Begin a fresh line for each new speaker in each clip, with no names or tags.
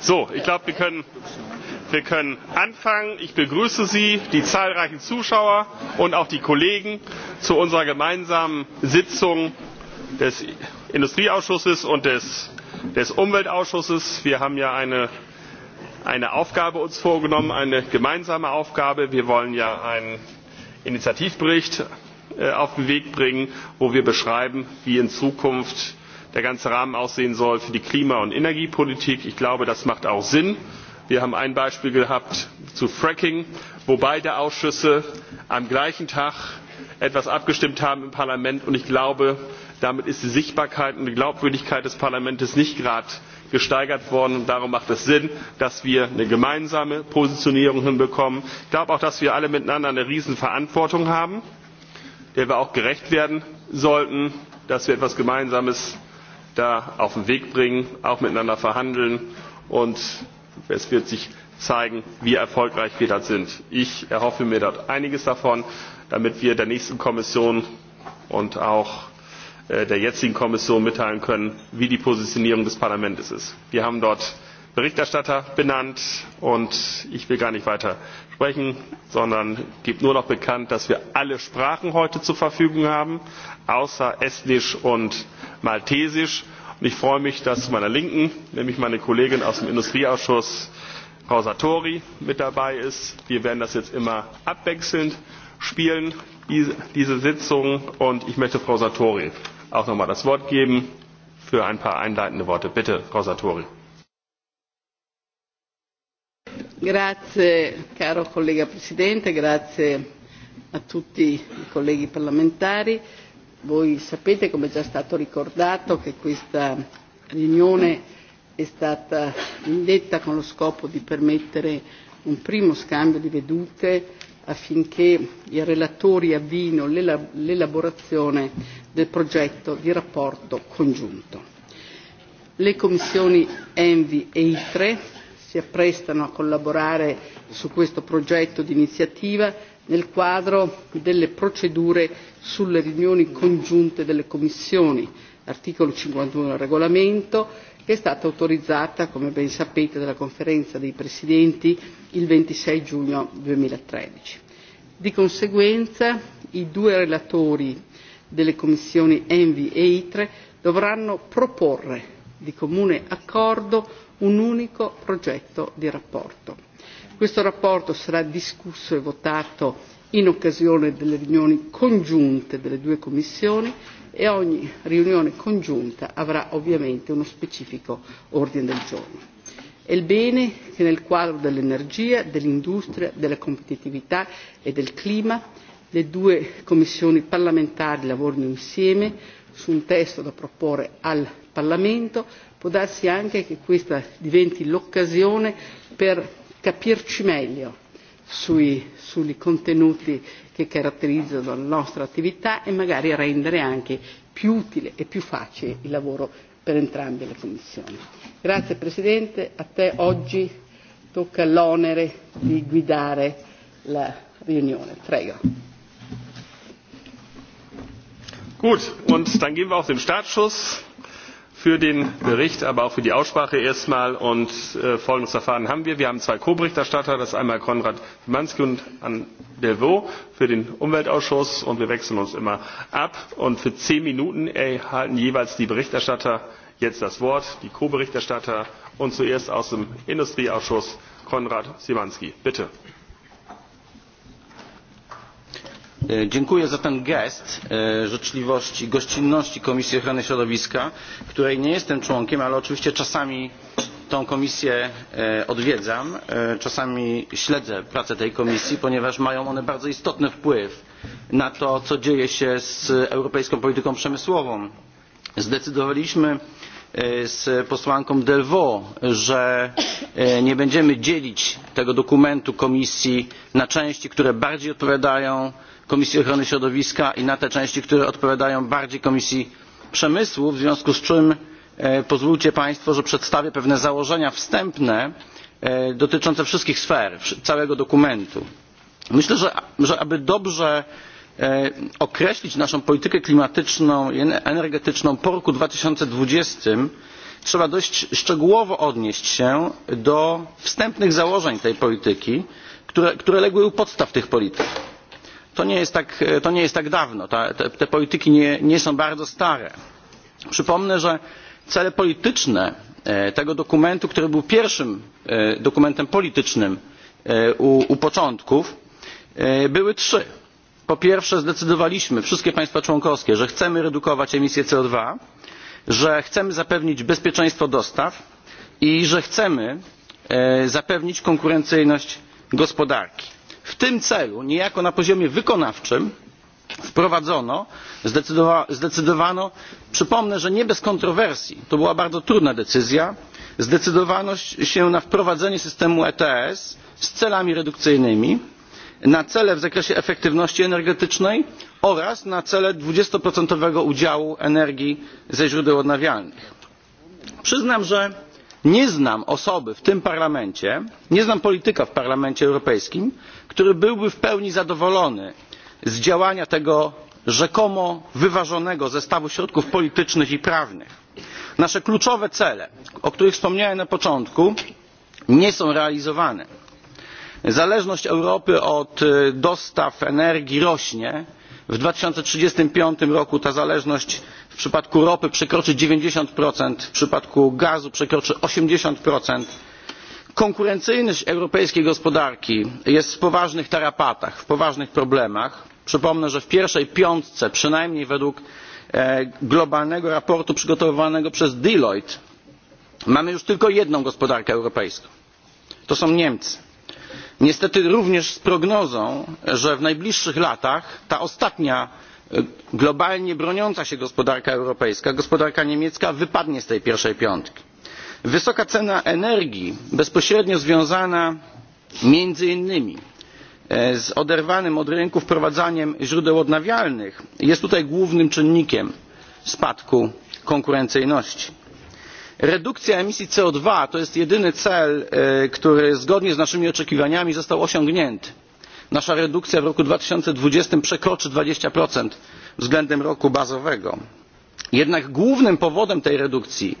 So, ich
glaube, wir können, wir können anfangen. Ich begrüße Sie, die zahlreichen Zuschauer und auch die Kollegen zu unserer gemeinsamen Sitzung des Industrieausschusses und des, des Umweltausschusses. Wir haben ja eine, eine Aufgabe uns vorgenommen, eine gemeinsame Aufgabe. Wir wollen ja einen Initiativbericht äh, auf den Weg bringen, wo wir beschreiben, wie in Zukunft der ganze Rahmen aussehen soll für die Klima- und Energiepolitik. Ich glaube, das macht auch Sinn. Wir haben ein Beispiel gehabt zu Fracking, wo beide Ausschüsse am gleichen Tag etwas abgestimmt haben im Parlament. Und ich glaube, damit ist die Sichtbarkeit und die Glaubwürdigkeit des Parlaments nicht gerade gesteigert worden. Und darum macht es Sinn, dass wir eine gemeinsame Positionierung hinbekommen. Ich glaube auch, dass wir alle miteinander eine Riesenverantwortung haben, der wir auch gerecht werden sollten, dass wir etwas Gemeinsames da auf den Weg bringen, auch miteinander verhandeln und es wird sich zeigen, wie erfolgreich wir dort sind. Ich erhoffe mir dort einiges davon, damit wir der nächsten Kommission und auch äh, der jetzigen Kommission mitteilen können, wie die Positionierung des Parlaments ist. Wir haben dort Berichterstatter benannt und ich will gar nicht weiter sprechen, sondern gibt nur noch bekannt, dass wir alle Sprachen heute zur Verfügung haben, außer Estnisch und Maltesisch. Und ich freue mich, dass zu meiner Linken, nämlich meine Kollegin aus dem Industrieausschuss, Frau Satori, mit dabei ist. Wir werden das jetzt immer abwechselnd spielen, diese Sitzung. Und ich möchte Frau Satori auch nochmal das Wort geben für ein paar einleitende Worte. Bitte, Frau Satori.
Grazie caro collega Presidente, grazie a tutti i colleghi parlamentari. Voi sapete, come è già stato ricordato, che questa riunione è stata indetta con lo scopo di permettere un primo scambio di vedute affinché i relatori avvino l'elaborazione del progetto di rapporto congiunto. Le commissioni Envi e ITRE si apprestano a collaborare su questo progetto di iniziativa nel quadro delle procedure sulle riunioni congiunte delle commissioni, articolo 51 del regolamento, che è stata autorizzata, come ben sapete, dalla conferenza dei presidenti il 26 giugno 2013. Di conseguenza i due relatori delle commissioni Envi e ITRE dovranno proporre di comune accordo un unico progetto di rapporto. Questo rapporto sarà discusso e votato in occasione delle riunioni congiunte delle due commissioni e ogni riunione congiunta avrà ovviamente uno specifico ordine del giorno. È il bene che nel quadro dell'energia, dell'industria, della competitività e del clima le due commissioni parlamentari lavorino insieme su un testo da proporre al Parlamento, può darsi anche che questa diventi l'occasione per capirci meglio sui, sui contenuti che caratterizzano la nostra attività e magari rendere anche più utile e più facile il lavoro per entrambe le commissioni. Grazie Presidente, a te oggi tocca l'onere di guidare la riunione. Prego.
Gut, und dann gehen wir auf den Startschuss für den Bericht, aber auch für die Aussprache erstmal. Und äh, folgendes Verfahren haben wir. Wir haben zwei Co-Berichterstatter, das ist einmal Konrad Manski und Anne Delvaux für den Umweltausschuss. Und wir wechseln uns immer ab. Und für zehn Minuten erhalten jeweils die Berichterstatter jetzt das Wort, die Co-Berichterstatter und zuerst aus dem
Industrieausschuss Konrad Simanski. Bitte. E, dziękuję za ten gest e, życzliwości, gościnności Komisji Ochrony Środowiska, której nie jestem członkiem, ale oczywiście czasami tę komisję e, odwiedzam, czasami śledzę pracę tej komisji, ponieważ mają one bardzo istotny wpływ na to, co dzieje się z europejską polityką przemysłową. Zdecydowaliśmy z posłanką Delvaux, że nie będziemy dzielić tego dokumentu komisji na części, które bardziej odpowiadają Komisji Ochrony Środowiska i na te części, które odpowiadają bardziej Komisji Przemysłu, w związku z czym e, pozwólcie Państwo, że przedstawię pewne założenia wstępne e, dotyczące wszystkich sfer, całego dokumentu. Myślę, że, że aby dobrze e, określić naszą politykę klimatyczną i energetyczną po roku 2020, trzeba dość szczegółowo odnieść się do wstępnych założeń tej polityki, które, które legły u podstaw tych polityk. To nie jest tak, e, to nie jest tak dawno. Ta, te, te polityki nie, nie są bardzo stare. Przypomnę, że cele polityczne e, tego dokumentu, który był pierwszym e, dokumentem politycznym u, u początków, były trzy. Po pierwsze zdecydowaliśmy, wszystkie państwa członkowskie, że chcemy redukować emisję CO2, że chcemy zapewnić bezpieczeństwo dostaw i że chcemy zapewnić konkurencyjność gospodarki. W tym celu niejako na poziomie wykonawczym wprowadzono, zdecydowano, przypomnę, że nie bez kontrowersji, to była bardzo trudna decyzja, zdecydowano się na wprowadzenie systemu ETS z celami redukcyjnymi, na cele w zakresie efektywności energetycznej oraz na cele dwudziestoprocentowego udziału energii ze źródeł odnawialnych. Przyznam, że nie znam osoby w tym parlamencie, nie znam polityka w parlamencie europejskim, który byłby w pełni zadowolony z działania tego rzekomo wyważonego zestawu środków politycznych i prawnych. Nasze kluczowe cele, o których wspomniałem na początku, nie są realizowane. Zależność Europy od dostaw energii rośnie. W 2035 roku ta zależność w przypadku ropy przekroczy 90%, w przypadku gazu przekroczy 80%. Konkurencyjność europejskiej gospodarki jest w poważnych tarapatach, w poważnych problemach. Przypomnę, że w pierwszej piątce, przynajmniej według e, globalnego raportu przygotowywanego przez Deloitte, mamy już tylko jedną gospodarkę europejską. To są Niemcy. Niestety również z prognozą, że w najbliższych latach ta ostatnia e, globalnie broniąca się gospodarka europejska, gospodarka niemiecka wypadnie z tej pierwszej piątki. Wysoka cena energii bezpośrednio związana między innymi e, z oderwanym od rynku wprowadzaniem źródeł odnawialnych jest tutaj głównym czynnikiem spadku konkurencyjności. Redukcja emisji co dwa to jest jedyny cel, e, który zgodnie z naszymi oczekiwaniami został osiągnięty. Nasza redukcja w roku 2020 przekroczy 20% względem roku bazowego. Jednak głównym powodem tej redukcji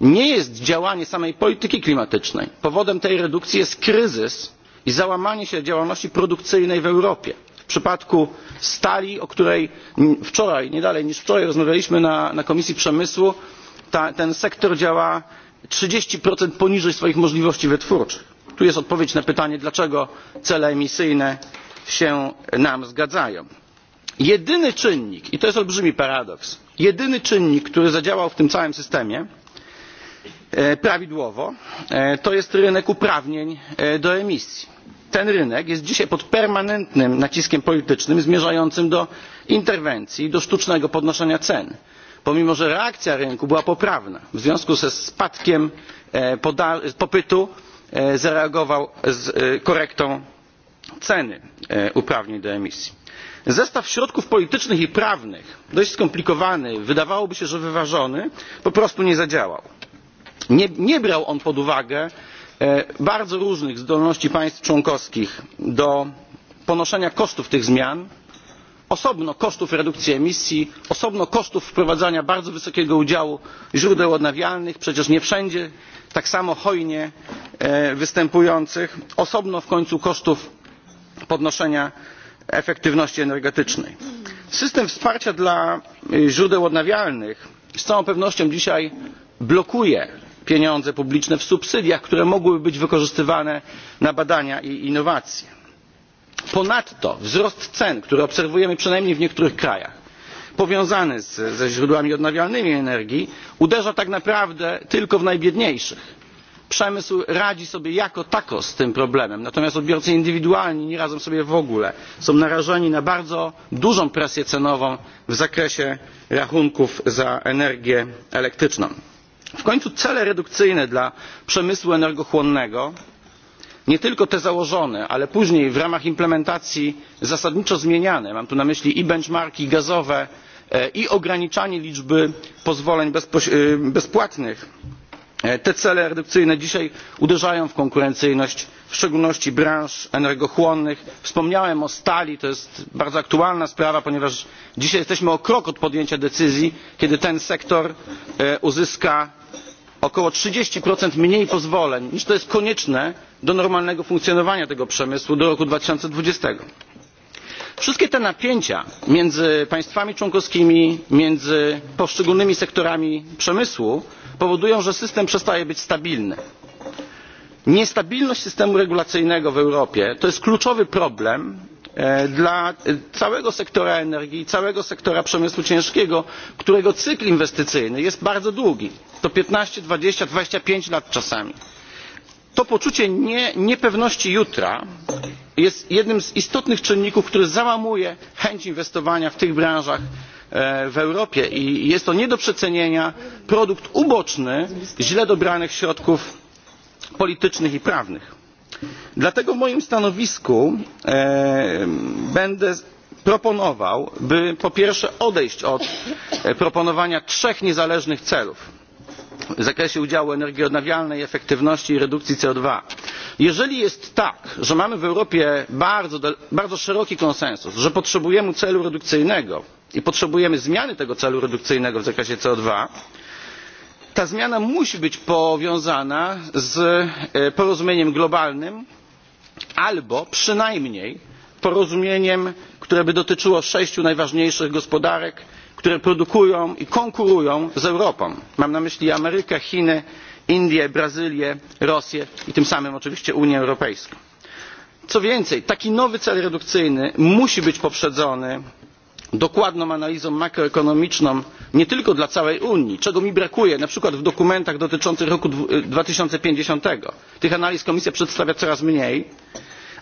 nie jest działanie samej polityki klimatycznej. Powodem tej redukcji jest kryzys i załamanie się działalności produkcyjnej w Europie. W przypadku stali, o której wczoraj, nie dalej niż wczoraj rozmawialiśmy na, na Komisji Przemysłu, ta, ten sektor działa 30% poniżej swoich możliwości wytwórczych. Tu jest odpowiedź na pytanie, dlaczego cele emisyjne się nam zgadzają. Jedyny czynnik, i to jest olbrzymi paradoks, jedyny czynnik, który zadziałał w tym całym systemie, E, prawidłowo e, to jest rynek uprawnień e, do emisji. ten rynek jest dzisiaj pod permanentnym naciskiem politycznym zmierzającym do interwencji i do sztucznego podnoszenia cen pomimo że reakcja rynku była poprawna w związku ze spadkiem popytu zareagował z korektą ceny uprawnień do emisji. zestaw środków politycznych i prawnych dość skomplikowany wydawałoby się że wyważony po prostu nie zadziałał nie, nie brał on pod uwagę e, bardzo różnych zdolności państw członkowskich do ponoszenia kosztów tych zmian osobno kosztów redukcji emisji osobno kosztów wprowadzania bardzo wysokiego udziału źródeł odnawialnych przecież nie wszędzie tak samo hojnie e, występujących osobno w końcu kosztów podnoszenia efektywności energetycznej. system wsparcia dla e, źródeł odnawialnych z całą pewnością dzisiaj blokuje pieniądze publiczne w subsydiach, które mogłyby być wykorzystywane na badania i innowacje. Ponadto wzrost cen, który obserwujemy przynajmniej w niektórych krajach, powiązany ze źródłami odnawialnymi energii, uderza tak naprawdę tylko w najbiedniejszych. Przemysł radzi sobie jako tako z tym problemem, natomiast odbiorcy indywidualni nie radzą sobie w ogóle. Są narażeni na bardzo dużą presję cenową w zakresie rachunków za energię elektryczną. W końcu cele redukcyjne dla przemysłu energochłonnego, nie tylko te założone, ale później w ramach implementacji zasadniczo zmieniane, mam tu na myśli i benchmarki gazowe, e, i ograniczanie liczby pozwoleń e, bezpłatnych, e, te cele redukcyjne dzisiaj uderzają w konkurencyjność w szczególności branż energochłonnych. wspomniałem o stali to jest bardzo aktualna sprawa ponieważ dzisiaj jesteśmy o krok od podjęcia decyzji kiedy ten sektor uzyska około trzydzieści mniej pozwoleń niż to jest konieczne do normalnego funkcjonowania tego przemysłu do roku. dwa tysiące dwadzieścia wszystkie te napięcia między państwami członkowskimi między poszczególnymi sektorami przemysłu powodują że system przestaje być stabilny. niestabilność systemu regulacyjnego w europie to jest kluczowy problem E, dla całego sektora energii, całego sektora przemysłu ciężkiego, którego cykl inwestycyjny jest bardzo długi. To 15, 20, 25 lat czasami. To poczucie nie, niepewności jutra jest jednym z istotnych czynników, który załamuje chęć inwestowania w tych branżach e, w Europie i jest to nie do przecenienia produkt uboczny źle dobranych środków politycznych i prawnych. Dlatego w moim stanowisku e, będę proponował, by po pierwsze odejść od e, proponowania trzech niezależnych celów w zakresie udziału energii odnawialnej, efektywności i redukcji co 2 Jeżeli jest tak, że mamy w Europie bardzo, bardzo szeroki konsensus, że potrzebujemy celu redukcyjnego i potrzebujemy zmiany tego celu redukcyjnego w zakresie co 2 ta zmiana musi być powiązana z e, porozumieniem globalnym albo przynajmniej porozumieniem które by dotyczyło sześciu najważniejszych gospodarek które produkują i konkurują z europą mam na myśli amerykę chiny indię brazylię rosję i tym samym oczywiście unię europejską. co więcej taki nowy cel redukcyjny musi być poprzedzony dokładną analizą makroekonomiczną nie tylko dla całej Unii, czego mi brakuje na przykład w dokumentach dotyczących roku e, dwa tysiące pięćdziesiąt Tych analiz Komisja przedstawia coraz mniej,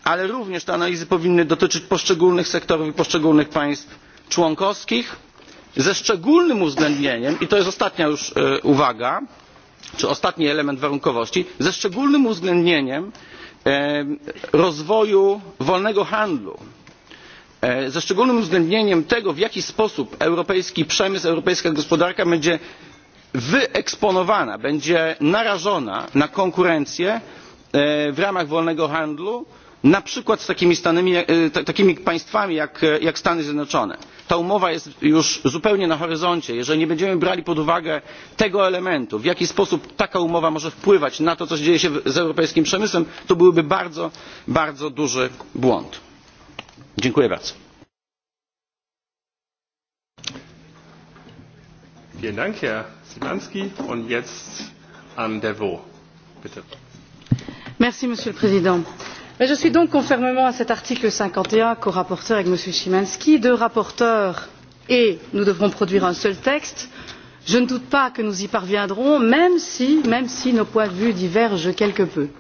ale również te analizy powinny dotyczyć poszczególnych sektorów i poszczególnych państw członkowskich ze szczególnym uwzględnieniem, i to jest ostatnia już e, uwaga, czy ostatni element warunkowości, ze szczególnym uwzględnieniem e, rozwoju wolnego handlu E, ze szczególnym uwzględnieniem tego w jaki sposób europejski przemysł europejska gospodarka będzie wyeksponowana będzie narażona na konkurencję e, w ramach wolnego handlu na przykład z takimi, e, takimi państwami jak, jak Stany Zjednoczone. Ta umowa jest już zupełnie na horyzoncie. Jeżeli nie będziemy brali pod uwagę tego elementu, w jaki sposób taka umowa może wpływać na to, co dzieje się z europejskim przemysłem, to byłby bardzo, bardzo duży błąd Dziękuję bardzo. Vielen Dank, Herr
Simanski. Und jetzt Anne Devaux. Bitte.
Merci, Monsieur le Président. je suis donc, conformément à cet article 51, co-rapporteur avec M. Szymanski, deux rapporteurs et nous devrons produire un seul texte. Je ne doute pas que nous y parviendrons, même si, même si nos points de vue divergent quelque peu. Euh,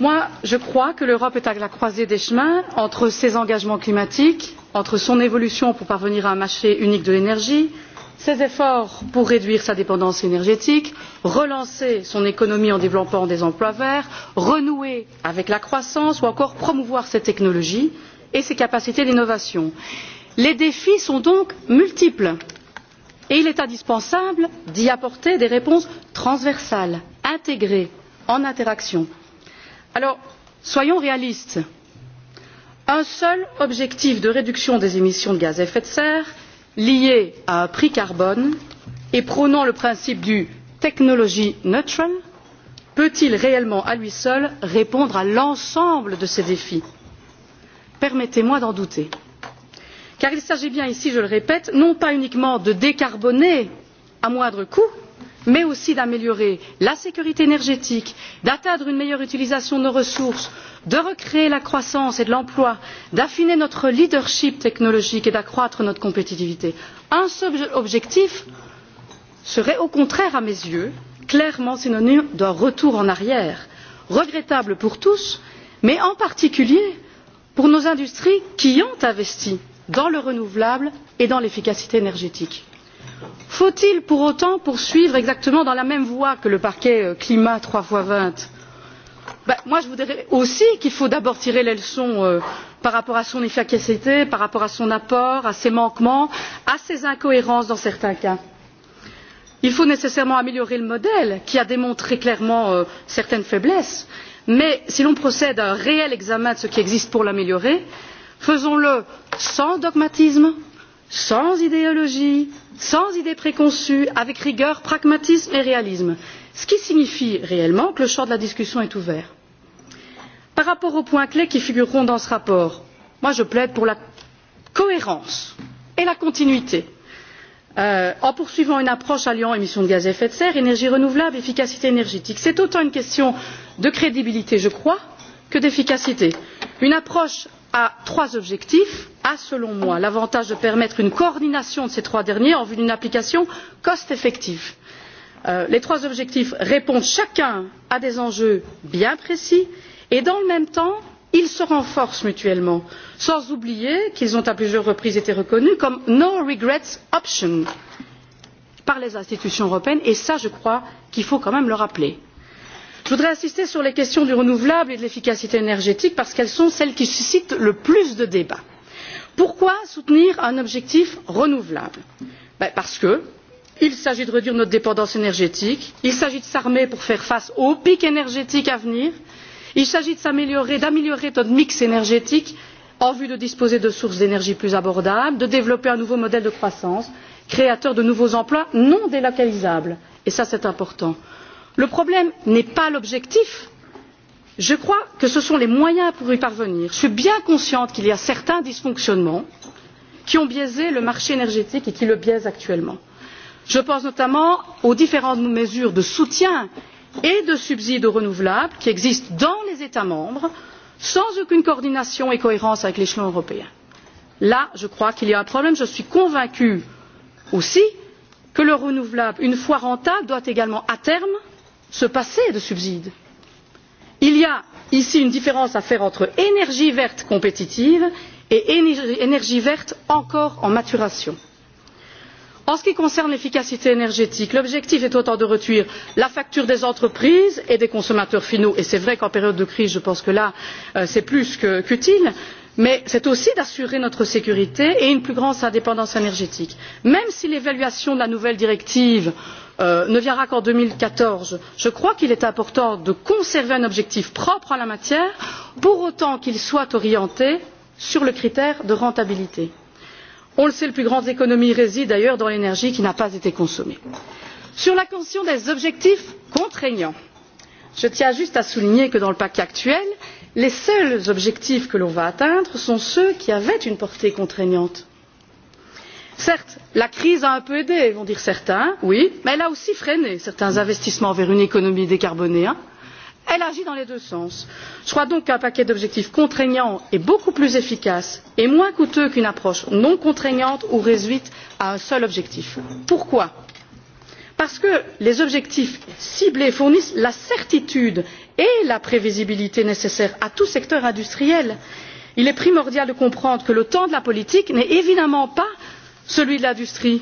Moi, je crois que l'Europe est à la croisée des chemins entre ses engagements climatiques, entre son évolution pour parvenir à un marché unique de l'énergie, ses efforts pour réduire sa dépendance énergétique, relancer son économie en développant des emplois verts, renouer avec la croissance ou encore promouvoir ses technologies et ses capacités d'innovation. Les défis sont donc multiples et il est indispensable d'y apporter des réponses transversales, intégrées, en interaction. Alors, soyons réalistes. Un seul objectif de réduction des émissions de gaz à effet de serre lié à un prix carbone et prônant le principe du technology neutral peut il réellement à lui seul répondre à l'ensemble de ces défis? permettez moi d'en douter car il s'agit bien ici je le répète non pas uniquement de décarboner à moindre coût mais aussi d'améliorer la sécurité énergétique d'atteindre une meilleure utilisation de nos ressources de recréer la croissance et l'emploi d'affiner notre leadership technologique et d'accroître notre compétitivité. un seul objectif serait au contraire à mes yeux clairement synonyme d'un retour en arrière regrettable pour tous mais en particulier pour nos industries qui ont investi dans le renouvelable et dans l'efficacité énergétique. Faut il pour autant poursuivre exactement dans la même voie que le paquet euh, climat trois fois vingt? Ben, moi je voudrais aussi qu'il faut d'abord tirer les leçons euh, par rapport à son efficacité, par rapport à son apport, à ses manquements, à ses incohérences dans certains cas. Il faut nécessairement améliorer le modèle qui a démontré clairement euh, certaines faiblesses, mais si l'on procède à un réel examen de ce qui existe pour l'améliorer, faisons-le sans dogmatisme, sans idéologie, sans idées préconçues, avec rigueur, pragmatisme et réalisme, ce qui signifie réellement que le champ de la discussion est ouvert. Par rapport aux points clés qui figureront dans ce rapport, moi je plaide pour la cohérence et la continuité. Euh, en poursuivant une approche alliant émissions de gaz à effet de serre, énergie renouvelable, efficacité énergétique. C'est autant une question de crédibilité, je crois, que d'efficacité. Une approche a trois objectifs a selon moi l'avantage de permettre une coordination de ces trois derniers en vue d'une application cost effective. Euh, les trois objectifs répondent chacun à des enjeux bien précis et dans le même temps ils se renforcent mutuellement sans oublier qu'ils ont à plusieurs reprises été reconnus comme no regrets option par les institutions européennes et ça je crois qu'il faut quand même le rappeler je voudrais insister sur les questions du renouvelable et de l'efficacité énergétique parce qu'elles sont celles qui suscitent le plus de débats. pourquoi soutenir un objectif renouvelable? Ben parce qu'il s'agit de réduire notre dépendance énergétique il s'agit de s'armer pour faire face aux pics énergétiques à venir il s'agit d'améliorer notre mix énergétique en vue de disposer de sources d'énergie plus abordables de développer un nouveau modèle de croissance créateur de nouveaux emplois non délocalisables et ça c'est important. Le problème n'est pas l'objectif. Je crois que ce sont les moyens pour y parvenir. Je suis bien consciente qu'il y a certains dysfonctionnements qui ont biaisé le marché énergétique et qui le biaisent actuellement. Je pense notamment aux différentes mesures de soutien et de subsides aux renouvelables qui existent dans les États membres sans aucune coordination et cohérence avec l'échelon européen. Là, je crois qu'il y a un problème. Je suis convaincue aussi que le renouvelable, une fois rentable, doit également à terme se passer de subsides. Il y a ici une différence à faire entre énergie verte compétitive et énergie verte encore en maturation. En ce qui concerne l'efficacité énergétique, l'objectif est autant de réduire la facture des entreprises et des consommateurs finaux, et c'est vrai qu'en période de crise, je pense que là, euh, c'est plus qu'utile, qu mais c'est aussi d'assurer notre sécurité et une plus grande indépendance énergétique. Même si l'évaluation de la nouvelle directive euh, ne viendra qu'en deux mille quatorze je crois qu'il est important de conserver un objectif propre en la matière pour autant qu'il soit orienté sur le critère de rentabilité. on le sait les plus grandes économies résident d'ailleurs dans l'énergie qui n'a pas été consommée. sur la question des objectifs contraignants je tiens juste à souligner que dans le paquet actuel les seuls objectifs que l'on va atteindre sont ceux qui avaient une portée contraignante Certes, la crise a un peu aidé, vont dire certains, oui, mais elle a aussi freiné certains investissements vers une économie décarbonée. Hein. Elle agit dans les deux sens. Je crois donc qu'un paquet d'objectifs contraignants est beaucoup plus efficace et moins coûteux qu'une approche non contraignante ou réduite à un seul objectif. Pourquoi Parce que les objectifs ciblés fournissent la certitude et la prévisibilité nécessaires à tout secteur industriel. Il est primordial de comprendre que le temps de la politique n'est évidemment pas celui de l'industrie?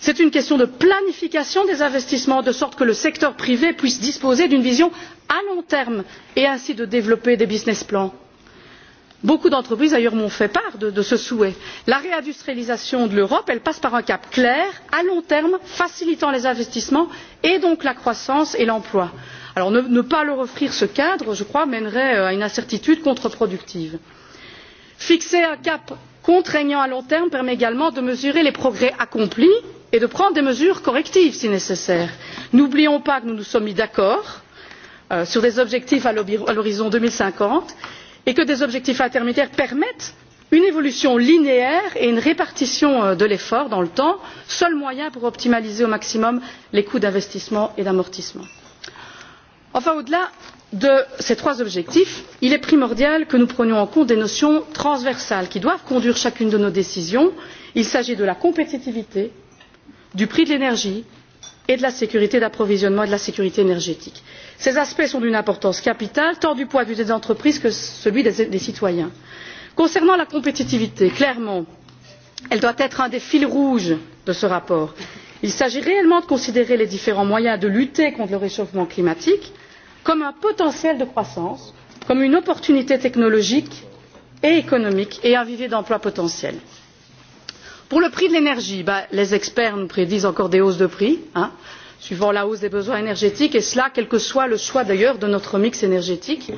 c'est une question de planification des investissements de sorte que le secteur privé puisse disposer d'une vision à long terme et ainsi de développer des business plans. Beaucoup d'entreprises d'ailleurs m'ont fait part de, de, ce souhait. La réindustrialisation de l'Europe, passe par un cap clair, à long terme, facilitant les investissements et donc la croissance et l'emploi. Alors ne, ne, pas leur offrir ce cadre, je crois, mènerait euh, à une incertitude contreproductive. Fixer un cap contraignant à long terme permet également de mesurer les progrès accomplis et de prendre des mesures correctives si nécessaire. n'oublions pas que nous nous sommes mis d'accord euh, sur des objectifs à l'horizon deux mille cinquante et que des objectifs intermédiaires permettent une évolution linéaire et une répartition euh, de l'effort dans le temps seul moyen pour optimiser au maximum les coûts d'investissement et d'amortissement. enfin au delà de ces trois objectifs il est primordial que nous prenions en compte des notions transversales qui doivent conduire chacune de nos décisions il s'agit de la compétitivité du prix de l'énergie et de la sécurité d'approvisionnement et de la sécurité énergétique. ces aspects sont d'une importance capitale tant du point de vue des entreprises que celui des, des citoyens. concernant la compétitivité clairement elle doit être un des fils rouges de ce rapport. il s'agit réellement de considérer les différents moyens de lutter contre le réchauffement climatique comme un potentiel de croissance, comme une opportunité technologique et économique et un vivier d'emplois potentiels. Pour le prix de l'énergie, les experts nous prédisent encore des hausses de prix, hein, suivant la hausse des besoins énergétiques, et cela quel que soit le choix d'ailleurs de notre mix énergétique.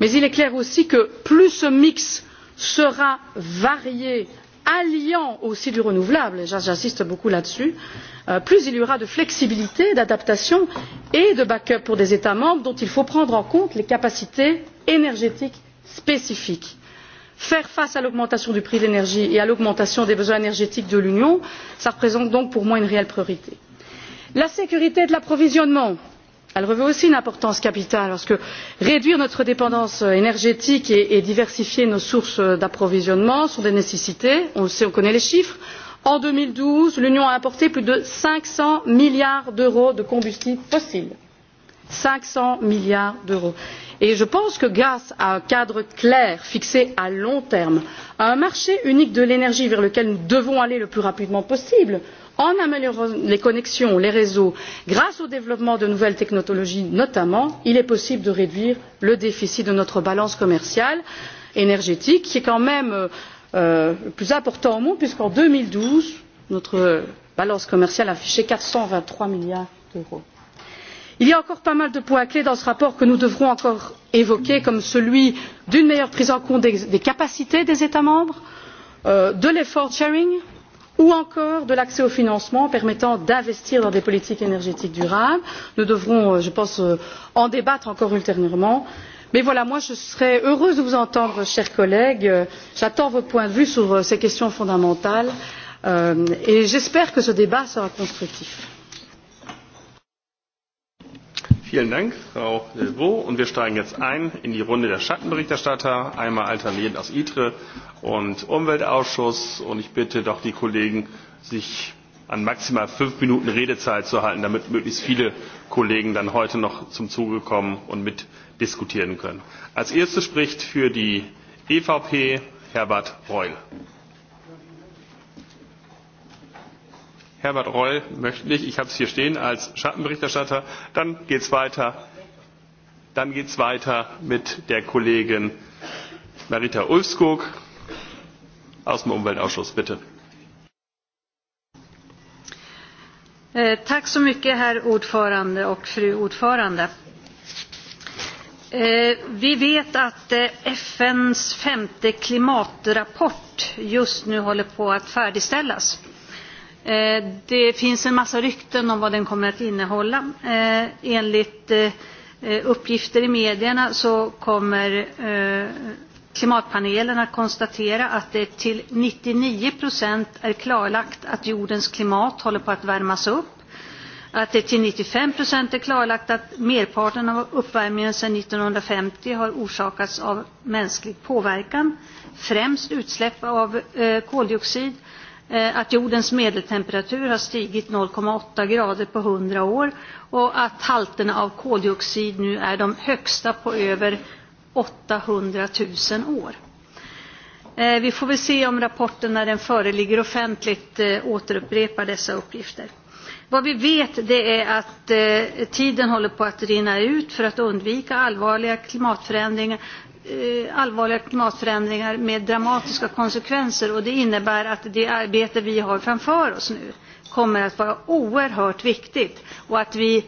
Mais il est clair aussi que plus ce mix sera varié alliant aussi du renouvelable j'insiste beaucoup là dessus euh, plus il y aura de flexibilité d'adaptation et de back up pour des états membres dont il faut prendre en compte les capacités énergétiques spécifiques. faire face à l'augmentation du prix de l'énergie et à l'augmentation des besoins énergétiques de l'union représente donc pour moi une réelle priorité. la sécurité de l'approvisionnement elle revêt aussi une importance capitale parce que réduire notre dépendance énergétique et, et diversifier nos sources d'approvisionnement sont des nécessités on le sait on connaît les chiffres en deux mille douze l'union a importé plus de cinq cents milliards d'euros de combustibles fossiles cinq cents milliards d'euros et je pense que grâce à un cadre clair fixé à long terme à un marché unique de l'énergie vers lequel nous devons aller le plus rapidement possible en améliorant les connexions les réseaux grâce au développement de nouvelles technologies notamment il est possible de réduire le déficit de notre balance commerciale énergétique qui est quand même euh, le euh, plus important au monde puisqu'en deux mille douze notre balance commerciale affichait quatre cent vingt trois milliards d'euros. il y a encore pas mal de points clés dans ce rapport que nous devrons encore évoquer comme celui d'une meilleure prise en compte des, des capacités des états membres euh, de l'effort sharing ou encore de l'accès au financement permettant d'investir dans des politiques énergétiques durables. Nous devrons, euh, je pense, euh, en débattre encore ultérieurement. Mais voilà, moi je serais heureuse de vous entendre, chers collègues. J'attends vos points de vue sur euh, ces questions fondamentales et j'espère que ce débat sera constructif.
Vielen Dank, Frau Delvaux. Und wir steigen jetzt ein in die Runde der Schattenberichterstatter, einmal alternierend aus ITRE und Umweltausschuss. Und ich bitte doch die Kollegen, sich an maximal fünf Minuten Redezeit zu halten, damit möglichst viele Kollegen dann heute noch zum Zuge kommen und mitdiskutieren können. Als erstes spricht für die EVP Herbert Reul. Herbert Reul möchte nicht. Ich habe es hier stehen als Schattenberichterstatter. Dann geht es weiter. Dann geht es weiter mit der Kollegin Marita Ulfskog aus dem Umweltausschuss. Bitte.
Eh, tack så mycket, herr ordförande och fru ordförande. Eh, vi vet att eh, FNs femte klimatrapport just nu håller på att färdigställas. Eh, det finns en massa rykten om vad den kommer att innehålla. Eh, enligt eh, uppgifter i medierna så kommer klimatpanelen att konstatera att det till 99 procent är klarlagt att jordens klimat håller på att värmas upp. Att det till 95 procent är klarlagt att merparten av uppvärmningen sedan 1950 har orsakats av mänsklig påverkan, främst utsläpp av koldioxid Eh, att jordens medeltemperatur har stigit 0,8 grader på 100 år och att halterna av koldioxid nu är de högsta på över 800 000 år. Eh, vi får väl se om rapporten när den föreligger offentligt eh, återupprepar dessa uppgifter. Vad vi vet det är att tiden håller på att rinna ut för att undvika allvarliga klimatförändringar Eh, allvarliga klimatförändringar med dramatiska konsekvenser och det innebär att det arbete vi har framför oss nu kommer att vara oerhört viktigt och att vi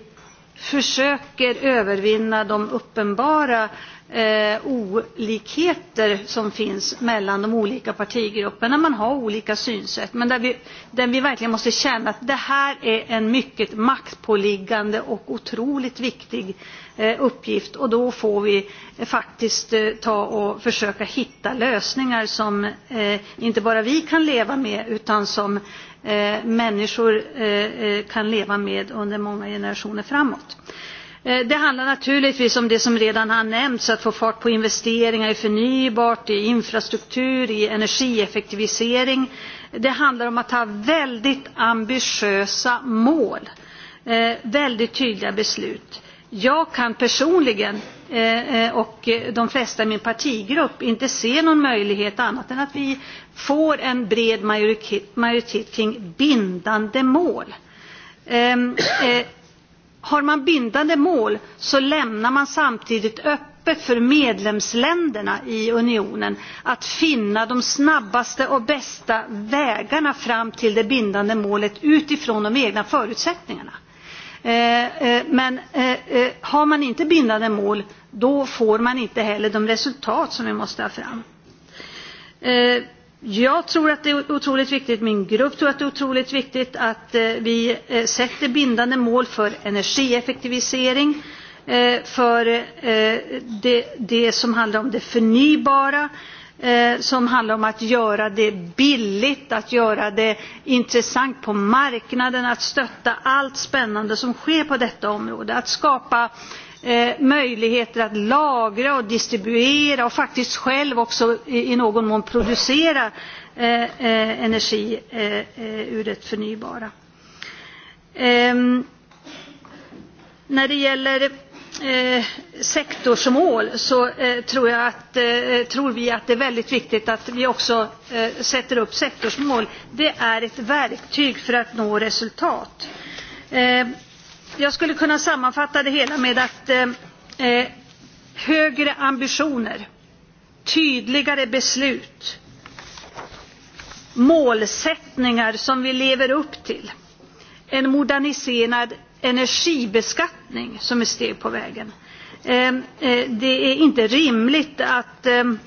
försöker övervinna de uppenbara eh, olikheter som finns mellan de olika partigrupperna. Man har olika synsätt, men där vi, där vi verkligen måste känna att det här är en mycket maktpåliggande och otroligt viktig Eh, uppgift och då får vi faktiskt eh, ta och försöka hitta lösningar som eh, inte bara vi kan leva med utan som människor kan leva med under många generationer framåt. Det handlar naturligtvis om det som redan har nämnts, att få fart på investeringar i förnybart, i infrastruktur, i energieffektivisering. Det handlar om att ha väldigt ambitiösa mål, väldigt tydliga beslut. Jag kan personligen eh, eh, och eh, de flesta i min partigrupp inte se någon möjlighet annat än att vi får en bred majoritet kring bindande mål. Ehm, har man bindande mål så lämnar man samtidigt öppet för medlemsländerna i unionen att finna de snabbaste och bästa vägarna fram till det bindande målet utifrån de egna förutsättningarna. Eh, eh, men eh, har man inte bindande mål då får man inte heller de resultat som vi måste ha fram. Jag tror att det är otroligt viktigt, min grupp tror att det är otroligt viktigt att vi sätter bindande mål för energieffektivisering, för det, det som handlar om det förnybara, eh, som handlar om att göra det billigt, att göra det intressant på marknaden, att stötta allt spännande som sker på detta område, att skapa eh, möjligheter att lagra och distribuera och faktiskt själv också i, i någon mån producera eh, eh, energi eh, eh ur det förnybara. Eh, när det gäller Eh, sektorsmål så eh, tror, jag att, eh, tror vi att det är väldigt viktigt att vi också sätter upp sektorsmål. Det är ett verktyg för att nå resultat. jag skulle kunna sammanfatta det hela med att högre ambitioner, tydligare beslut, målsättningar som vi lever upp till, en moderniserad energibeskattning förväntning som ett steg på vägen. Ehm, eh, det är inte rimligt att ehm,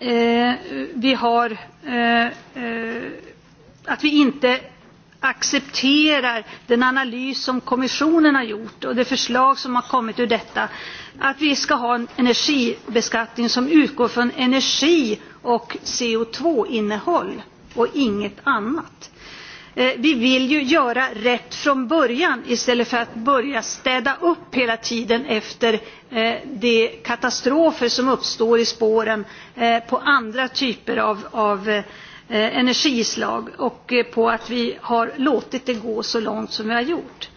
eh, vi har eh, att vi inte accepterar den analys som kommissionen har gjort och det förslag som har kommit ur detta. Att vi ska ha en energibeskattning som utgår från energi och CO2-innehåll och inget annat. Eh, vi vill ju göra rätt från början istället för att börja städa upp hela tiden efter eh, de katastrofer som uppstår i spåren eh, på andra typer av, av energislag och på att vi har låtit det gå så långt som vi har gjort.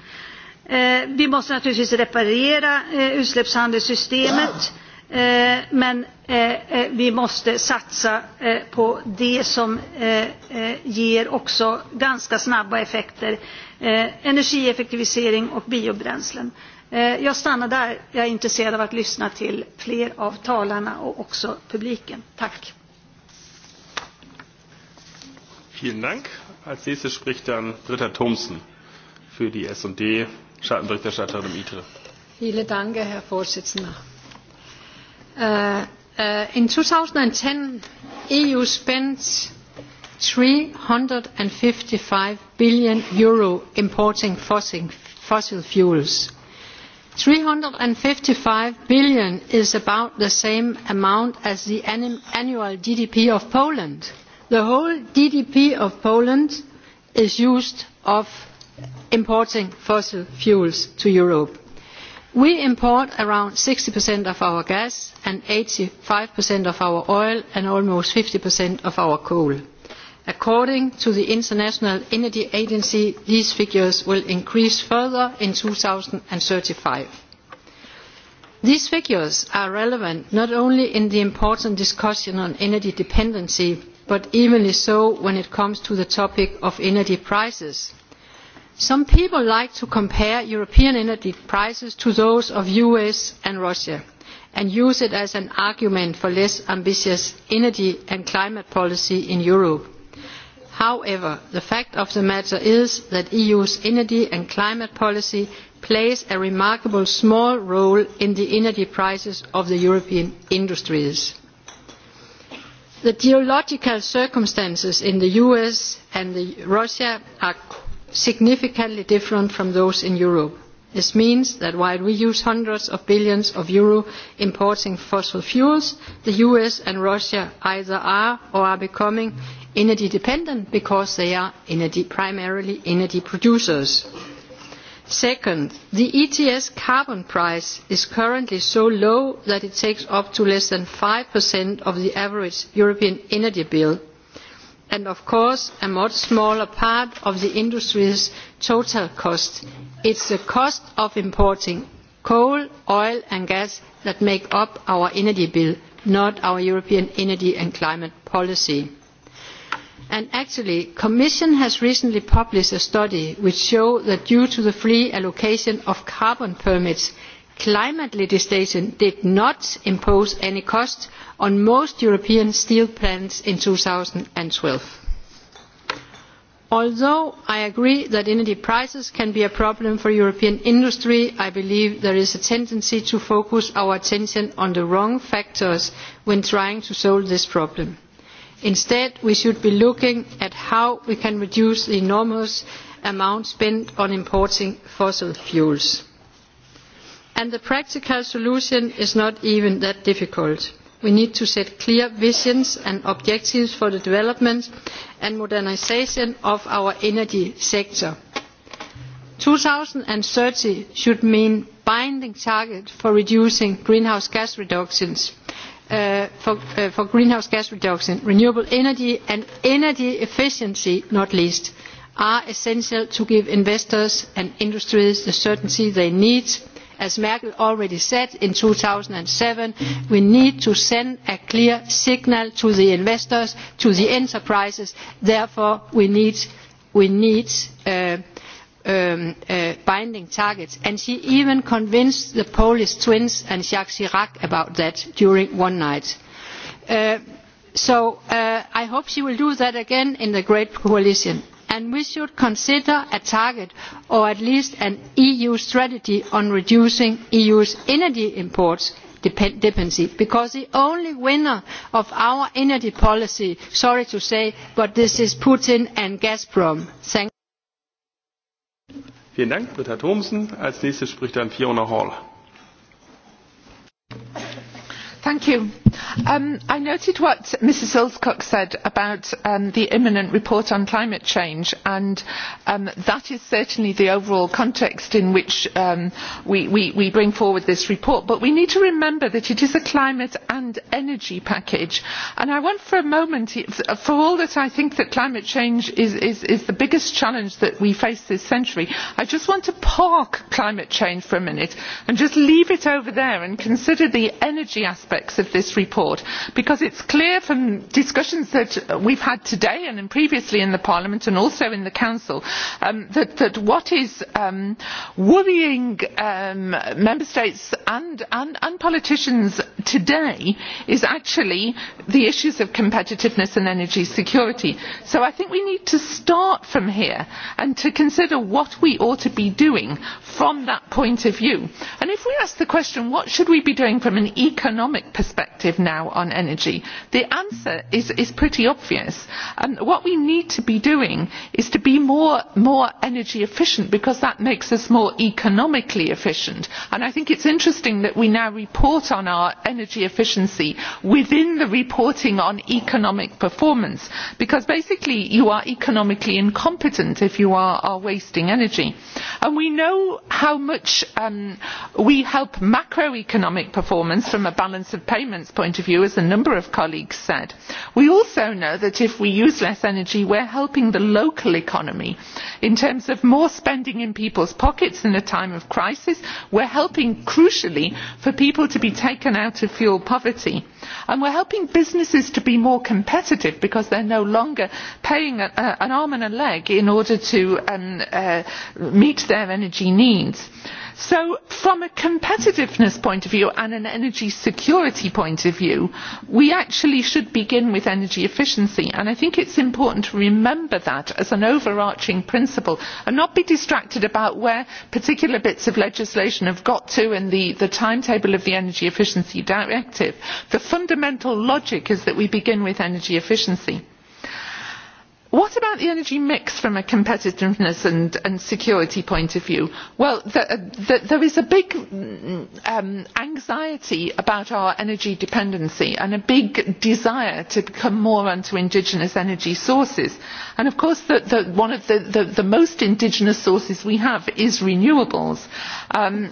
Vi måste naturligtvis reparera utsläppshandelssystemet Eh, men eh, eh, vi måste satsa på det som ger också ganska snabba effekter. Energieffektivisering och biobränslen. Jag stannar där. Jag är intresserad av att lyssna till fler av talarna och också publiken. Tack.
Vielen Dank. Als nächstes spricht dann Britta Thomsen für die S&D Schattenberichterstatterin im ITRE.
Vielen Dank, Herr Vorsitzender. Uh, uh, in 2010, EU spent 355 billion euro importing fossil, fossil fuels. 355 billion is about the same amount as the annual GDP of Poland. The whole GDP of Poland is used of importing fossil fuels to Europe. We import around 60% of our gas and 85% of our oil and almost 50% of our coal. According to the International Energy Agency, these figures will increase further in 2035. These figures are relevant not only in the important discussion on energy dependency, but evenly so when it comes to the topic of energy prices – Some people like to compare European energy prices to those of US and Russia and use it as an argument for less ambitious energy and climate policy in Europe. However, the fact of the matter is that the EU's energy and climate policy plays a remarkable small role in the energy prices of the European industries. The geological circumstances in the US and the Russia are significantly different from those in Europe. This means that while we use hundreds of billions of euro importing fossil fuels, the US and Russia either are or are becoming energy dependent because they are energy, primarily energy producers. Second, the ETS carbon price is currently so low that it takes up to less than 5% of the average European energy bill and of course a much smaller part of the industry's total cost. It is the cost of importing coal, oil and gas that make up our energy bill, not our European energy and climate policy. And actually, the Commission has recently published a study which shows that due to the free allocation of carbon permits climate legislation did not impose any cost on most European steel plants in twelve. Although I agree that energy prices can be a problem for European industry, I believe there is a tendency to focus our attention on the wrong factors when trying to solve this problem. Instead, we should be looking at how we can reduce the enormous amount spent on importing fossil fuels. And the practical solution is not even that difficult. We need to set clear visions and objectives for the development and modernisation of our energy sector. 2030 should mean binding target for reducing greenhouse gas reductions uh, for, uh, for greenhouse gas reduction, renewable energy and energy efficiency, not least, are essential to give investors and industries the certainty they need as Merkel already said in two thousand seven, we need to send a clear signal to the investors, to the enterprises. Therefore, we need, we need uh, um, uh, binding targets. And she even convinced the Polish twins and Jacques Chirac about that during one night. Uh, so uh, I hope she will do that again in the Great Coalition and we should consider a target or at least an EU strategy on reducing the EU's energy imports dependency because the only winner of our energy policy, sorry to say, but this is Putin and Gazprom. Thank
Vielen Dank, Britta Thomsen. Als nächstes spricht dann Fiona Hall.
Thank you. Um, I noted what Mrs. Ilscock said about um, the imminent report on climate change, and um, that is certainly the overall context in which um, we, we, we bring forward this report. But we need to remember that it is a climate and energy package. And I want for a moment, for all that I think that climate change is, is, is the biggest challenge that we face this century, I just want to park climate change for a minute and just leave it over there and consider the energy aspect aspects of this report because it is clear from discussions that we have had today and previously in parliament and also in the council um, that, that what is um, worrying um, member states and, and, and politicians today is actually the issues of competitiveness and energy security. so i think we need to start from here and to consider what we ought to be doing from that point of view. and if we ask the question what should we be doing from an economic perspective now on energy? The answer is, is pretty obvious. And what we need to be doing is to be more, more energy efficient because that makes us more economically efficient. And I think it's interesting that we now report on our energy efficiency within the reporting on economic performance because basically you are economically incompetent if you are, are wasting energy. And we know how much um, we help macroeconomic performance from a balance of payments point of view, as a number of colleagues said. We also know that if we use less energy, we are helping the local economy in terms of more spending in people's pockets in a time of crisis. We are helping, crucially, for people to be taken out of fuel poverty. And we are helping businesses to be more competitive because they are no longer paying a, a, an arm and a leg in order to um, uh, meet their energy needs. So from a competitiveness point of view and an energy security point of view, we actually should begin with energy efficiency. And I think it's important to remember that as an overarching principle and not be distracted about where particular bits of legislation have got to in the, the timetable of the Energy Efficiency Directive. The fundamental logic is that we begin with energy efficiency. What about the energy mix from a competitiveness and, and security point of view? Well, the, uh, the, there is a big mm, um, anxiety about our energy dependency and a big desire to become more onto indigenous energy sources. And of course, the, the, one of the, the, the most indigenous sources we have is renewables. Um,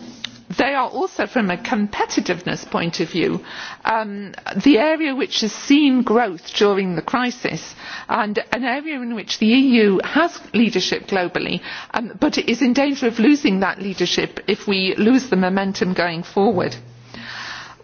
they are also from a competitiveness point of view um, the area which has seen growth during the crisis and an area in which the EU has leadership globally um, but it is in danger of losing that leadership if we lose the momentum going forward. Mm -hmm.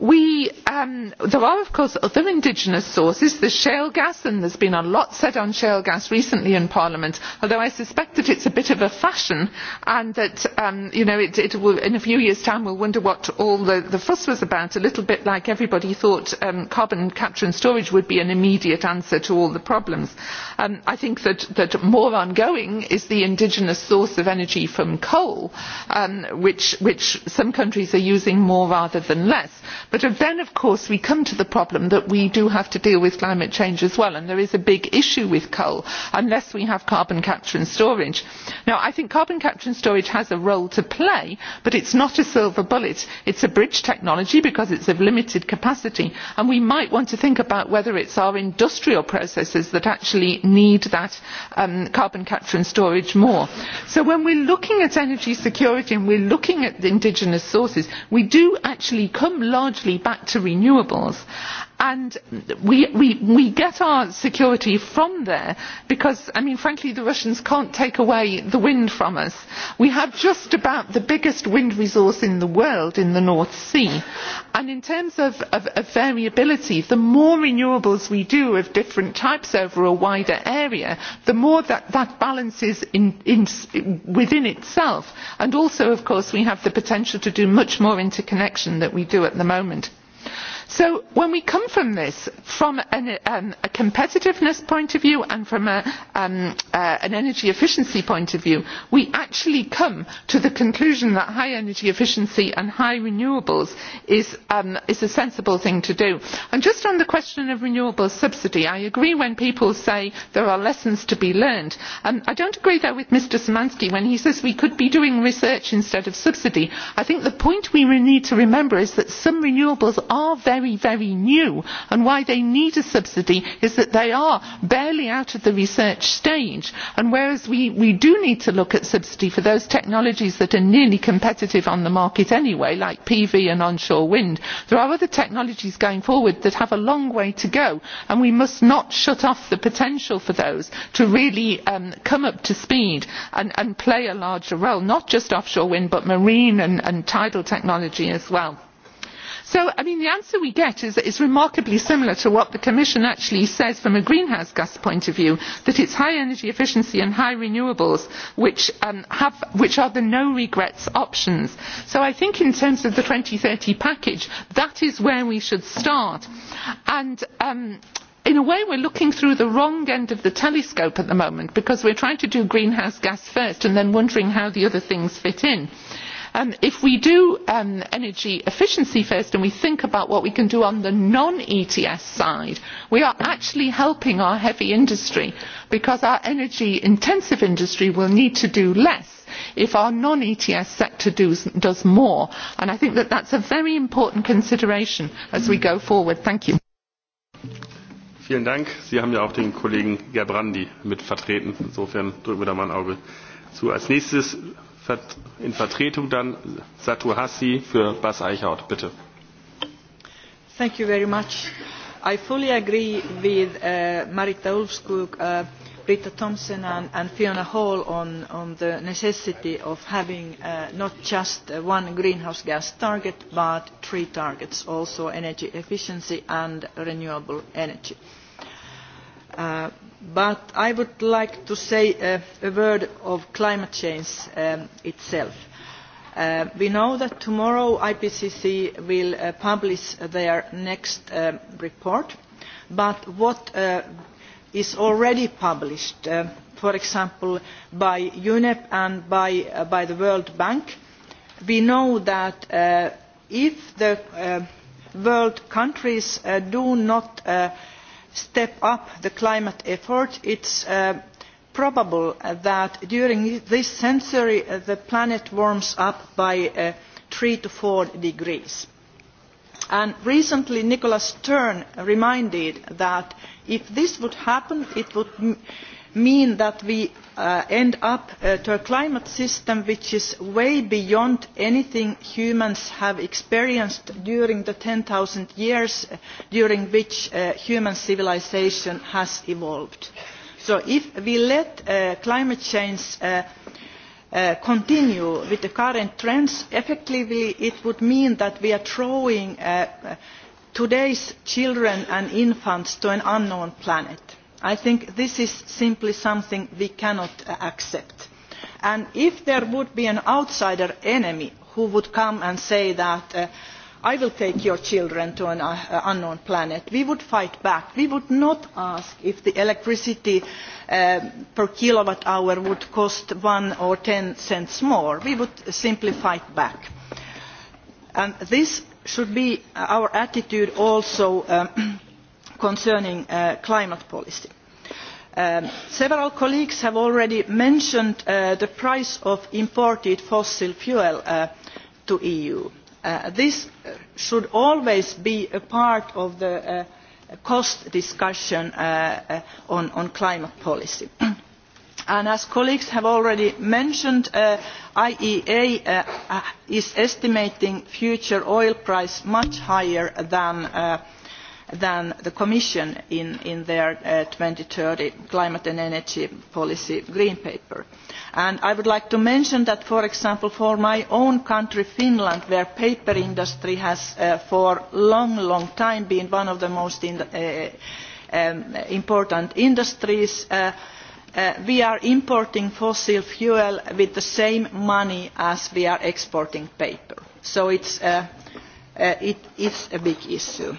We, um, there are of course other indigenous sources the shale gas and there has been a lot said on shale gas recently in parliament although i suspect that it is a bit of a fashion and that um, you know, it, it will, in a few years' time we will wonder what all the, the fuss was about a little bit like everybody thought um, carbon capture and storage would be an immediate answer to all the problems. Um, i think that, that more ongoing is the indigenous source of energy from coal um, which, which some countries are using more rather than less But then, of course, we come to the problem that we do have to deal with climate change as well, and there is a big issue with coal unless we have carbon capture and storage. Now, I think carbon capture and storage has a role to play, but it is not a silver bullet. it is a bridge technology because it is of limited capacity, and we might want to think about whether it is our industrial processes that actually need that um, carbon capture and storage more. So when we are looking at energy security and we are looking at indigenous sources, we do actually come largely largely back to renewables and we, we, we get our security from there because, I mean, frankly, the Russians can't take away the wind from us. We have just about the biggest wind resource in the world in the North Sea. And in terms of, of, of variability, the more renewables we do of different types over a wider area, the more that, that balances in, in, within itself. And also, of course, we have the potential to do much more interconnection than we do at the moment. So when we come from this, from an, um, a competitiveness point of view and from a, um, uh, an energy efficiency point of view, we actually come to the conclusion that high energy efficiency and high renewables is, um, is a sensible thing to do. And just on the question of renewable subsidy, I agree when people say there are lessons to be learned. Um, I don't agree though with Mr. Szymanski when he says we could be doing research instead of subsidy. I think the point we need to remember is that some renewables are very very, very new and why they need a subsidy is that they are barely out of the research stage. And whereas we, we do need to look at subsidy for those technologies that are nearly competitive on the market anyway, like PV and onshore wind, there are other technologies going forward that have a long way to go and we must not shut off the potential for those to really um, come up to speed and, and play a larger role, not just offshore wind but marine and, and tidal technology as well. So, I mean, the answer we get is, is remarkably similar to what the Commission actually says from a greenhouse gas point of view, that it's high energy efficiency and high renewables which, um, have, which are the no regrets options. So I think in terms of the 2030 package, that is where we should start. And um, in a way we're looking through the wrong end of the telescope at the moment because we're trying to do greenhouse gas first and then wondering how the other things fit in. Um, if we do um, energy efficiency first and we think about what we can do on the non-ETS side, we are actually helping our heavy industry because our energy intensive industry will need to do less if our non ETS sector does, does more. And I think that that's a very important consideration as we go forward. Thank you.
Vielen Dank. Sie haben ja auch den Kollegen Gerbrandi mit vertreten. Insofern drücken wir da mal ein Auge zu. Als nächstes in Vertretung dann Satu Hassi für Bas Eichhaut. Bitte.
Thank you very much. I fully agree with uh, Marita Ulfskog, uh, Rita Thompson and, and Fiona Hall on, on the necessity of having uh, not just uh, one greenhouse gas target but three targets, also energy efficiency and renewable energy. Uh, But I would like to say a, a word of climate change um, itself. Uh, we know that tomorrow IPCC will uh, publish their next um, report, but what uh, is already published, uh, for example, by UNEP and by, uh, by the World Bank, we know that uh, if the uh, world countries uh, do not uh, step up the climate effort, it is uh, probable that during this century uh, the planet warms up by uh, three to four degrees. And recently Nicholas Stern reminded that if this would happen, it would mean that we uh, end up uh, to a climate system which is way beyond anything humans have experienced during the 10,000 years uh, during which uh, human civilization has evolved. So if we let uh, climate change uh, Uh, continue with the current trends, effectively it would mean that we are throwing uh, uh today's children and infants to an unknown planet. I think this is simply something we cannot uh, accept. And if there would be an outsider enemy who would come and say that uh, I will take your children to an uh, unknown planet. We would fight back. We would not ask if the electricity uh, per kilowatt hour would cost one or ten cents more. We would simply fight back. And this should be our attitude also uh, concerning uh, climate policy. Um, several colleagues have already mentioned uh, the price of imported fossil fuel uh, to the EU. Uh, this uh, should always be a part of the uh, cost discussion uh, on, on, climate policy. and as colleagues have already mentioned, uh, IEA is estimating future oil price much higher than than the Commission in, in their uh, 2030 climate and energy policy green paper. And I would like to mention that, for example, for my own country, Finland, where paper industry has uh, for long, long time been one of the most in, uh, um, important industries, uh, Uh, we are importing fossil fuel with the same money as we are exporting paper. So it's, uh, uh, it, it's a big issue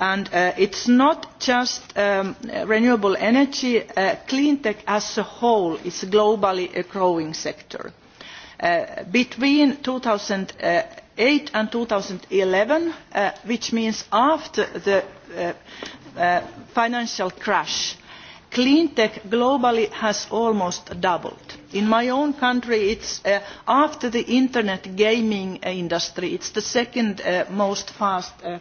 and uh, it's not just um, renewable energy, uh, clean tech as a whole is globally a growing sector. Uh, between 2008 and 2011, uh, which means after the uh, uh, financial crash, clean tech globally has almost doubled. In my own country, it's, uh, after the internet gaming uh, industry, it's the second uh, most fast uh,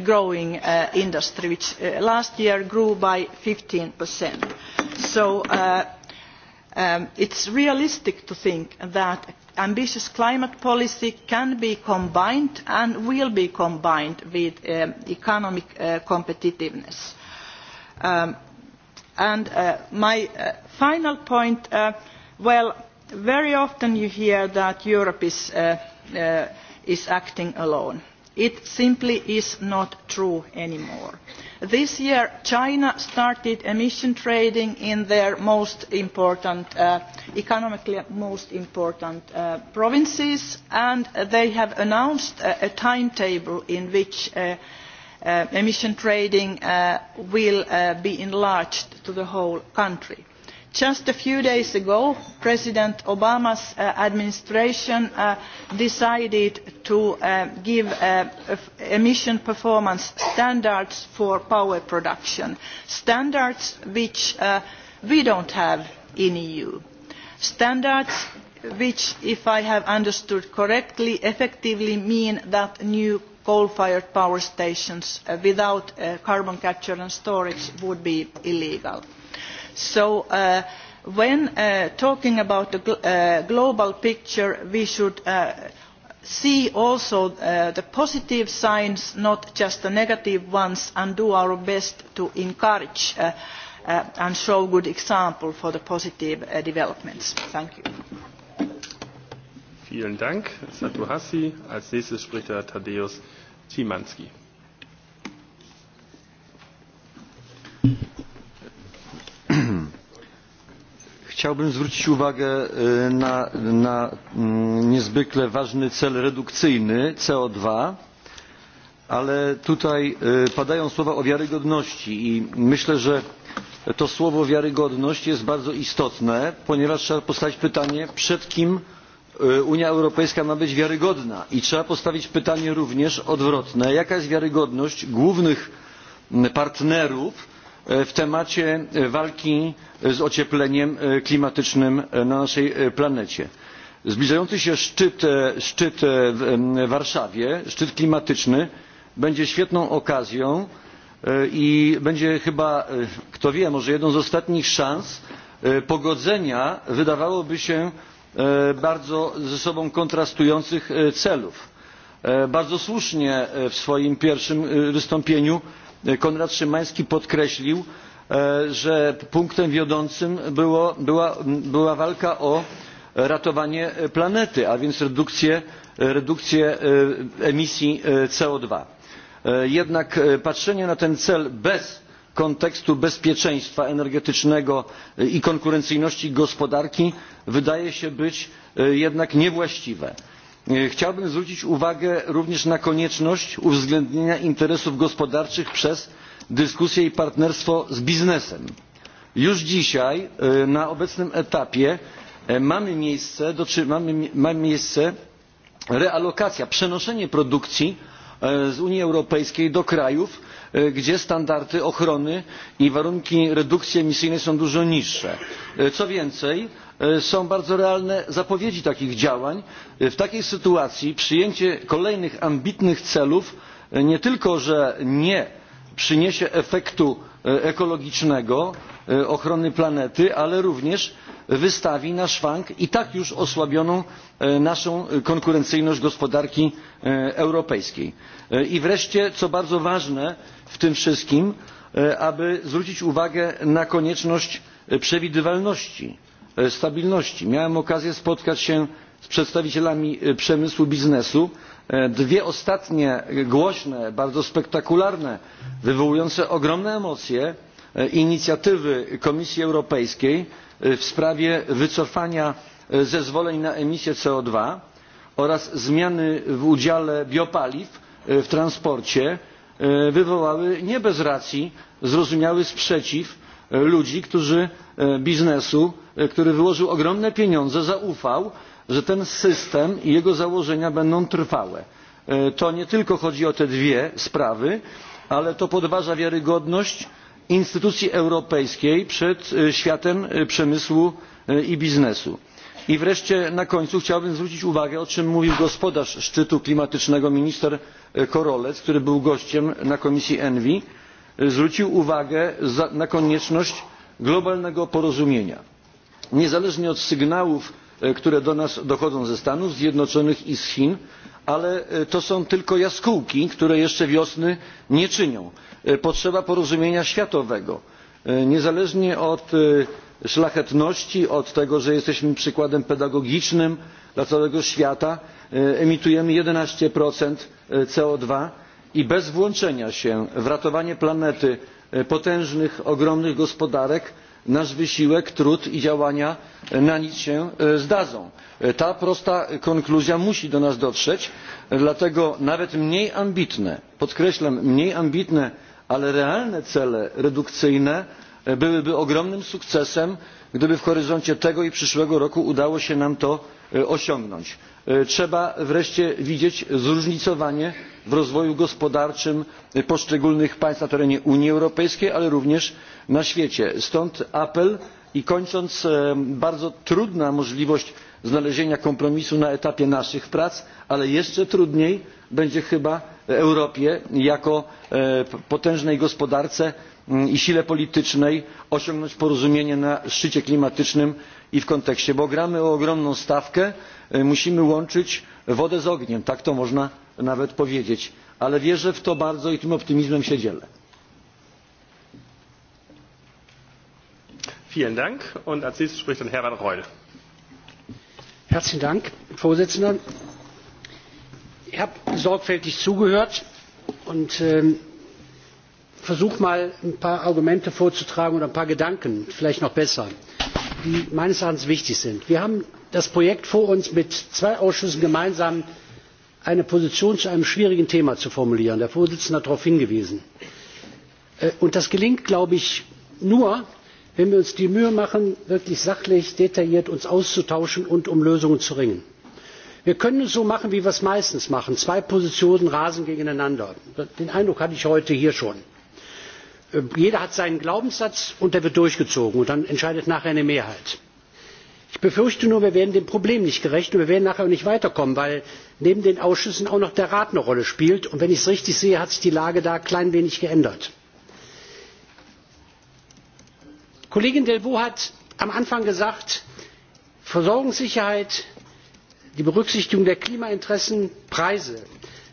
growing uh, industry, which uh, last year grew by 15%. So uh, um, it's realistic to think that ambitious climate policy can be combined and will be combined with um, economic uh, competitiveness. Um, and uh, my uh, final point, uh, well, very often you hear that Europe is, uh, uh, is acting alone It simply is not true anymore. This year, China started emission trading in their most important, uh, economically most important uh, provinces, and they have announced a, a timetable in which uh, uh, emission trading uh, will uh, be enlarged to the whole country Just a few days ago, President Obama's uh, administration uh, decided to uh, give uh, emission performance standards for power production, standards which uh, we don't have in EU, standards which, if I have understood correctly, effectively mean that new coal-fired power stations uh, without uh, carbon capture and storage would be illegal. So uh, when uh, talking about the gl uh, global picture, we should uh, see also uh, the positive signs, not just the negative ones, and do our best to encourage uh, uh, and show good example for the positive uh, developments. Thank you.
Vielen Dank, Satu Hassi. Als nächstes spricht der Tadeusz Szymanski.
Chciałbym zwrócić uwagę na, na mm, niezwykle ważny cel redukcyjny CO2, ale tutaj padają słowa o wiarygodności i myślę, że to słowo wiarygodność jest bardzo istotne, ponieważ trzeba postawić pytanie, przed kim Unia Europejska ma być wiarygodna i trzeba postawić pytanie również odwrotne, jaka jest wiarygodność głównych mm, partnerów E, w temacie e, walki z ociepleniem e, klimatycznym na naszej planecie. Zbliżający się szczyt, szczyt w Warszawie, szczyt klimatyczny, będzie świetną okazją i będzie chyba, kto wie, może jedną z ostatnich szans pogodzenia, wydawałoby się, bardzo ze sobą kontrastujących celów. Bardzo słusznie w swoim pierwszym wystąpieniu E, Konrad Szymański podkreślił, e, że punktem wiodącym było, była, była walka o ratowanie planety, a więc redukcję, redukcję e, emisji co dwa. Jednak patrzenie na ten cel bez kontekstu bezpieczeństwa energetycznego i konkurencyjności gospodarki wydaje się być jednak niewłaściwe. E, chciałbym zwrócić uwagę również na konieczność uwzględnienia interesów gospodarczych przez dyskusję i partnerstwo z biznesem. Już dzisiaj e, na obecnym etapie e, mamy miejsce, mamy, mamy miejsce realokacja, przenoszenie produkcji z Unii Europejskiej do krajów, gdzie standardy ochrony i warunki redukcji emisyjnej są dużo niższe. Co więcej, E, są bardzo realne zapowiedzi takich działań. E, w takiej sytuacji przyjęcie kolejnych ambitnych celów e, nie tylko że nie przyniesie efektu ekologicznego ochrony planety ale również wystawi na szwank i tak już osłabioną naszą konkurencyjność gospodarki europejskiej. i wreszcie co bardzo ważne w tym wszystkim aby zwrócić uwagę na konieczność przewidywalności E, stabilności. Miałem okazję spotkać się z przedstawicielami e, przemysłu biznesu. E, dwie ostatnie głośne, bardzo spektakularne, wywołujące ogromne emocje inicjatywy Komisji Europejskiej w sprawie wycofania zezwoleń na emisję co dwa oraz zmiany w udziale biopaliw w transporcie wywołały nie bez racji zrozumiały sprzeciw ludzi, którzy biznesu E, który wyłożył ogromne pieniądze, zaufał, że ten system i jego założenia będą trwałe. E, to nie tylko chodzi o te dwie sprawy, ale to podważa wiarygodność instytucji europejskiej przed e, światem przemysłu i biznesu. I wreszcie na końcu chciałbym zwrócić uwagę, o czym mówił gospodarz szczytu klimatycznego minister Korolec, który był gościem na komisji ENVI, zwrócił uwagę na konieczność globalnego porozumienia niezależnie od sygnałów, e, które do nas dochodzą ze Stanów Zjednoczonych i z Chin, ale e, to są tylko jaskółki, które jeszcze wiosny nie czynią. E, potrzeba porozumienia światowego. Niezależnie od szlachetności, od tego, że jesteśmy przykładem pedagogicznym dla całego świata, emitujemy 11% CO2 i bez włączenia się w ratowanie planety potężnych, ogromnych gospodarek nasz wysiłek, trud i działania na nic się e, zdadzą. E, ta prosta konkluzja musi do nas dotrzeć, dlatego nawet mniej ambitne, podkreślam, mniej ambitne, ale realne cele redukcyjne e, byłyby ogromnym sukcesem, gdyby w horyzoncie tego i przyszłego roku udało się nam to osiągnąć. Trzeba wreszcie widzieć zróżnicowanie w rozwoju gospodarczym poszczególnych państw na terenie Unii Europejskiej, ale również na świecie. Stąd apel i kończąc e, bardzo trudna możliwość znalezienia kompromisu na etapie naszych prac, ale jeszcze trudniej będzie chyba Europie jako e, potężnej gospodarce mm, i sile politycznej osiągnąć porozumienie na szczycie klimatycznym i w kontekście, bo gramy o ogromną stawkę, e, musimy łączyć wodę z ogniem, tak to można nawet powiedzieć, ale wierzę w to bardzo i tym optymizmem się dzielę.
Vielen Dank. Und als nächstes spricht dann Herbert Reul.
Herzlichen Dank, Vorsitzender. Ich habe sorgfältig zugehört und äh, versuche mal ein paar Argumente vorzutragen oder ein paar Gedanken, vielleicht noch besser, die meines Erachtens wichtig sind. Wir haben das Projekt vor uns mit zwei Ausschüssen gemeinsam eine Position zu einem schwierigen Thema zu formulieren. Der Vorsitzende hat darauf hingewiesen. Äh, und das gelingt, glaube ich, nur, wenn wir uns die Mühe machen, wirklich sachlich, detailliert uns auszutauschen und um Lösungen zu ringen. Wir können es so machen, wie wir es meistens machen. Zwei Positionen rasen gegeneinander. Den Eindruck hatte ich heute hier schon. Äh, jeder hat seinen Glaubenssatz und der wird durchgezogen und dann entscheidet nachher eine Mehrheit. Ich befürchte nur, wir werden dem Problem nicht gerecht und wir werden nachher nicht weiterkommen, weil neben den Ausschüssen auch noch der Rat eine Rolle spielt. Und wenn ich es richtig sehe, hat sich die Lage da ein klein wenig geändert. Kollegin Delvaux hat am Anfang gesagt, Versorgungssicherheit, die Berücksichtigung der Klimainteressen, Preise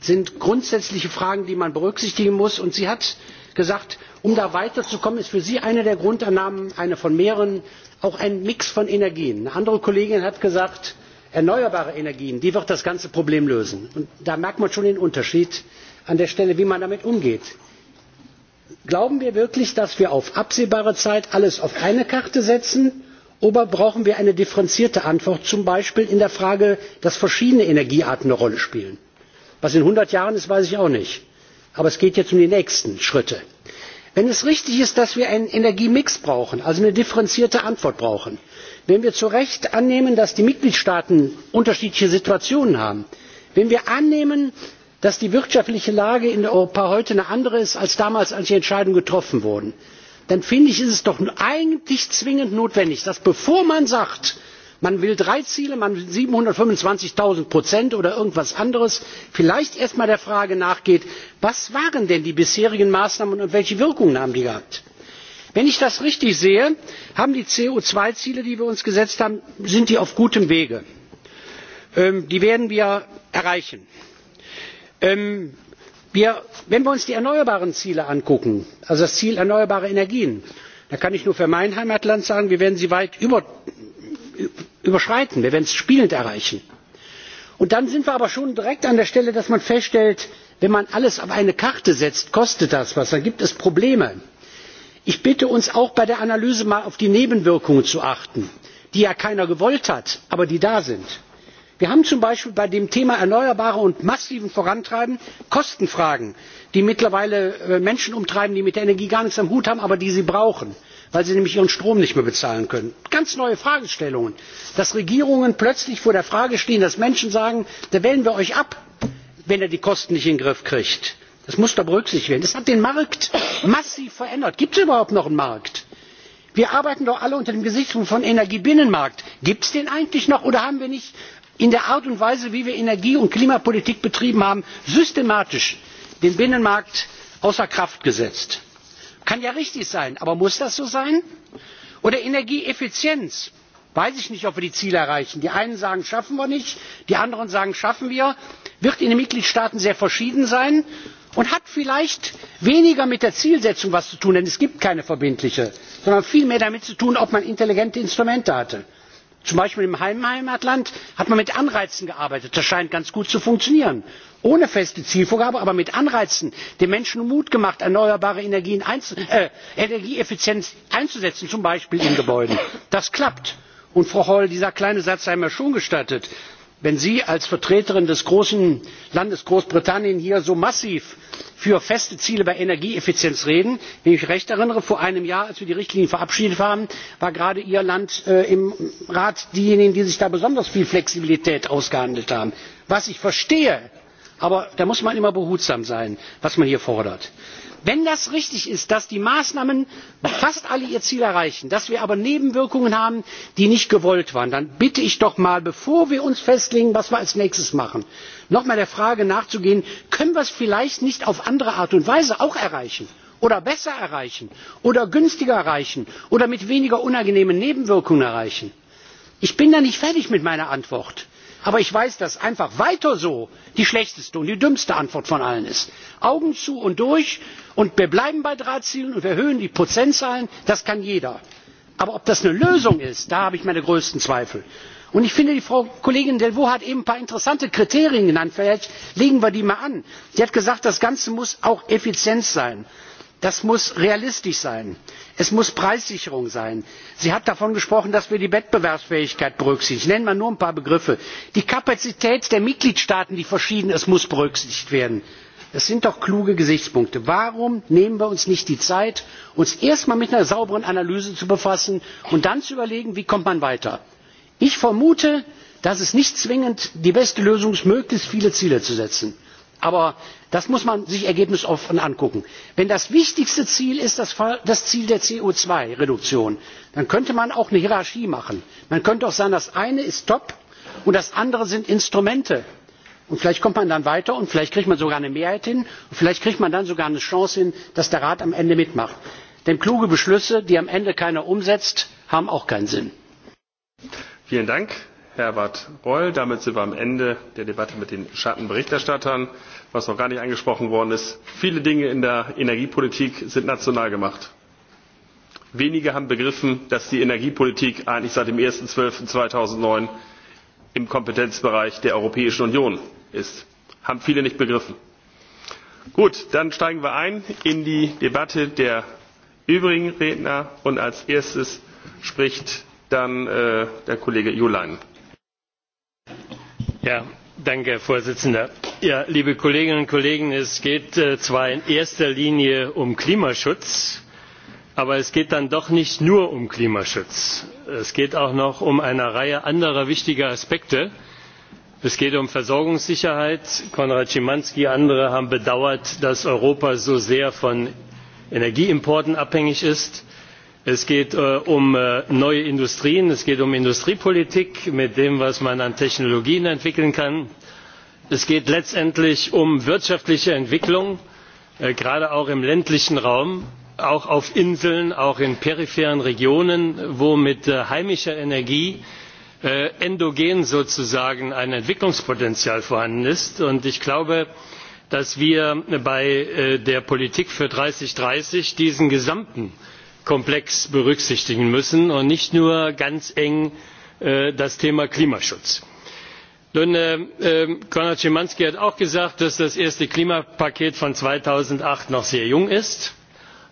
sind grundsätzliche Fragen, die man berücksichtigen muss. Und sie hat gesagt, um da weiterzukommen, ist für sie eine der Grundannahmen, eine von mehreren, auch ein Mix von Energien. Eine andere Kollegin hat gesagt, erneuerbare Energien, die wird das ganze Problem lösen. Und da merkt man schon den Unterschied an der Stelle, wie man damit umgeht. Glauben wir wirklich, dass wir auf absehbare Zeit alles auf eine Karte setzen? Oder brauchen wir eine differenzierte Antwort, zum Beispiel in der Frage, dass verschiedene Energiearten eine Rolle spielen? Was in 100 Jahren ist, weiß ich auch nicht. Aber es geht jetzt um die nächsten Schritte. Wenn es richtig ist, dass wir einen Energiemix brauchen, also eine differenzierte Antwort brauchen, wenn wir zu Recht annehmen, dass die Mitgliedstaaten unterschiedliche Situationen haben, wenn wir annehmen, dass die wirtschaftliche Lage in Europa heute eine andere ist als damals, als die Entscheidungen getroffen wurden, dann finde ich, ist es doch eigentlich zwingend notwendig, dass bevor man sagt, man will drei Ziele, man will 725.000 Prozent oder irgendwas anderes, vielleicht erst einmal der Frage nachgeht, was waren denn die bisherigen Maßnahmen und welche Wirkungen haben die gehabt? Wenn ich das richtig sehe, haben die co zwei ziele die wir uns gesetzt haben, sind die auf gutem Wege. Ähm, die werden wir erreichen. Ähm, wir, wenn wir uns die erneuerbaren Ziele angucken, also das Ziel erneuerbare Energien, da kann ich nur für mein Heimatland sagen, wir werden sie weit über, überschreiten, wir werden es spielend erreichen. Und dann sind wir aber schon direkt an der Stelle, dass man feststellt, wenn man alles auf eine Karte setzt, kostet das was, dann gibt es Probleme. Ich bitte uns auch bei der Analyse mal auf die Nebenwirkungen zu achten, die ja keiner gewollt hat, aber die da sind wir haben zum beispiel bei dem thema erneuerbare und massiven vorantreiben kostenfragen die mittlerweile äh, menschen umtreiben die mit der energie gar nichts am hut haben aber die sie brauchen weil sie nämlich ihren strom nicht mehr bezahlen können. ganz neue fragestellungen dass regierungen plötzlich vor der frage stehen dass menschen sagen da wählen wir euch ab wenn ihr die kosten nicht in den griff kriegt. das muss doch berücksichtigt werden. das hat den markt massiv verändert. gibt es überhaupt noch einen markt? wir arbeiten doch alle unter dem gesichtspunkt von energiebinnenmarkt. gibt es den eigentlich noch oder haben wir nicht in der Art und Weise, wie wir Energie- und Klimapolitik betrieben haben, systematisch den Binnenmarkt außer Kraft gesetzt. Kann ja richtig sein, aber muss das so sein? Oder Energieeffizienz. Weiß ich nicht, ob wir die Ziele erreichen. Die einen sagen, schaffen wir nicht, die anderen sagen, schaffen wir. Wird in den Mitgliedstaaten sehr verschieden sein und hat vielleicht weniger mit der Zielsetzung etwas zu tun, denn es gibt keine verbindliche, sondern viel mehr damit zu tun, ob man intelligente Instrumente hatte. Zum Beispiel im Heimatland hat man mit Anreizen gearbeitet. Das scheint ganz gut zu funktionieren. Ohne feste Zielvorgabe, aber mit Anreizen den Menschen Mut gemacht, erneuerbare Energien äh, Energieeffizienz einzusetzen, zum Beispiel in Gebäuden. Das klappt. Und Frau Hall, dieser kleine Satz sei mir schon gestattet wenn sie als vertreterin des großen landes großbritannien hier so massiv für feste ziele bei energieeffizienz reden wenn ich mich recht erinnere vor einem jahr als wir die richtlinie verabschiedet haben war gerade ihr land äh, im rat diejenigen die sich da besonders viel flexibilität ausgehandelt haben was ich verstehe aber da muss man immer behutsam sein was man hier fordert. Wenn das richtig ist, dass die Maßnahmen fast alle ihr Ziel erreichen, dass wir aber Nebenwirkungen haben, die nicht gewollt waren, dann bitte ich doch mal, bevor wir uns festlegen, was wir als nächstes machen, nochmal der Frage nachzugehen, können wir es vielleicht nicht auf andere Art und Weise auch erreichen? oder besser erreichen oder günstiger erreichen oder mit weniger unangenehmen Nebenwirkungen erreichen? Ich bin da nicht fertig mit meiner Antwort aber ich weiß, dass einfach weiter so die schlechteste und die dümmste Antwort von allen ist. Augen zu und durch und wir bleiben bei Drahtzielen und wir erhöhen die Prozentzahlen, das kann jeder. Aber ob das eine Lösung ist, da habe ich meine größten Zweifel. Und ich finde, die Frau Kollegin Delvaux hat eben ein paar interessante Kriterien genannt. Vielleicht legen wir die mal an. Sie hat gesagt, das Ganze muss auch effizient sein. Das muss realistisch sein. Es muss Preissicherung sein. Sie hat davon gesprochen, dass wir die Wettbewerbsfähigkeit berücksichtigen. Ich nenne mal nur ein paar Begriffe. Die Kapazität der Mitgliedstaaten, die verschieden ist, muss berücksichtigt werden. Das sind doch kluge Gesichtspunkte. Warum nehmen wir uns nicht die Zeit, uns erst einmal mit einer sauberen Analyse zu befassen und dann zu überlegen, wie kommt man weiter? Ich vermute, dass es nicht zwingend die beste Lösung ist, möglichst viele Ziele zu setzen. Aber das muss man sich ergebnisoffen angucken. Wenn das wichtigste Ziel ist das, das Ziel der co zwei reduktion dann könnte man auch eine Hierarchie machen. Man könnte auch sagen, das eine ist top und das andere sind Instrumente. Und vielleicht kommt man dann weiter und vielleicht kriegt man sogar eine Mehrheit hin und vielleicht kriegt man dann sogar eine Chance hin, dass der Rat am Ende mitmacht. Denn kluge Beschlüsse, die am Ende keiner umsetzt, haben auch keinen Sinn.
Vielen Dank. Herbert Reul. Damit sind wir am Ende der Debatte mit den Schattenberichterstattern. Was noch gar nicht angesprochen worden ist, viele Dinge in der Energiepolitik sind national gemacht. Wenige haben begriffen, dass die Energiepolitik eigentlich seit dem 1.12.2009 im Kompetenzbereich der Europäischen Union ist. Haben viele nicht begriffen. Gut, dann steigen wir ein in die Debatte der übrigen Redner und als erstes spricht dann äh, der Kollege Julein. Herr
Präsident. liebe Kolleginnen und Kollegen, es geht äh, zwar in erster Linie um Klimaschutz, aber es geht dann doch nicht nur um Klimaschutz. Es geht auch noch um eine Reihe anderer wichtiger Aspekte. Es geht um Versorgungssicherheit. Konrad Schimanski, andere haben bedauert, dass Europa so sehr von Energieimporten abhängig ist. Es geht äh, um äh, neue Industrien, es geht um Industriepolitik mit dem, was man an Technologien entwickeln kann. Es geht letztendlich um wirtschaftliche Entwicklung, äh, gerade auch im ländlichen Raum, auch auf Inseln, auch in peripheren Regionen, wo mit äh, heimischer Energie äh, endogen sozusagen ein Entwicklungspotenzial vorhanden ist. Und ich glaube, dass wir bei äh, der Politik für 2030 diesen gesamten komplex berücksichtigen müssen und nicht nur ganz eng äh, das Thema Klimaschutz. Nun, äh, ähm, Konrad Schimanski hat auch gesagt, dass das erste Klimapaket von 2008 noch sehr jung ist.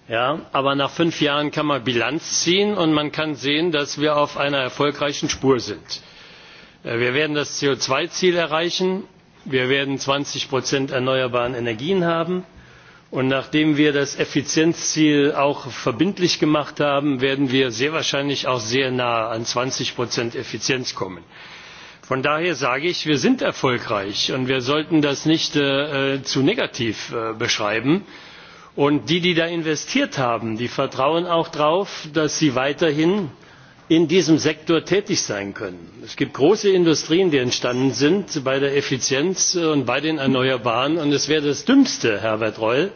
Ja, aber nach fünf Jahren kann man Bilanz ziehen und man kann sehen, dass wir auf einer erfolgreichen Spur sind. Äh, wir werden das CO2-Ziel erreichen. Wir werden 20 Prozent erneuerbaren Energien haben. Und nachdem wir das Effizienzziel auch verbindlich gemacht haben, werden wir sehr wahrscheinlich auch sehr nah an 20 Prozent Effizienz kommen. Von daher sage ich, wir sind erfolgreich und wir sollten das nicht äh, zu negativ äh, beschreiben. Und die, die da investiert haben, die vertrauen auch darauf, dass sie weiterhin äh, in diesem Sektor tätig sein können. Es gibt große Industrien, die entstanden sind bei der Effizienz und bei den Erneuerbaren. Und es wäre das Dümmste, Herbert Reul,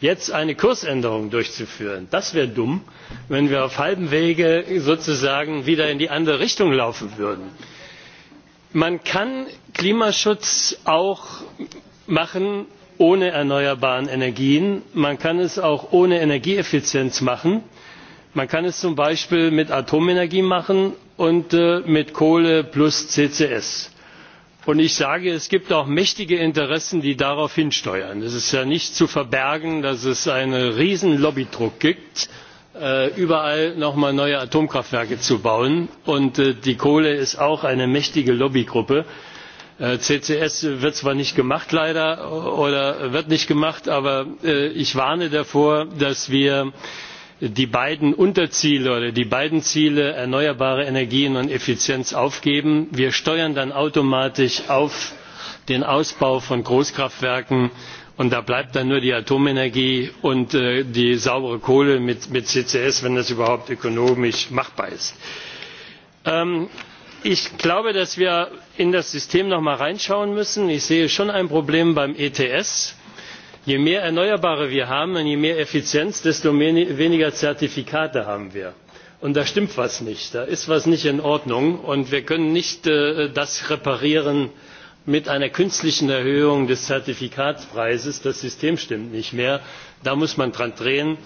jetzt eine Kursänderung durchzuführen. Das wäre dumm, wenn wir auf halbem Wege sozusagen wieder in die andere Richtung laufen würden. Man kann Klimaschutz auch machen ohne erneuerbare Energien. Man kann es auch ohne Energieeffizienz machen man kann es zum beispiel mit atomenergie machen und äh, mit kohle plus ccs. Und ich sage, es gibt auch mächtige Interessen, die darauf hinsteuern. Es ist ja nicht zu verbergen, dass es einen riesen Lobbydruck gibt, äh, überall nochmal neue Atomkraftwerke zu bauen. Und äh, die Kohle ist auch eine mächtige Lobbygruppe. Äh, CCS wird zwar nicht gemacht leider oder wird nicht gemacht, aber äh, ich warne davor, dass wir die beiden Unterziele oder die beiden Ziele erneuerbare Energien und Effizienz aufgeben. Wir steuern dann automatisch auf den Ausbau von Großkraftwerken und da bleibt dann nur die Atomenergie und äh, die saubere Kohle mit, CCS, wenn das überhaupt ökonomisch machbar ist. Ähm, ich glaube, dass wir in das System noch einmal reinschauen müssen. Ich sehe schon ein Problem beim ETS je mehr erneuerbare wir haben und je mehr effizienz desto weniger zertifikate haben wir. Und da stimmt was nicht, da ist was nicht in Ordnung und wir können nicht äh, das reparieren mit einer künstlichen Erhöhung des Zertifikatpreises. Das System stimmt nicht mehr. Da muss man dran drehen.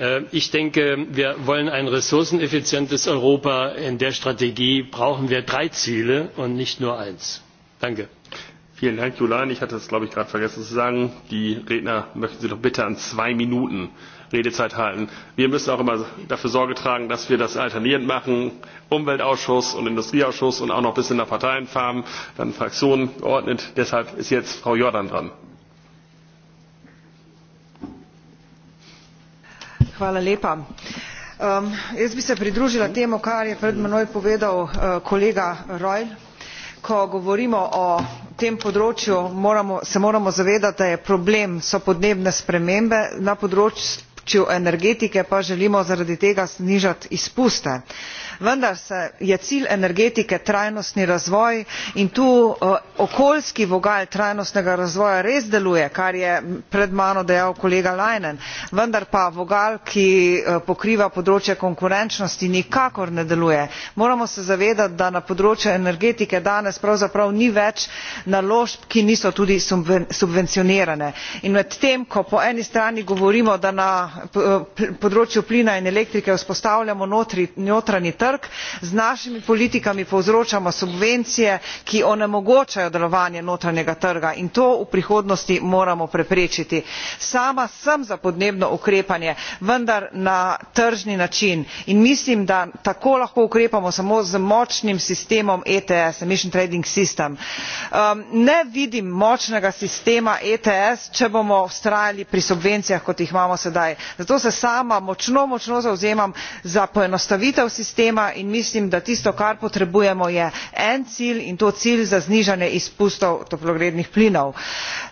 Äh, ich denke, wir wollen ein ressourceneffizientes Europa. In der Strategie brauchen wir drei Ziele und nicht nur eins. Danke. Vielen
Dank, Julian. Ich hatte es, glaube ich, gerade vergessen zu sagen. Die Redner möchten Sie doch bitte an zwei Minuten Redezeit halten. Wir müssen auch immer dafür Sorge tragen, dass wir das alternierend machen. Umweltausschuss und Industrieausschuss und auch noch ein bisschen nach Parteien fahren, dann Fraktionen geordnet. Deshalb ist jetzt Frau Jordan dran.
Hvala lepa. Um, jaz bi se pridružila temu, kar je pred menoj povedal uh, kolega Rojl ko govorimo o tem področju moramo, se moramo zavedati, da je problem so podnebne spremembe na področju energetike pa želimo zaradi tega znižati izpuste vendar je cilj energetike trajnostni razvoj in tu eh, okoljski vogal trajnostnega razvoja res deluje kar je pred mano dejal kolega leinen vendar pa vogal ki eh, pokriva področje konkurenčnosti nikakor ne deluje. moramo se zavedati da na področju energetike danes pravzaprav ni več naložb ki niso tudi subvencionirane in medtem ko po eni strani govorimo da na eh, področju plina in elektrike vzpostavljamo notri, notranji trg trg z našimi politikami povzročamo subvencije ki onemogočajo delovanje notranjega trga in to v prihodnosti moramo preprečiti. sama sem za podnebno ukrepanje vendar na tržni način in mislim da tako lahko ukrepamo samo z močnim sistemom ets emission trading system. Um, ne vidim močnega sistema ets če bomo vztrajali pri subvencijah kot jih imamo sedaj zato se sama močno močno zavzemam za poenostavitev sistema problema in mislim da tisto kar potrebujemo je en cilj in to cilj za znižanje izpustov toplogrednih plinov.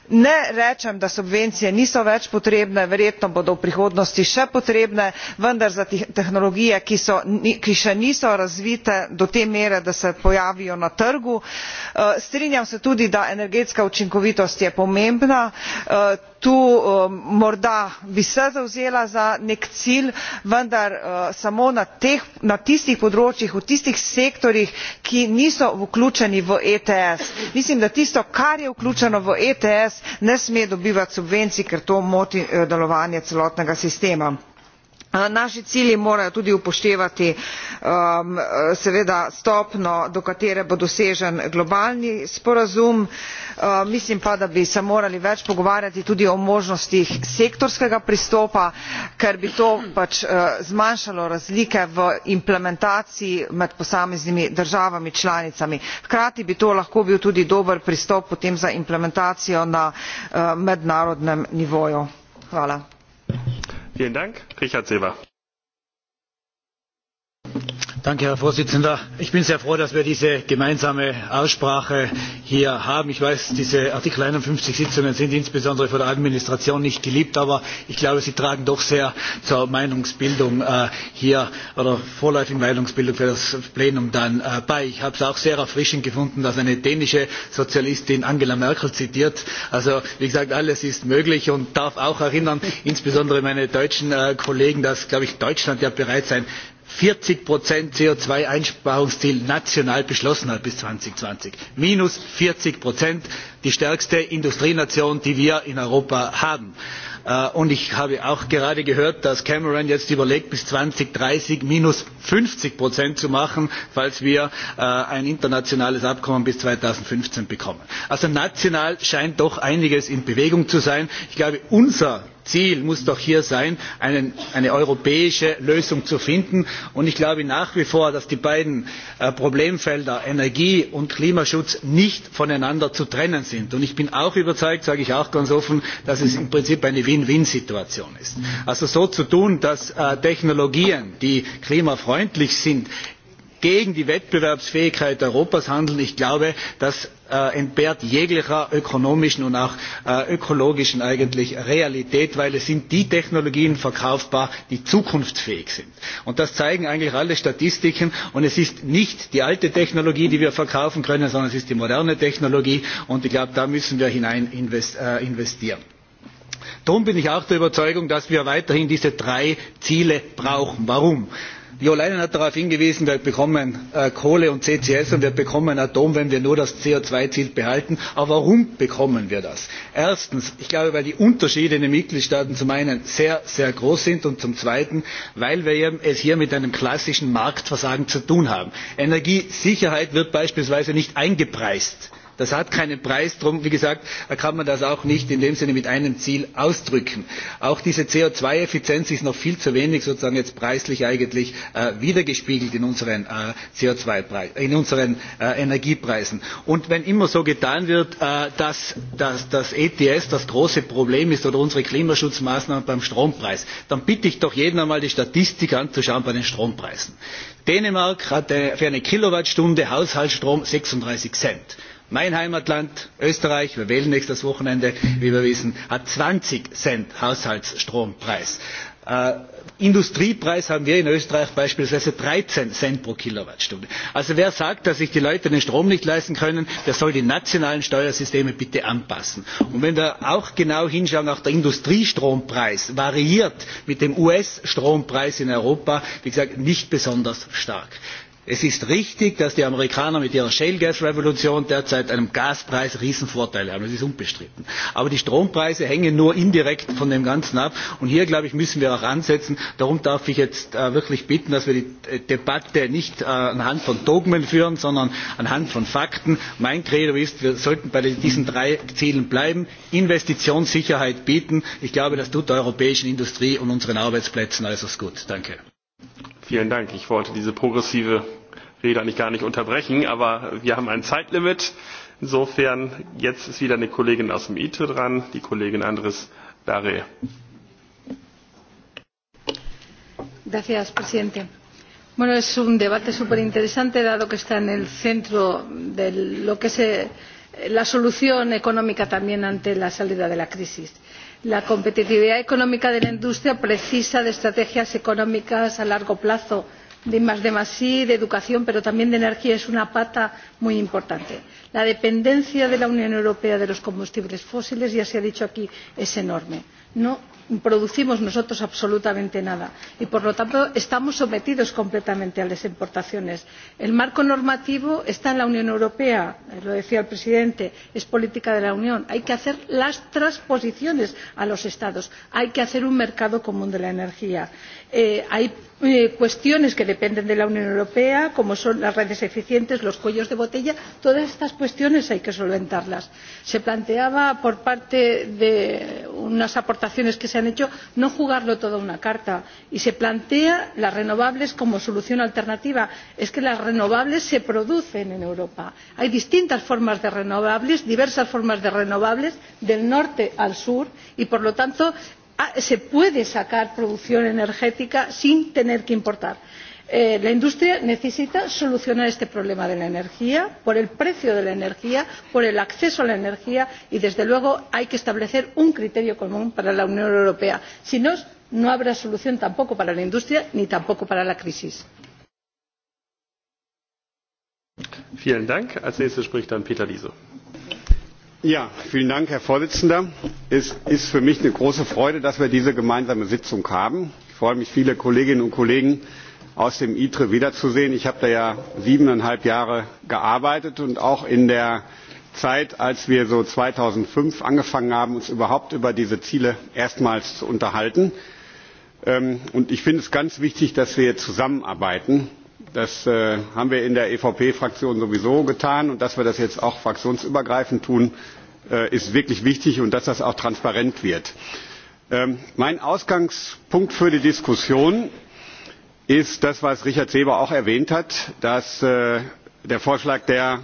ne rečem da subvencije niso več potrebne verjetno bodo v prihodnosti še potrebne vendar za tehnologije ki, so, ki še niso razvite do te mere da se pojavijo na trgu. Eh, strinjam se tudi da energetska učinkovitost je pomembna eh, tu eh, morda bi se zavzela za nek cilj vendar eh, samo na, teh, na tistih področjih v tistih sektorjih ki niso vključeni v ets. mislim da tisto kar je vključeno v ets ne sme dobivati subvencij ker to moti eh, delovanje celotnega sistema. Naši cilji morajo tudi upoštevati um, seveda stopno, do katere bo dosežen globalni sporazum. Uh, mislim pa, da bi se morali več pogovarjati tudi o možnostih sektorskega pristopa, ker bi to pač uh, zmanjšalo razlike v implementaciji med posameznimi državami članicami. Hkrati bi to lahko bil tudi dober pristop potem za implementacijo na uh, mednarodnem nivoju. Hvala.
Vielen Dank, Richard Silber.
Danke, Herr Vorsitzender. Ich bin sehr froh, dass wir diese gemeinsame Aussprache hier haben. Ich weiß, diese Artikel 51 Sitzungen sind insbesondere von der Administration nicht geliebt, aber ich glaube, sie tragen doch sehr zur Meinungsbildung äh, hier oder vorläufigen Meinungsbildung für das Plenum dann äh, bei. Ich habe es auch sehr erfrischend gefunden, dass eine dänische Sozialistin Angela Merkel zitiert. Also, wie gesagt, alles ist möglich und darf auch erinnern, insbesondere meine deutschen äh, Kollegen, dass, glaube ich, Deutschland ja bereits ein 40 CO2-Einsparungsziel national beschlossen hat bis 2020. Minus 40 die stärkste Industrienation, die wir in Europa haben. Äh, und ich habe auch gerade gehört, dass Cameron jetzt überlegt, bis 2030 minus 50 Prozent zu machen, falls wir äh, ein internationales Abkommen bis 2015 bekommen. Also national scheint doch einiges in Bewegung zu sein. Ich glaube, unser Ziel muss doch hier sein, einen, eine europäische Lösung zu finden. Und ich glaube nach wie vor, dass die beiden äh, Problemfelder Energie und Klimaschutz nicht voneinander zu trennen sind sind. Und ich bin auch überzeugt, sage ich auch ganz offen, dass es im Prinzip eine Win-Win-Situation ist. Also so zu tun, dass äh, Technologien, die klimafreundlich sind, gegen die Wettbewerbsfähigkeit Europas handeln. Ich glaube, das äh, entbehrt jeglicher ökonomischen und auch äh, ökologischen eigentlich Realität, weil es sind die Technologien verkaufbar, die zukunftsfähig sind. das zeigen eigentlich alle Statistiken. Und es ist nicht die alte Technologie, die wir verkaufen können, sondern es ist die moderne Technologie. Und ich glaube, da müssen wir hinein äh, investieren. Darum bin ich auch der Überzeugung, dass wir weiterhin diese drei Ziele brauchen. Warum? leider hat darauf hingewiesen, wir bekommen äh, Kohle und CCS und wir bekommen Atom, wenn wir nur das CO2-Ziel behalten. Aber warum bekommen wir das? Erstens, ich glaube, weil die Unterschiede in den Mitgliedstaaten zum einen sehr, sehr groß sind und zum zweiten, weil wir es hier mit einem klassischen Marktversagen zu tun haben. Energiesicherheit wird beispielsweise nicht eingepreist. Äh, Das hat keinen Preis, darum, wie gesagt, kann man das auch nicht in dem Sinne mit einem Ziel ausdrücken. Auch diese CO2-Effizienz ist noch viel zu wenig sozusagen jetzt preislich eigentlich äh, wiedergespiegelt in unseren, äh, CO2 in unseren äh, Energiepreisen. Und wenn immer so getan wird, äh, dass, dass das ETS das große Problem ist oder unsere Klimaschutzmaßnahmen beim Strompreis, dann bitte ich doch jeden einmal die Statistik anzuschauen bei den Strompreisen. Dänemark hat äh, für eine Kilowattstunde Haushaltsstrom 36 Cent. Mein Heimatland Österreich, wir wählen nächstes Wochenende, wie wir wissen, hat 20 Cent Haushaltsstrompreis. Äh, Industriepreis haben wir in Österreich beispielsweise 13 Cent pro Kilowattstunde. Also wer sagt, dass sich die Leute den Strom nicht leisten können, der soll die nationalen Steuersysteme bitte anpassen. Und wenn wir auch genau hinschauen, auch der Industriestrompreis variiert mit dem US-Strompreis in Europa, wie gesagt, nicht besonders stark. Es ist richtig, dass die Amerikaner mit ihrer Shale Gas Revolution derzeit einem Gaspreis Riesenvorteile haben. Das ist unbestritten. Aber die Strompreise hängen nur indirekt von dem Ganzen ab. Und hier, glaube ich, müssen wir auch ansetzen. Darum darf ich jetzt äh, wirklich bitten, dass wir die äh, Debatte nicht äh, anhand von Dogmen führen, sondern anhand von Fakten. Mein Credo ist, wir sollten bei diesen drei Zielen bleiben. Investitionssicherheit bieten. Ich glaube, das tut der europäischen Industrie und unseren Arbeitsplätzen äußerst gut. Danke.
Vielen Dank. Ich wollte diese progressive Rede eigentlich gar nicht unterbrechen, aber wir haben ein Zeitlimit. Insofern, jetzt ist wieder eine Kollegin aus dem ITE dran, die Kollegin Andres Darre.
Gracias, presidente. Bueno, es un debate súper interesante, dado que está en el centro de lo que es eh, la solución económica también ante la salida de la crisis. La competitividad económica de la industria precisa de estrategias económicas a largo plazo, de más de más sí, de educación, pero también de energía es una pata muy importante. La dependencia de la Unión Europea de los combustibles fósiles, ya se ha dicho aquí, es enorme. No producimos nosotros absolutamente nada y por lo tanto estamos sometidos completamente a las importaciones. el marco normativo está en la unión europea eh, lo decía el presidente es política de la unión hay que hacer las transposiciones a los estados hay que hacer un mercado común de la energía. Eh, hay eh, cuestiones que dependen de la unión europea como son las redes eficientes los cuellos de botella todas estas cuestiones hay que solventarlas. se planteaba por parte de unas aportaciones que se han hecho no jugarlo todo a una carta y se plantea las renovables como solución alternativa. es que las renovables se producen en europa hay distintas formas de renovables diversas formas de renovables del norte al sur y por lo tanto ah, se puede sacar producción energética sin tener que importar. Eh, la industria necesita solucionar este problema de la energía por el precio de la energía por el acceso a la energía y desde luego hay que establecer un criterio común para la unión europea si no no habrá solución tampoco para la industria ni tampoco para la crisis.
Vielen Dank. Als nächstes spricht dann Peter Liese.
Ja, vielen Dank, Herr Vorsitzender. Es ist für mich eine große Freude, dass wir diese gemeinsame Sitzung haben. Ich freue mich, viele Kolleginnen und Kollegen aus dem ITRE wiederzusehen. Ich habe da ja siebeneinhalb Jahre gearbeitet und auch in der Zeit, als wir so 2005 angefangen haben, uns überhaupt über diese Ziele erstmals zu unterhalten. Ähm, und ich finde es ganz wichtig, dass wir zusammenarbeiten. Das äh, haben wir in der EVP-Fraktion sowieso getan und dass wir das jetzt auch fraktionsübergreifend tun, äh, ist wirklich wichtig und dass das auch transparent wird. Ähm, mein Ausgangspunkt für die Diskussion ist das, was Richard Seber auch erwähnt hat, dass äh, der Vorschlag der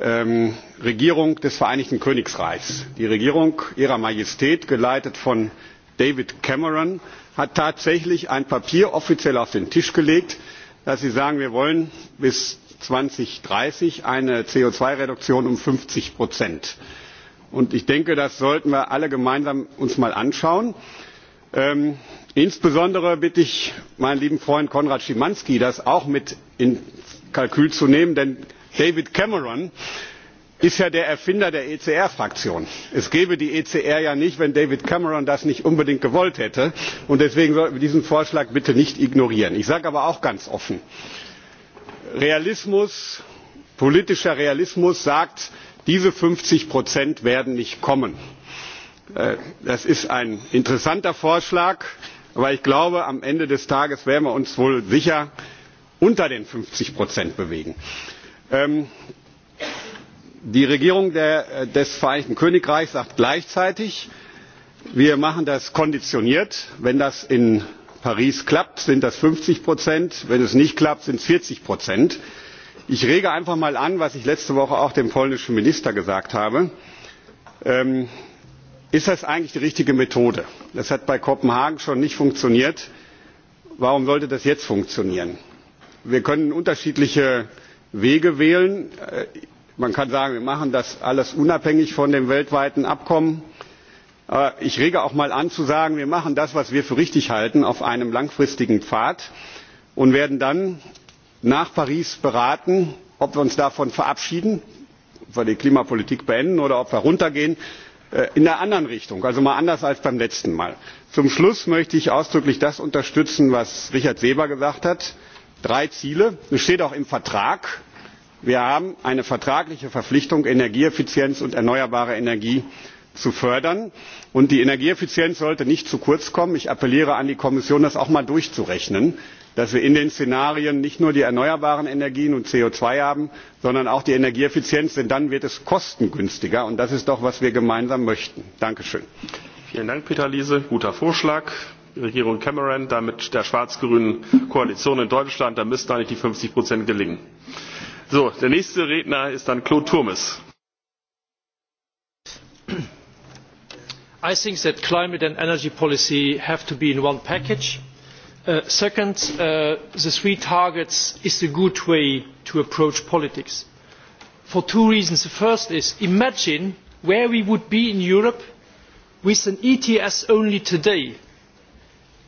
ähm, Regierung des Vereinigten Königreichs, die Regierung ihrer Majestät, geleitet von David Cameron, hat tatsächlich ein Papier offiziell auf den Tisch gelegt, dass sie sagen, wir wollen bis 2030 eine CO2-Reduktion um 50 Prozent. Und ich denke, das sollten wir alle gemeinsam uns mal anschauen. Ähm, insbesondere bitte ich meinen lieben Freund Konrad Schimanski, das auch mit ins Kalkül zu nehmen, denn David Cameron ist ja der Erfinder der ECR-Fraktion. Es gäbe die ECR ja nicht, wenn David Cameron das nicht unbedingt gewollt hätte. Und deswegen sollten wir diesen Vorschlag bitte nicht ignorieren. Ich sage aber auch ganz offen, Realismus, politischer Realismus sagt, diese fünfzig werden nicht kommen. Äh, das ist ein interessanter Vorschlag, aber ich glaube, am Ende des Tages werden wir uns wohl sicher unter den 50 Prozent bewegen. Ähm, die Regierung der, äh, des Vereinigten Königreichs sagt gleichzeitig, wir machen das konditioniert. Wenn das in Paris klappt, sind das 50 Prozent. Wenn es nicht klappt, sind es 40 Prozent. Ich rege einfach mal an, was ich letzte Woche auch dem polnischen Minister gesagt habe. Ähm, Ist das eigentlich die richtige Methode? Das hat bei Kopenhagen schon nicht funktioniert. Warum sollte das jetzt funktionieren? Wir können unterschiedliche Wege wählen. Äh, man kann sagen, wir machen das alles unabhängig von dem weltweiten Abkommen. Ich rege auch mal an zu sagen, wir machen das, was wir für richtig halten, auf einem langfristigen Pfad und werden dann nach Paris beraten, ob wir uns davon verabschieden, ob wir die Klimapolitik beenden oder ob wir runtergehen Äh, in der anderen Richtung, also mal anders als beim letzten Mal. Zum Schluss möchte ich ausdrücklich das unterstützen, was Richard Seeber gesagt hat. Drei Ziele. Das steht auch im Vertrag. Wir haben eine vertragliche Verpflichtung, Energieeffizienz und erneuerbare Energie zu fördern. Und die Energieeffizienz sollte nicht zu kurz kommen. Ich appelliere an die Kommission, das auch mal durchzurechnen dass wir in den Szenarien nicht nur die erneuerbaren Energien und co zwei haben, sondern auch die Energieeffizienz, denn dann wird es kostengünstiger. Und das ist doch, was wir gemeinsam möchten. Dankeschön.
Vielen Dank, Peter Liese. Guter Vorschlag. Regierung Cameron, damit der schwarz-grünen Koalition in Deutschland, da müssten eigentlich die 50 Prozent gelingen. So, der nächste Redner ist dann Claude Turmes.
I think that climate and energy policy have to be in one package Uh, second, uh, the three targets is a good way to approach politics. For two reasons. The first is imagine where we would be in Europe with an ETS only today.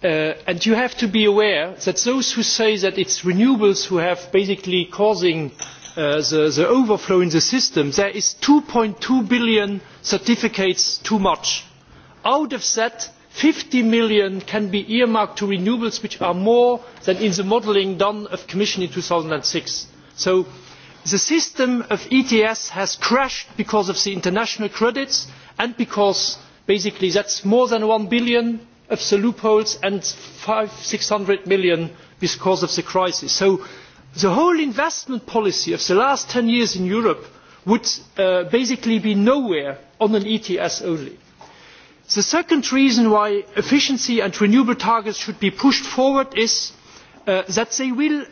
Uh, and you have to be aware that those who say that it's renewables who have basically causing uh, the, the overflow in the system, there is 2.2 billion certificates too much. Out of that, fifty million can be earmarked to renewables, which are more than in the modelling done of Commission in two thousand six. So the system of ETS has crashed because of the international credits and because basically that is more than one billion of the loopholes and five six hundred million because of the crisis. So the whole investment policy of the last ten years in Europe would uh, basically be nowhere on an ETS only. The second reason why efficiency and renewable targets should be pushed forward is uh, that they will,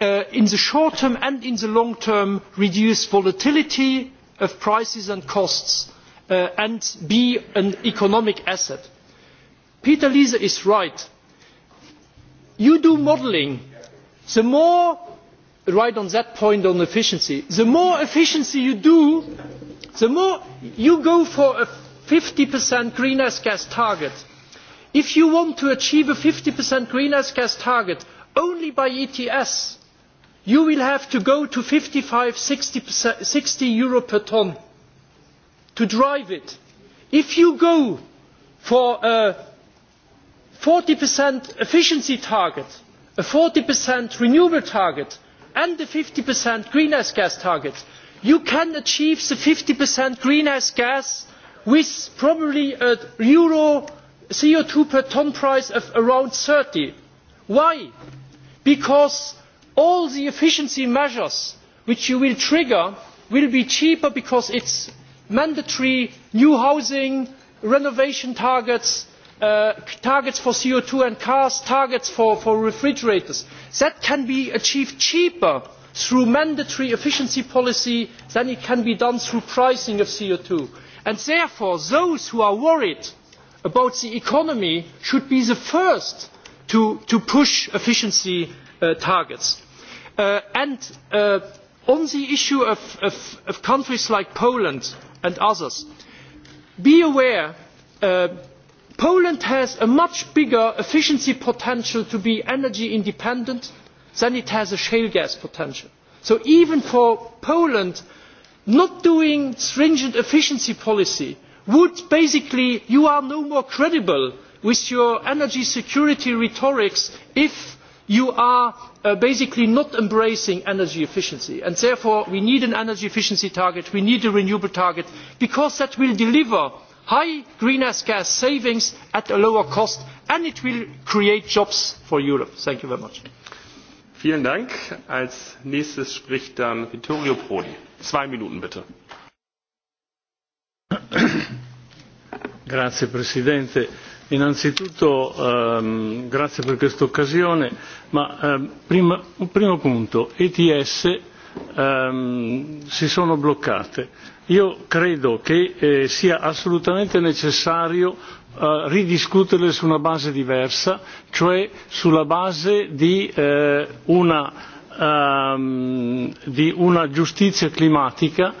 uh, in the short term and in the long term, reduce volatility of prices and costs uh, and be an economic asset. Peter Liese is right. You do modelling. The more, right on that point on efficiency, the more efficiency you do, the more you go for a 50% greenhouse gas target. If you want to achieve a 50% greenhouse gas target only by ETS, you will have to go to 55, 60, euro per ton to drive it. If you go for a 40% efficiency target, a 40% renewable target, and a 50% greenhouse gas target, you can achieve the 50% greenhouse gas target with probably a euro CO2 per ton price of around 30. Why? Because all the efficiency measures which you will trigger will be cheaper because it's mandatory new housing, renovation targets, uh, targets for CO2 and cars, targets for, for refrigerators. That can be achieved cheaper through mandatory efficiency policy than it can be done through pricing of CO2. And therefore, those who are worried about the economy should be the first to, to push efficiency uh, targets. Uh, and uh, on the issue of, of, of countries like Poland and others, be aware uh, Poland has a much bigger efficiency potential to be energy independent than it has a shale gas potential. So even for Poland, not doing stringent efficiency policy would basically you are no more credible with your energy security rhetorics if you are uh, basically not embracing energy efficiency and therefore we need an energy efficiency target we need a renewable target because that will deliver high greenhouse gas savings at a lower cost and it will create jobs for Europe. Thank you very much. Vielen Dank. Als nächstes
spricht dann Vittorio Prodi. Zwei Minuten bitte.
Grazie Presidente. Innanzitutto ehm, grazie per questa occasione, ma ehm, prima, un primo punto, ETS ehm, si sono bloccate. Io credo che eh, sia assolutamente necessario Eh, ridiscuterle su una base diversa, cioè sulla base di, eh, una, um, di una giustizia climatica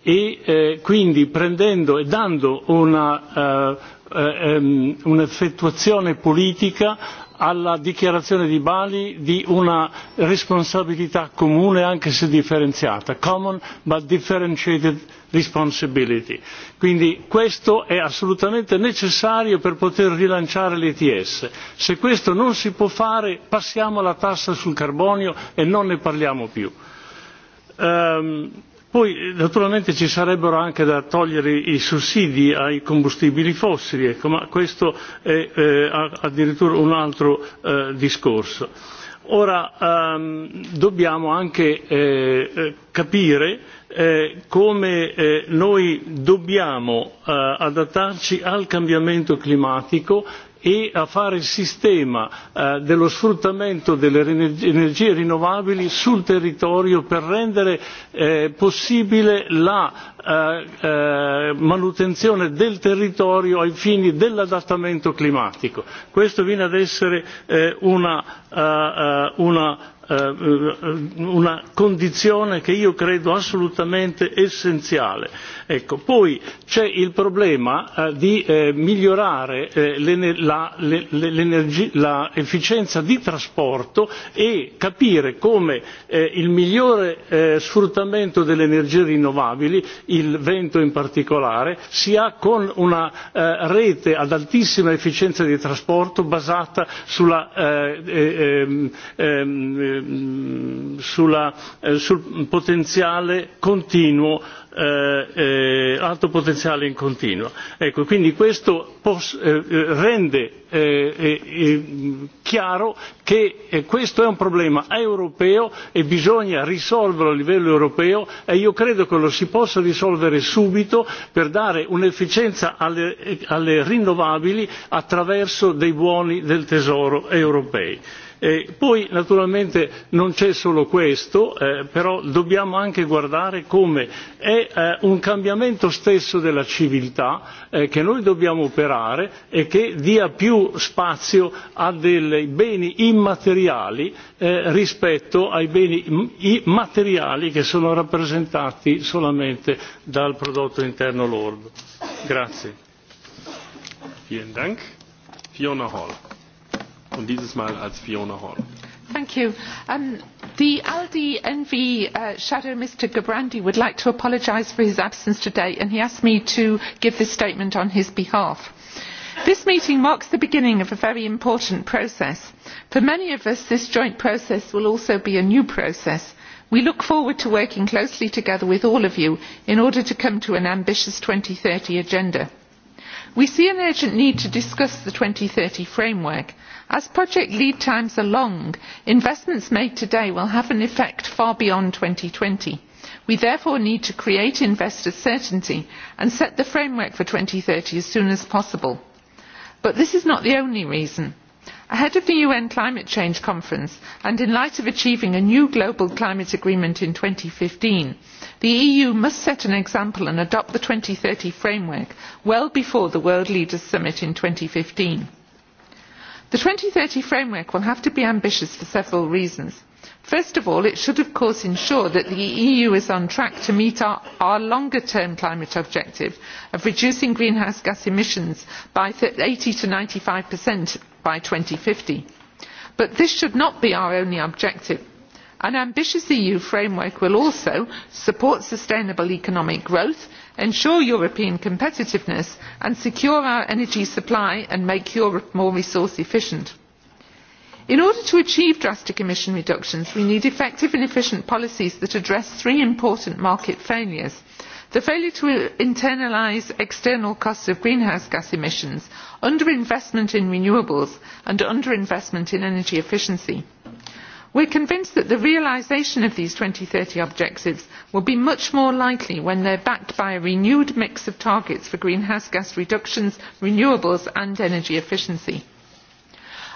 e eh, quindi prendendo e dando una, uh, un'effettuazione politica alla dichiarazione di Bali di una responsabilità comune anche se differenziata, common but differentiated responsibility. Quindi questo è assolutamente necessario per poter rilanciare l'ETS. Se questo non si può fare passiamo la tassa sul carbonio e non ne parliamo più. Um, Poi naturalmente ci sarebbero anche da togliere i sussidi ai combustibili fossili, ecco, ma questo è eh, addirittura un altro eh, discorso. Ora um, dobbiamo anche eh, eh capire Eh, come eh, noi dobbiamo eh, adattarci al cambiamento climatico e a fare il sistema dello sfruttamento delle energie rinnovabili sul territorio per rendere possibile la manutenzione del territorio ai fini dell'adattamento climatico. Questo viene ad essere una Eh, eh, una condizione che io credo assolutamente essenziale. Ecco, poi c'è il problema eh, di eh, migliorare eh, l'efficienza di trasporto e capire come eh, il migliore eh, sfruttamento delle energie rinnovabili, il vento in particolare, si ha con una eh, rete ad altissima efficienza di trasporto basata sulla eh, eh, eh, Ehm, sulla, eh, sul potenziale continuo eh, eh, alto potenziale in continuo. Ecco, quindi questo pos, eh, eh rende eh, eh, eh, chiaro che eh, questo è un problema europeo e bisogna risolverlo a livello europeo e io credo che lo si possa risolvere subito per dare un'efficienza alle, alle rinnovabili attraverso dei buoni del tesoro europei E poi naturalmente non c'è solo questo, eh, però dobbiamo anche guardare come è eh, un cambiamento stesso della civiltà eh, che noi dobbiamo operare e che dia più spazio a dei beni immateriali eh, rispetto ai beni materiali che sono rappresentati solamente dal prodotto interno lordo. Grazie. Vielen Dank. Fiona Hall. Und
dieses Mal als Fiona Hall.
Thank you. Um, the ALDI NV uh, shadow, Mr. Gabrandi, would like to apologise for his absence today, and he asked me to give this statement on his behalf. This meeting marks the beginning of a very important process. For many of us, this joint process will also be a new process. We look forward to working closely together with all of you in order to come to an ambitious 2030 agenda. We see an urgent need to discuss the 2030 framework As project lead times are long, investments made today will have an effect far beyond 2020. We therefore need to create investor certainty and set the framework for 2030 as soon as possible. But this is not the only reason. Ahead of the UN Climate Change Conference and in light of achieving a new global climate agreement in 2015, the EU must set an example and adopt the 2030 framework well before the World Leaders Summit in 2015. The 2030 framework will have to be ambitious for several reasons. First of all, it should of course ensure that the EU is on track to meet our, our longer term climate objective of reducing greenhouse gas emissions by 80 to 95% by 2050. But this should not be our only objective. An ambitious EU framework will also support sustainable economic growth ensure European competitiveness and secure our energy supply and make Europe more resource efficient. In order to achieve drastic emission reductions, we need effective and efficient policies that address three important market failures. The failure to internalise external costs of greenhouse gas emissions, underinvestment in renewables and underinvestment in energy efficiency. We are convinced that the realisation of these thirty objectives will be much more likely when they are backed by a renewed mix of targets for greenhouse gas reductions, renewables and energy efficiency.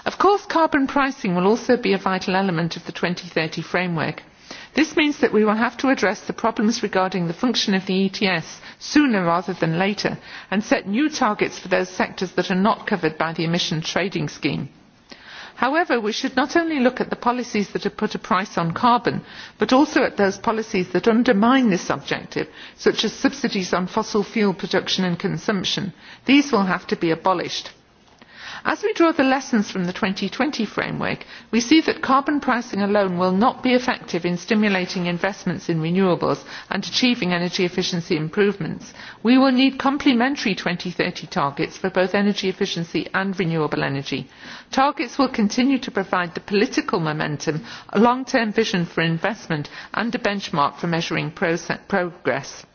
Of course, carbon pricing will also be a vital element of the thirty framework. This means that we will have to address the problems regarding the function of the ETS sooner rather than later and set new targets for those sectors that are not covered by the emission trading scheme. However, we should not only look at the policies that have put a price on carbon, but also at those policies that undermine this objective, such as subsidies on fossil fuel production and consumption. These will have to be abolished As we draw the lessons from the 2020 framework, we see that carbon pricing alone will not be effective in stimulating investments in renewables and achieving energy efficiency improvements. We will need complementary 2030 targets for both energy efficiency and renewable energy. Targets will continue to provide the political momentum, a long-term vision for investment and a benchmark for measuring progress.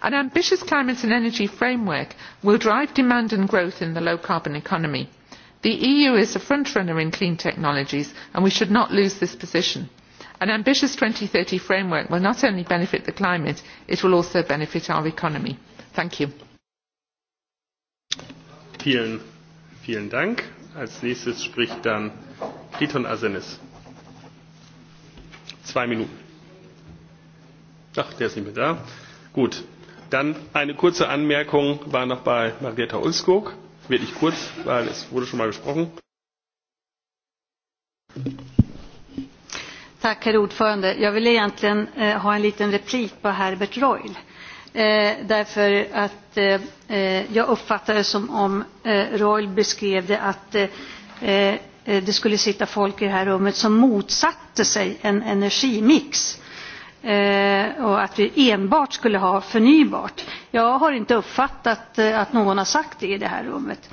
An ambitious climate and energy framework will drive demand and growth in the low carbon economy. The EU is a frontrunner in clean technologies and we should not lose this position. An ambitious 2030 framework will not only benefit the climate, it will also benefit our economy. Thank you.
Vielen, vielen Dank. Als nächstes spricht dann Titon Asenis. Zwei Minuten. Ach, der ist nicht mehr da. Gut, Dann eine kurze Anmerkung war noch bei Margareta Ulskog. Wirklich kurz, weil es wurde schon mal gesprochen.
Tack, herr ordförande. Jag vill egentligen eh, ha en liten replik på Herbert Royal. Eh, därför att eh, eh jag uppfattade som om eh, Royal beskrev det att eh, eh, det skulle sitta folk i det här rummet som motsatte sig en energimix Eh, Eh, och att vi enbart skulle ha förnybart. Jag har inte uppfattat eh, att någon har sagt det i det här rummet.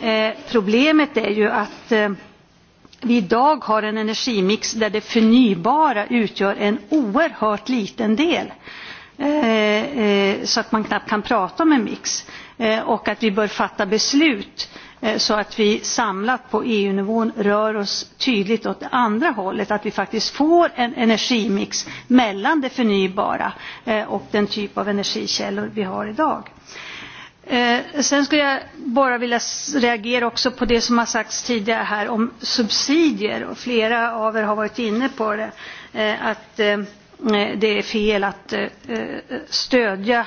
Eh, problemet är ju att vi idag har en energimix där det förnybara utgör en oerhört liten del. Så att man knappt kan prata om en mix. Och att vi bör fatta beslut eh, Eh, så att vi samlat på EU-nivån rör oss tydligt åt det andra hållet, att vi faktiskt får en energimix mellan det förnybara eh, och den typ av energikällor vi har idag. Eh, sen skulle jag bara vilja reagera också på det som har sagts tidigare här om subsidier och flera av er har varit inne på det. Att Eh, det är fel att eh, eh, stödja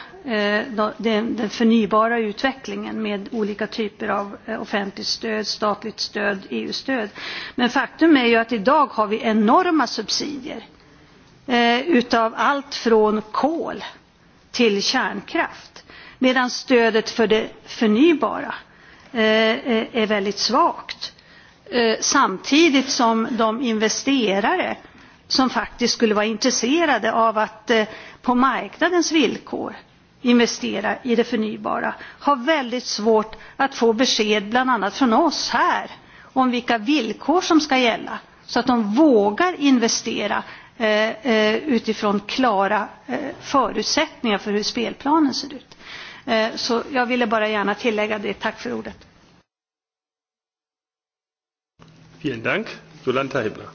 den förnybara utvecklingen med olika typer av offentligt stöd, statligt stöd, EU-stöd. Men faktum är ju att idag har vi enorma subsidier utav allt från kol till kärnkraft. Medan stödet för det förnybara är väldigt svagt. Samtidigt som de investerare som faktiskt skulle vara intresserade av att eh, på marknadens villkor investera i det förnybara har väldigt svårt att få besked bland annat från oss här om vilka villkor som ska gälla så att de vågar investera eh, eh utifrån klara eh, förutsättningar för hur spelplanen ser ut. Eh, så jag ville bara gärna tillägga det. Tack för ordet.
Vielen Dank. Jolanta Hibner.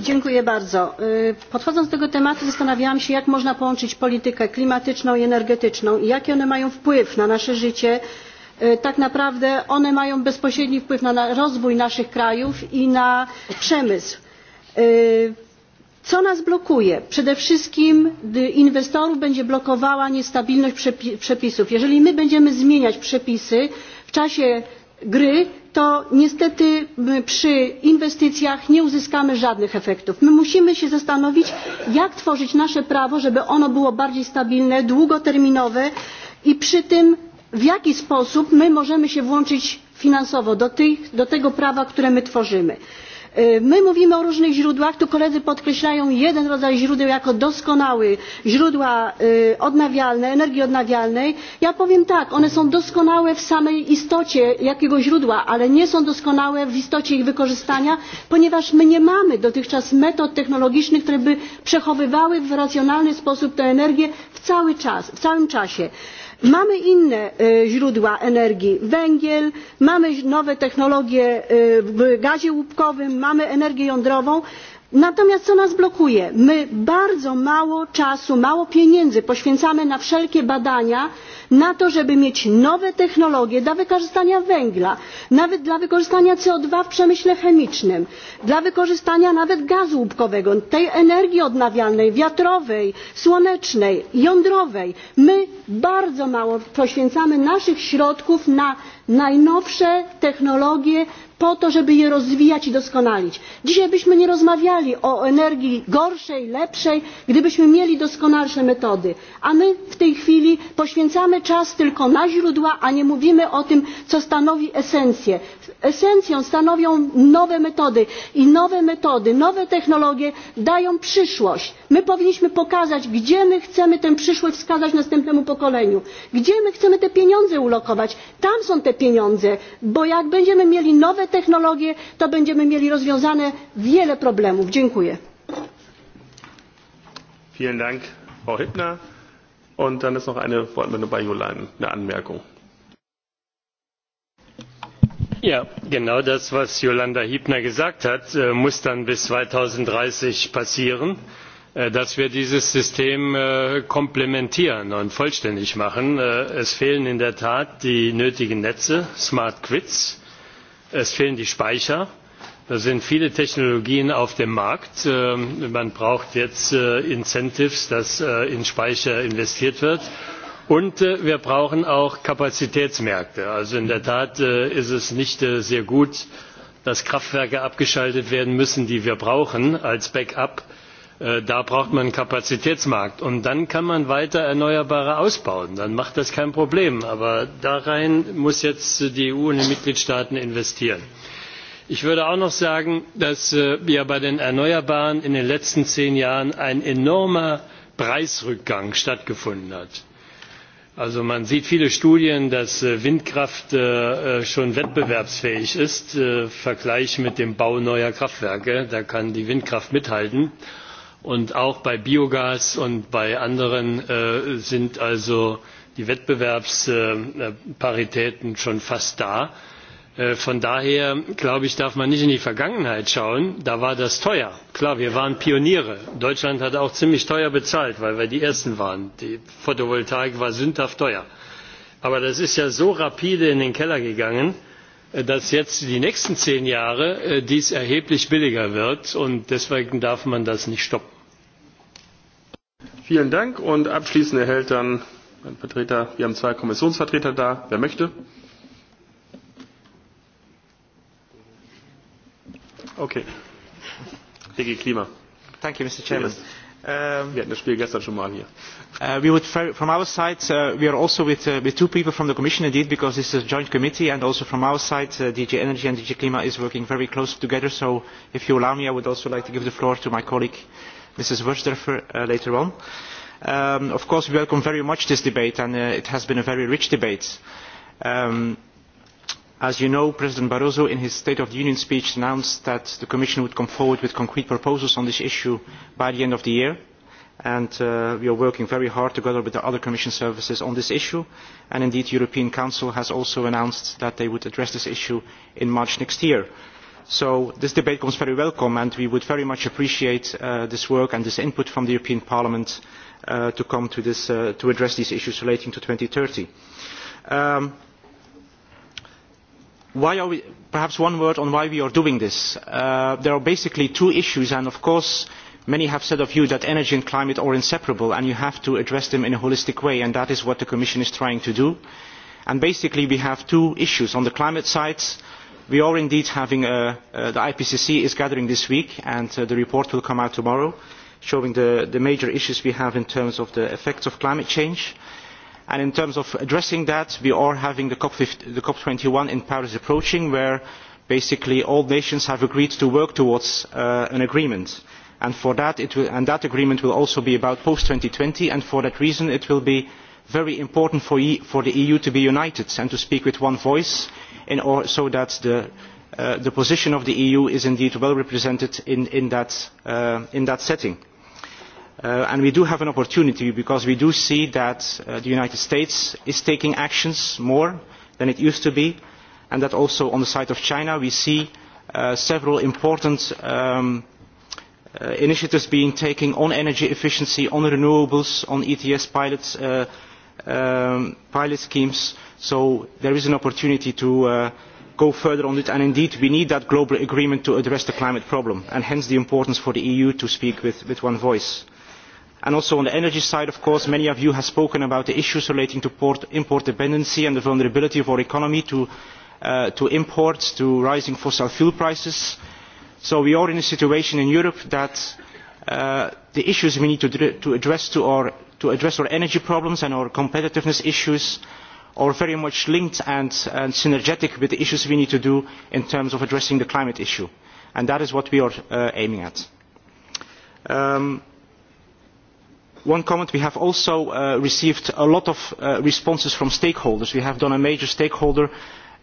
Dziękuję bardzo.
Podchodząc do tego tematu zastanawiałam się, jak można połączyć politykę klimatyczną i energetyczną i jaki one mają wpływ na nasze życie. Tak naprawdę one mają bezpośredni wpływ na rozwój naszych krajów i na przemysł. Co nas blokuje? Przede wszystkim inwestorów będzie blokowała niestabilność przepisów. Jeżeli my będziemy zmieniać przepisy w czasie gry, to niestety przy inwestycjach nie uzyskamy żadnych efektów. My musimy się zastanowić, jak tworzyć nasze prawo, żeby ono było bardziej stabilne, długoterminowe i przy tym w jaki sposób my możemy się włączyć finansowo do, tych, do tego prawa, które my tworzymy. E, my mówimy o różnych źródłach, tu koledzy podkreślają jeden rodzaj źródeł jako doskonały, źródła e, odnawialne, energii odnawialnej. Ja powiem tak, one są doskonałe w samej istocie jakiego źródła, ale nie są doskonałe w istocie ich wykorzystania, ponieważ my nie mamy dotychczas metod technologicznych, które by przechowywały w racjonalny sposób tę energię w cały czas, w całym czasie. Mamy inne e, źródła energii, węgiel, mamy nowe technologie e, w gazie łupkowym, mamy energię jądrową. Natomiast co nas blokuje? My bardzo mało czasu, mało pieniędzy poświęcamy na wszelkie badania, na to, żeby mieć nowe technologie dla wykorzystania węgla, nawet dla wykorzystania CO2 w przemyśle chemicznym, dla wykorzystania nawet gazu łupkowego, tej energii odnawialnej, wiatrowej, słonecznej, jądrowej. My bardzo mało poświęcamy naszych środków na najnowsze technologie, po to, żeby je rozwijać i doskonalić. Dzisiaj byśmy nie rozmawiali o energii gorszej, lepszej, gdybyśmy mieli doskonalsze metody. A my w tej chwili poświęcamy czas tylko na źródła, a nie mówimy o tym, co stanowi esencję esencją stanowią nowe metody i nowe metody, nowe technologie dają przyszłość. My powinniśmy pokazać, gdzie my chcemy tę przyszłość wskazać następnemu pokoleniu, gdzie my chcemy te pieniądze ulokować. Tam są te pieniądze, bo jak będziemy mieli nowe technologie, to będziemy mieli rozwiązane wiele problemów. Dziękuję.
Vielen Dank, Frau Hübner. Und dann ist noch eine Wortmeldung bei
Julian, eine Anmerkung. Ja, genau das, was Jolanda Hiebner gesagt hat, äh, muss dann bis 2030 passieren, äh, dass wir dieses System äh, komplementieren und vollständig machen. Es fehlen in der Tat die nötigen Netze, Smart Grids, es fehlen die Speicher. Da sind viele Technologien auf dem Markt. Man braucht jetzt Incentives, dass in Speicher investiert wird Und äh, wir brauchen auch Kapazitätsmärkte. Also in der Tat äh, ist es nicht äh, sehr gut, dass Kraftwerke abgeschaltet werden müssen, die wir brauchen als Backup. Äh, da braucht man einen Kapazitätsmarkt. Und dann kann man weiter Erneuerbare ausbauen. Dann macht das kein Problem. Aber darin muss jetzt die EU und die Mitgliedstaaten investieren. Ich würde auch noch sagen, dass wir bei den Erneuerbaren in den letzten zehn Jahren ein enormer Preisrückgang stattgefunden hat. Also man sieht viele Studien, dass äh, Windkraft äh, äh, schon wettbewerbsfähig ist, im Vergleich mit dem Bau neuer Kraftwerke. Da kann die Windkraft mithalten. Und auch bei Biogas und bei anderen sind also die Wettbewerbsparitäten schon fast da. Äh, von daher, glaube ich, darf man nicht in die Vergangenheit schauen. Da war das teuer. Klar, wir waren Pioniere. Deutschland hat auch ziemlich teuer bezahlt, weil wir die Ersten waren. Die Photovoltaik war sündhaft teuer. Aber das ist ja so rapide in den Keller gegangen, äh, dass jetzt die nächsten zehn Jahre äh, dies erheblich billiger wird. Und deswegen darf man das nicht stoppen.
Vielen Dank. Und abschließend erhält dann ein Vertreter, wir haben zwei Kommissionsvertreter da, wer möchte.
Okay. you, Klima. Thank you, Mr. Chairman. Um, yeah, Uh, we would, from our side, uh, we are also with, uh, with two people from the Commission indeed, because this is a joint committee, and also from our side, uh, DG Energy and DG Klima is working very close together. So, if you allow me, I would also like to give the floor to my colleague, Mrs. Wursdorfer, uh, later on. Um, of course, we welcome very much this debate, and uh, it has been a very rich debate. Um, As you know, President Barroso in his State of the Union speech announced that the Commission would come forward with concrete proposals on this issue by the end of the year. And uh, we are working very hard together with the other Commission services on this issue. And indeed, the European Council has also announced that they would address this issue in March next year. So this debate comes very welcome and we would very much appreciate uh, this work and this input from the European Parliament uh, to come to, this, uh, to address these issues relating to 2030. Um, why are we, perhaps one word on why we are doing this. Uh, there are basically two issues and of course many have said of you that energy and climate are inseparable and you have to address them in a holistic way and that is what the Commission is trying to do. And basically we have two issues. On the climate side, we are indeed having, a, uh, the IPCC is gathering this week and uh, the report will come out tomorrow showing the, the major issues we have in terms of the effects of climate change. And in terms of addressing that, we are having the, COP twenty the cop in Paris approaching, where basically all nations have agreed to work towards uh, an agreement. And, for that, it will, and that agreement will also be about post-2020, and for that reason it will be very important for, e, for the EU to be united and to speak with one voice in or, so that the, uh, the position of the EU is indeed well represented in, in, that, uh, in that setting. Uh, and we do have an opportunity because we do see that uh, the United States is taking actions more than it used to be and that also on the side of China we see uh, several important um, uh, initiatives being taken on energy efficiency, on renewables, on ETS pilots, uh, um, pilot schemes. So there is an opportunity to uh, go further on it and indeed we need that global agreement to address the climate problem and hence the importance for the EU to speak with, with one voice. And also on the energy side, of course, many of you have spoken about the issues relating to port, import dependency and the vulnerability of our economy to, uh, to imports, to rising fossil fuel prices. So we are in a situation in Europe that uh, the issues we need to, to, address to, our, to address our energy problems and our competitiveness issues are very much linked and, and synergetic with the issues we need to do in terms of addressing the climate issue. And that is what we are uh, aiming at. Um, one comment we have also uh, received a lot of uh, responses from stakeholders we have done a major stakeholder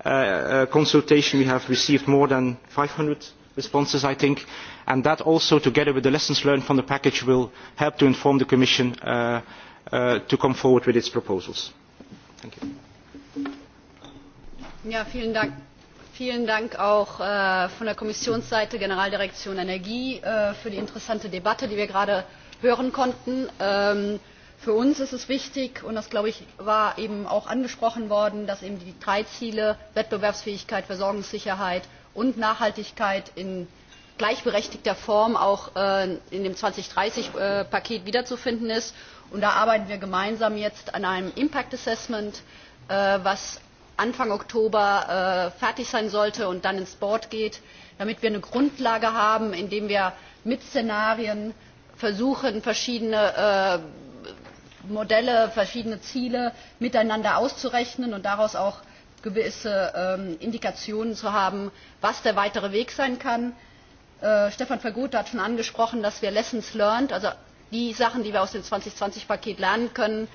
uh, uh, consultation we have received more than 500 responses i think and that also together with the lessons learned from the package will help to inform the commission uh, uh, to come forward with its proposals thank
you ja, vielen Dank. Vielen Dank auch äh, von der Kommissionsseite, Generaldirektion Energie, äh, für die interessante Debatte, die wir gerade hören konnten. Ähm, für uns ist es wichtig, und das glaube ich war eben auch angesprochen worden, dass eben die drei Ziele Wettbewerbsfähigkeit, Versorgungssicherheit und Nachhaltigkeit in gleichberechtigter Form auch äh, in dem 2030-Paket äh, wiederzufinden ist. Und da arbeiten wir gemeinsam jetzt an einem Impact Assessment, äh, was Anfang Oktober äh, fertig sein sollte und dann ins Board geht, damit wir eine Grundlage haben, indem wir mit Szenarien versuchen, verschiedene äh, Modelle, verschiedene Ziele miteinander auszurechnen und daraus auch gewisse ähm, Indikationen zu haben, was der weitere Weg sein kann. Äh, Stefan Vergut hat schon angesprochen, dass wir Lessons learned, also die Sachen, die wir aus dem 2020-Paket lernen können,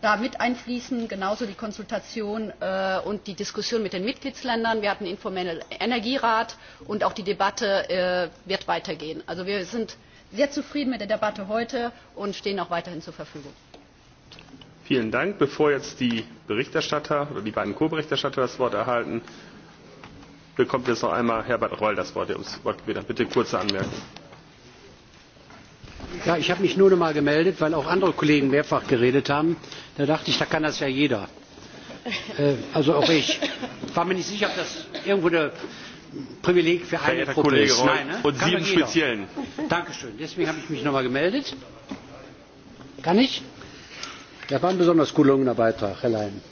da mit einfließen, genauso die Konsultation äh, und die Diskussion mit den Mitgliedsländern. Wir hatten einen informellen Energierat und auch die Debatte äh, wird weitergehen. Also wir sind sehr zufrieden mit der Debatte heute und stehen auch weiterhin zur Verfügung.
Vielen Dank. Bevor jetzt die Berichterstatter oder die beiden Co-Berichterstatter das Wort erhalten, bekommt jetzt noch einmal Herbert Reul das Wort, der Wort Bitte kurze Anmerkung.
Ja, ich habe mich nur noch mal gemeldet, weil auch andere Kollegen mehrfach geredet haben. Da dachte ich, da kann das ja jeder. Äh, also auch ich. War mir nicht sicher, ob das irgendwo eine Privileg für eine Gruppe Kollege Nein, ne? Und Sie sieben speziellen. Dankeschön. Deswegen habe ich mich noch mal gemeldet. Kann ich? Das war ein besonders gelungener Beitrag, Herr Leinen.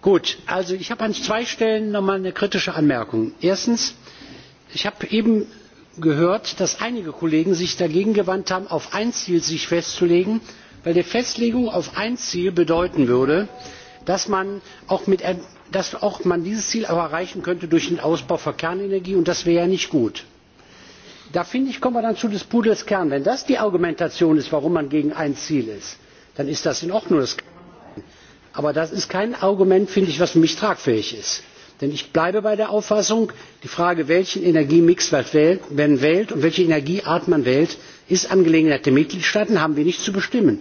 Gut, also ich habe an zwei Stellen nochmal eine kritische Anmerkung. Erstens, ich habe eben gehört, dass einige Kollegen sich dagegen gewandt haben, auf ein Ziel sich festzulegen, weil die Festlegung auf ein Ziel bedeuten würde, dass man auch mit dass auch man dieses Ziel auch erreichen könnte durch den Ausbau von Kernenergie und das wäre ja nicht gut. Da finde ich, kommen wir dann zu des Pudels Kern. Wenn das die Argumentation ist, warum man gegen ein Ziel ist, dann ist das in Ordnung. Das Aber das ist kein Argument, finde ich, was für mich tragfähig ist. Denn ich bleibe bei der Auffassung, die Frage, welchen Energiemix man wählt, man wählt und welche Energieart man wählt, ist Angelegenheit der Mitgliedstaaten, haben wir nicht zu bestimmen.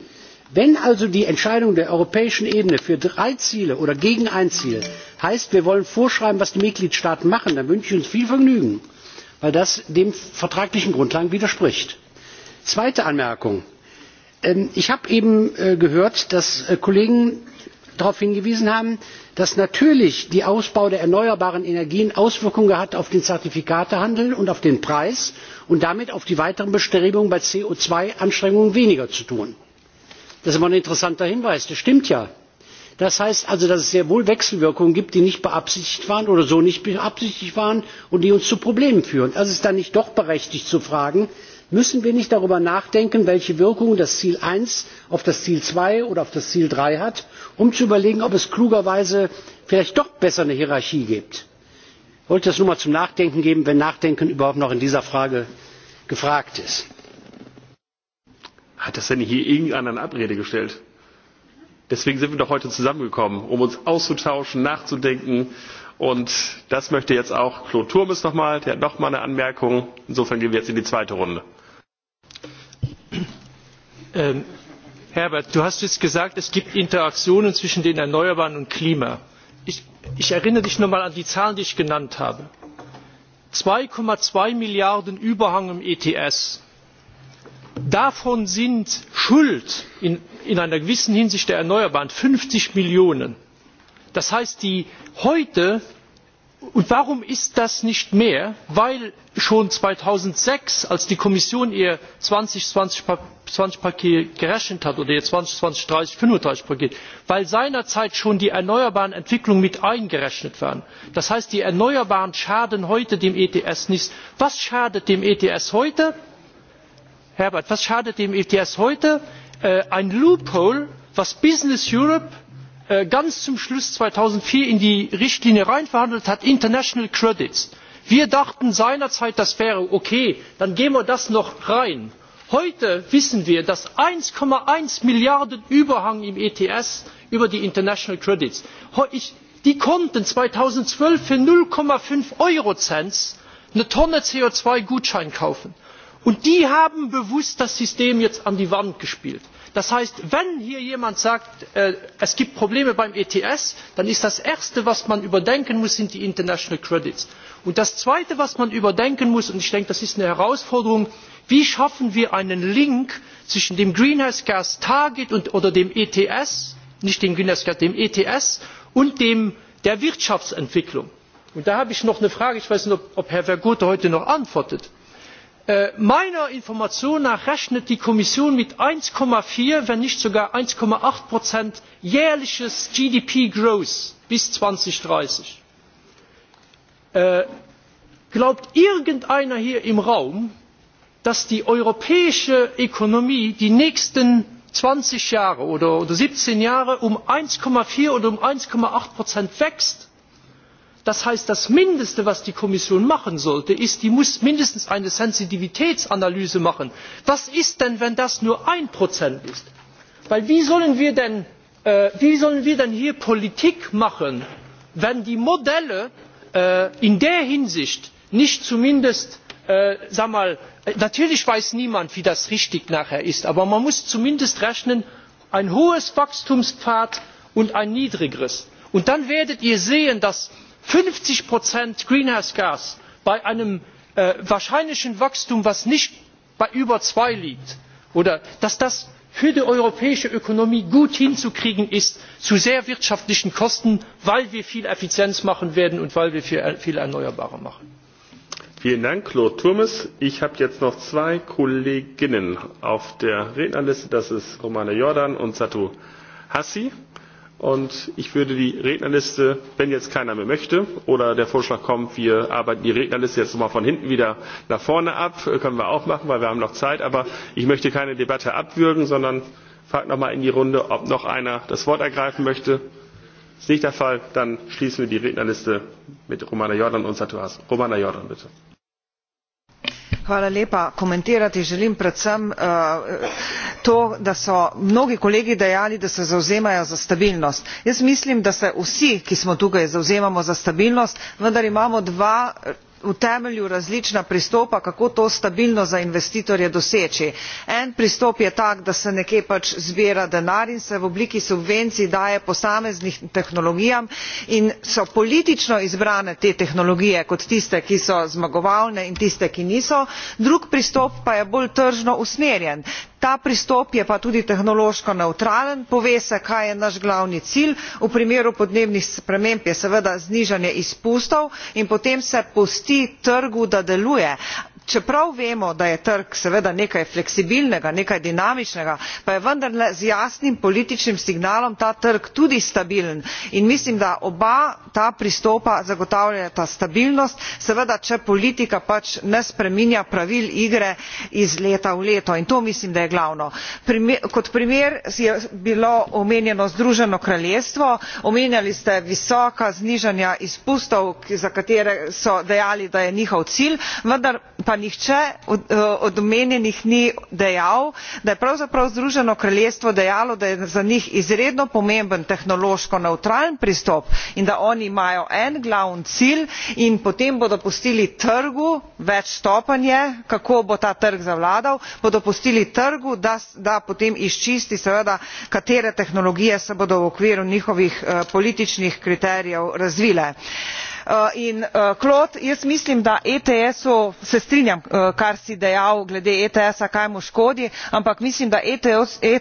Wenn also die Entscheidung der europäischen Ebene für drei Ziele oder gegen ein Ziel heißt, wir wollen vorschreiben, was die Mitgliedstaaten machen, dann wünsche ich uns viel Vergnügen, weil das dem vertraglichen Grundlagen widerspricht. Zweite Anmerkung. Ähm, ich habe eben äh, gehört, dass äh, Kollegen darauf hingewiesen haben, dass natürlich der Ausbau der erneuerbaren Energien Auswirkungen hat auf den Zertifikatehandel und auf den Preis und damit auf die weiteren Bestrebungen bei co zwei anstrengungen weniger zu tun. Das ist immer ein interessanter Hinweis, das stimmt ja. Das heißt also, dass es sehr wohl Wechselwirkungen gibt, die nicht beabsichtigt waren oder so nicht beabsichtigt waren und die uns zu Problemen führen. Also ist dann nicht doch berechtigt zu fragen, müssen wir nicht darüber nachdenken, welche Wirkungen das Ziel 1 auf das Ziel 2 oder auf das Ziel 3 hat, um zu überlegen, ob es klugerweise vielleicht doch besser eine Hierarchie gibt. Ich wollte das nur mal zum Nachdenken geben, wenn Nachdenken überhaupt noch in dieser Frage gefragt ist.
Hat das denn hier irgendeiner Abrede gestellt? Deswegen sind wir doch heute zusammengekommen, um uns auszutauschen, nachzudenken. Und das möchte jetzt auch Claude Turmes nochmal, der hat nochmal eine Anmerkung. Insofern gehen wir jetzt in die zweite Runde.
Ähm, Herbert, du hast jetzt gesagt, es gibt Interaktionen zwischen den Erneuerbaren und Klima. Ich, ich erinnere dich nochmal an die Zahlen, die ich genannt habe. 2,2 Milliarden Überhang im ETS Davon sind Schuld in, in einer gewissen Hinsicht der Erneuerbaren 50 Millionen. Das heißt, die heute Und warum ist das nicht mehr? Weil schon 2006, als die Kommission ihr 2020-Paket gerechnet hat oder ihr 2020, 30, 35 Paket, weil seinerzeit schon die erneuerbaren Entwicklungen mit eingerechnet waren. Das heißt, die Erneuerbaren schaden heute dem ETS nicht. Was schadet dem ETS heute? Herbert, was schadet dem ETS heute? Äh, ein Loophole, was Business Europe äh, ganz zum Schluss 2004 in die Richtlinie reinverhandelt hat, International Credits. Wir dachten seinerzeit, das wäre okay, dann gehen wir das noch rein. Heute wissen wir, dass 1,1 Milliarden Überhang im ETS über die International Credits. Ich, die konnten 2012 für 0,5 Euro Cents eine Tonne CO2 Gutschein kaufen. Und die haben bewusst das System jetzt an die Wand gespielt. Das heißt, wenn hier jemand sagt, äh, es gibt Probleme beim ETS, dann ist das Erste, was man überdenken muss, sind die International Credits. Und das Zweite, was man überdenken muss, und ich denke, das ist eine Herausforderung, wie schaffen wir einen Link zwischen dem Greenhouse Gas Target und, oder dem ETS, nicht dem Greenhouse Gas, dem ETS und dem, der Wirtschaftsentwicklung. Und da habe ich noch eine Frage, ich weiß nicht, ob, ob Herr Vergote heute noch antwortet Äh, meiner information nach rechnet die kommission mit eins vier wenn nicht sogar eins acht jährliches gdp growth bis. zweitausenddreißig äh, glaubt irgendeiner hier im raum dass die europäische ökonomie die nächsten zwanzig jahre oder siebzehn jahre um eins vier oder um eins acht wächst? Das heißt, das Mindeste, was die Kommission machen sollte, ist, die muss mindestens eine Sensitivitätsanalyse machen. Was ist denn, wenn das nur ein Prozent ist? Weil wie sollen wir denn, äh, wie sollen wir denn hier Politik machen, wenn die Modelle äh, in der Hinsicht nicht zumindest, äh, sag mal, äh, natürlich weiß niemand, wie das richtig nachher ist, aber man muss zumindest rechnen, ein hohes Wachstumspfad und ein niedrigeres. Und dann werdet ihr sehen, dass fünfzig greenhouse gas bei einem äh, wahrscheinlichen wachstum das nicht bei über zwei liegt oder dass das für die europäische Ökonomie gut hinzukriegen ist zu sehr wirtschaftlichen Kosten, weil wir viel Effizienz machen werden und weil wir viel, viel Erneuerbare machen.
Vielen Dank, Claude Turmes. Ich habe jetzt noch zwei Kolleginnen auf der Rednerliste. Das ist Romana Jordan und Satu Hassi. Und ich würde die Rednerliste, wenn jetzt keiner mehr möchte oder der Vorschlag kommt, wir arbeiten die Rednerliste jetzt nochmal von hinten wieder nach vorne ab, äh, können wir auch machen, weil wir haben noch Zeit. Aber ich möchte keine Debatte abwürgen, sondern frage nochmal in die Runde, ob noch einer das Wort ergreifen möchte. Ist nicht der Fall, dann schließen wir die Rednerliste mit Romana Jordan und Satuas. Romana Jordan, bitte.
Hvala lepa. Komentirati želim predvsem uh, to, da so mnogi kolegi dejali, da se zauzemajo za stabilnost. Jaz mislim, da se vsi, ki smo tukaj, zauzemamo za stabilnost, vendar imamo dva v temelju različna pristopa kako to stabilno za investitorje doseči. en pristop je tak da se nekje pač zbira denar in se v obliki subvencij daje posameznim tehnologijam in so politično izbrane te tehnologije kot tiste ki so zmagovalne in tiste ki niso drug pristop pa je bolj tržno usmerjen ta pristop je pa tudi tehnološko nevtralen pove se kaj je naš glavni cilj v primeru podnebnih sprememb je seveda znižanje izpustov in potem se pusti trgu da deluje čeprav vemo da je trg seveda nekaj fleksibilnega nekaj dinamičnega pa je vendarle z jasnim političnim signalom ta trg tudi stabilen in mislim da oba ta pristopa zagotavljata stabilnost seveda če politika pač ne spreminja pravil igre iz leta v leto in to mislim da je glavno. Primer, kot primer je bilo omenjeno združeno kraljestvo omenjali ste visoka znižanja izpustov za katere so dejali da je njihov cilj vendar pa pa nihče eh, od, omenjenih ni dejal da je pravzaprav združeno kraljestvo dejalo da je za njih izredno pomemben tehnološko nevtralen pristop in da oni imajo en glavni cilj in potem bodo pustili trgu večstopenj je kako bo ta trg zavladal bodo pustili trgu da, da potem izčisti seveda katere tehnologije se bodo v okviru njihovih eh, političnih kriterijev razvile. Eh, in klot eh, jaz mislim da ets u se strinjam eh, kar si dejal glede ets a kaj mu škodi ampak mislim da ets e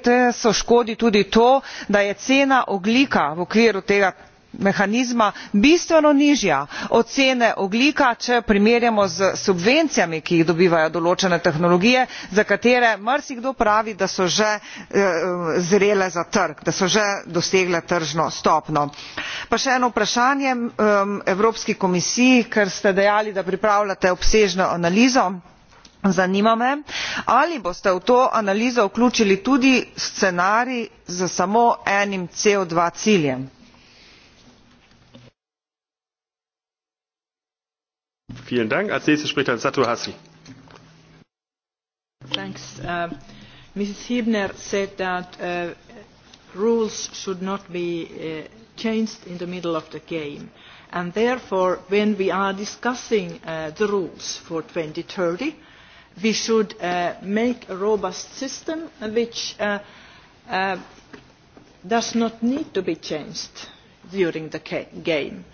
u škodi tudi to da je cena ogljika v okviru tega mehanizma bistveno nižja od cene ogljika če jo primerjamo s subvencijami ki jih dobivajo določene tehnologije za katere marsikdo pravi da so že eh, zrele za trg da so že dosegle tržno stopnjo. pa še eno vprašanje ehm, evropski komisiji ker ste dejali da pripravljate obsežno analizo zanima me ali boste v to analizo vključili tudi scenarij s samo enim co dva ciljem?
Vielen Dank. Als nächstes spricht Herr Sato Hassi.
Thanks. Uh,
Mrs. Hibner said that uh, rules should not be uh, changed in the middle of the game. And therefore, when we are discussing uh, the rules for 2030, we should uh, make a robust system which uh, uh, does not need to be changed during the game.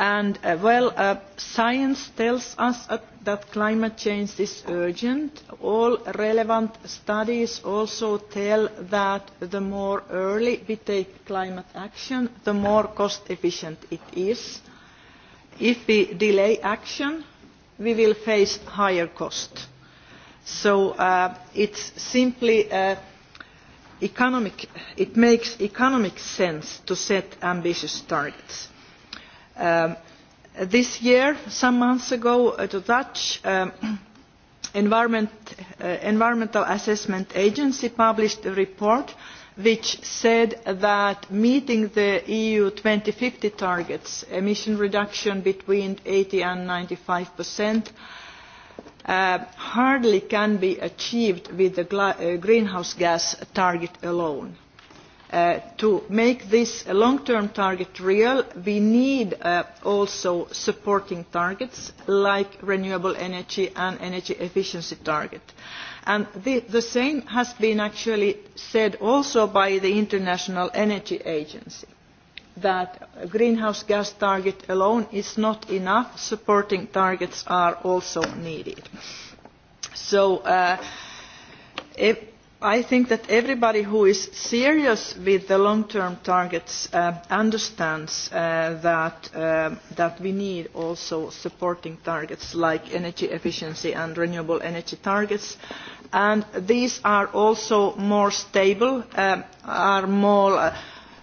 And uh, well, uh, science tells us uh, that climate change is urgent. All relevant studies also tell that the more early we take climate action, the more cost efficient it is. If we delay action, we will face higher cost. So uh, it's simply uh, economic, it makes economic sense to set ambitious targets. Um, this year, some months ago, uh, the Dutch um, Environment, uh, Environmental Assessment Agency published a report which said that meeting the EU 2050 targets, emission reduction between 80 and 95 percent, uh, hardly can be achieved with the uh, greenhouse gas target alone. Uh, to make this long term target real, we need uh, also supporting targets like renewable energy and energy efficiency target. And the, the same has been actually said also by the International Energy Agency that a greenhouse gas target alone is not enough, supporting targets are also needed. So uh, if I think that everybody who is serious with the long-term targets uh, understands uh, that, uh, that we need also supporting targets like energy efficiency and renewable energy targets. And these are also more stable, uh, are, more, uh,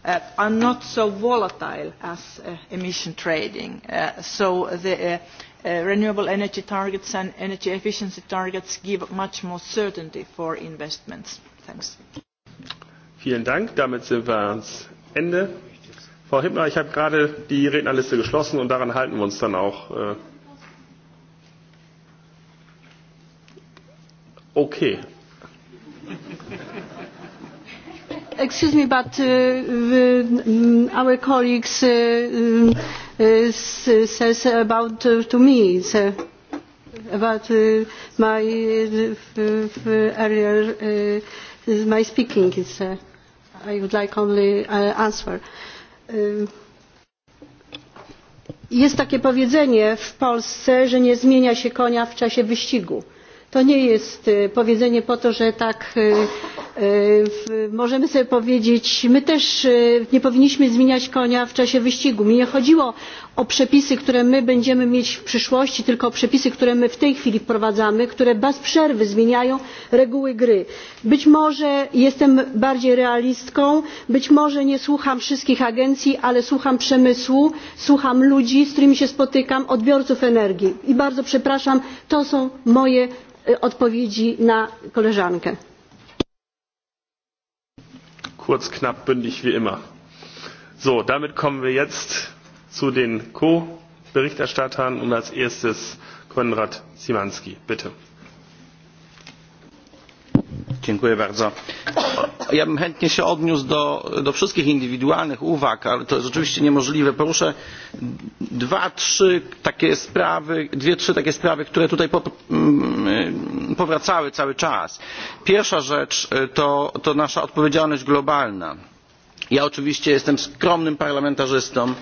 uh, are not so volatile as uh, emission trading. Uh, so the, uh, Uh, renewable energy targets and energy efficiency targets give much more certainty for investments. Thanks.
Vielen Dank. Damit sind wir ans Ende. Frau Hippner, ich habe gerade die Rednerliste geschlossen und daran halten wir uns dann auch. Äh. Okay.
Excuse me, but uh, the, um, mm, our colleagues uh, um, uh, says about uh, to me, so about uh, my uh, earlier uh, my speaking. is uh, I would like only uh, answer. Uh, jest takie powiedzenie w Polsce, że nie zmienia się konia w czasie wyścigu. To nie jest e, powiedzenie po to, że tak e, E, możemy sobie powiedzieć, my też e, nie powinniśmy zmieniać konia w czasie wyścigu. Mi nie chodziło o przepisy, które my będziemy mieć w przyszłości, tylko o przepisy, które my w tej chwili wprowadzamy, które bez przerwy zmieniają reguły gry. Być może jestem bardziej realistką, być może nie słucham wszystkich agencji, ale słucham przemysłu, słucham ludzi, z którymi się spotykam, odbiorców energii. I bardzo przepraszam, to są moje e, odpowiedzi na koleżankę
kurz, knapp, bündig wie immer. So, damit kommen wir jetzt zu den Co-Berichterstattern und als erstes
Konrad Simanski, Bitte. Dziękuję bardzo. Ja bym chętnie się odniósł do, do wszystkich indywidualnych uwag, ale to jest oczywiście niemożliwe. Poruszę dwa, trzy takie sprawy, dwie, trzy takie sprawy, które tutaj po, mm, powracały cały czas. Pierwsza rzecz to, to nasza odpowiedzialność globalna. Ja oczywiście jestem skromnym parlamentarzystą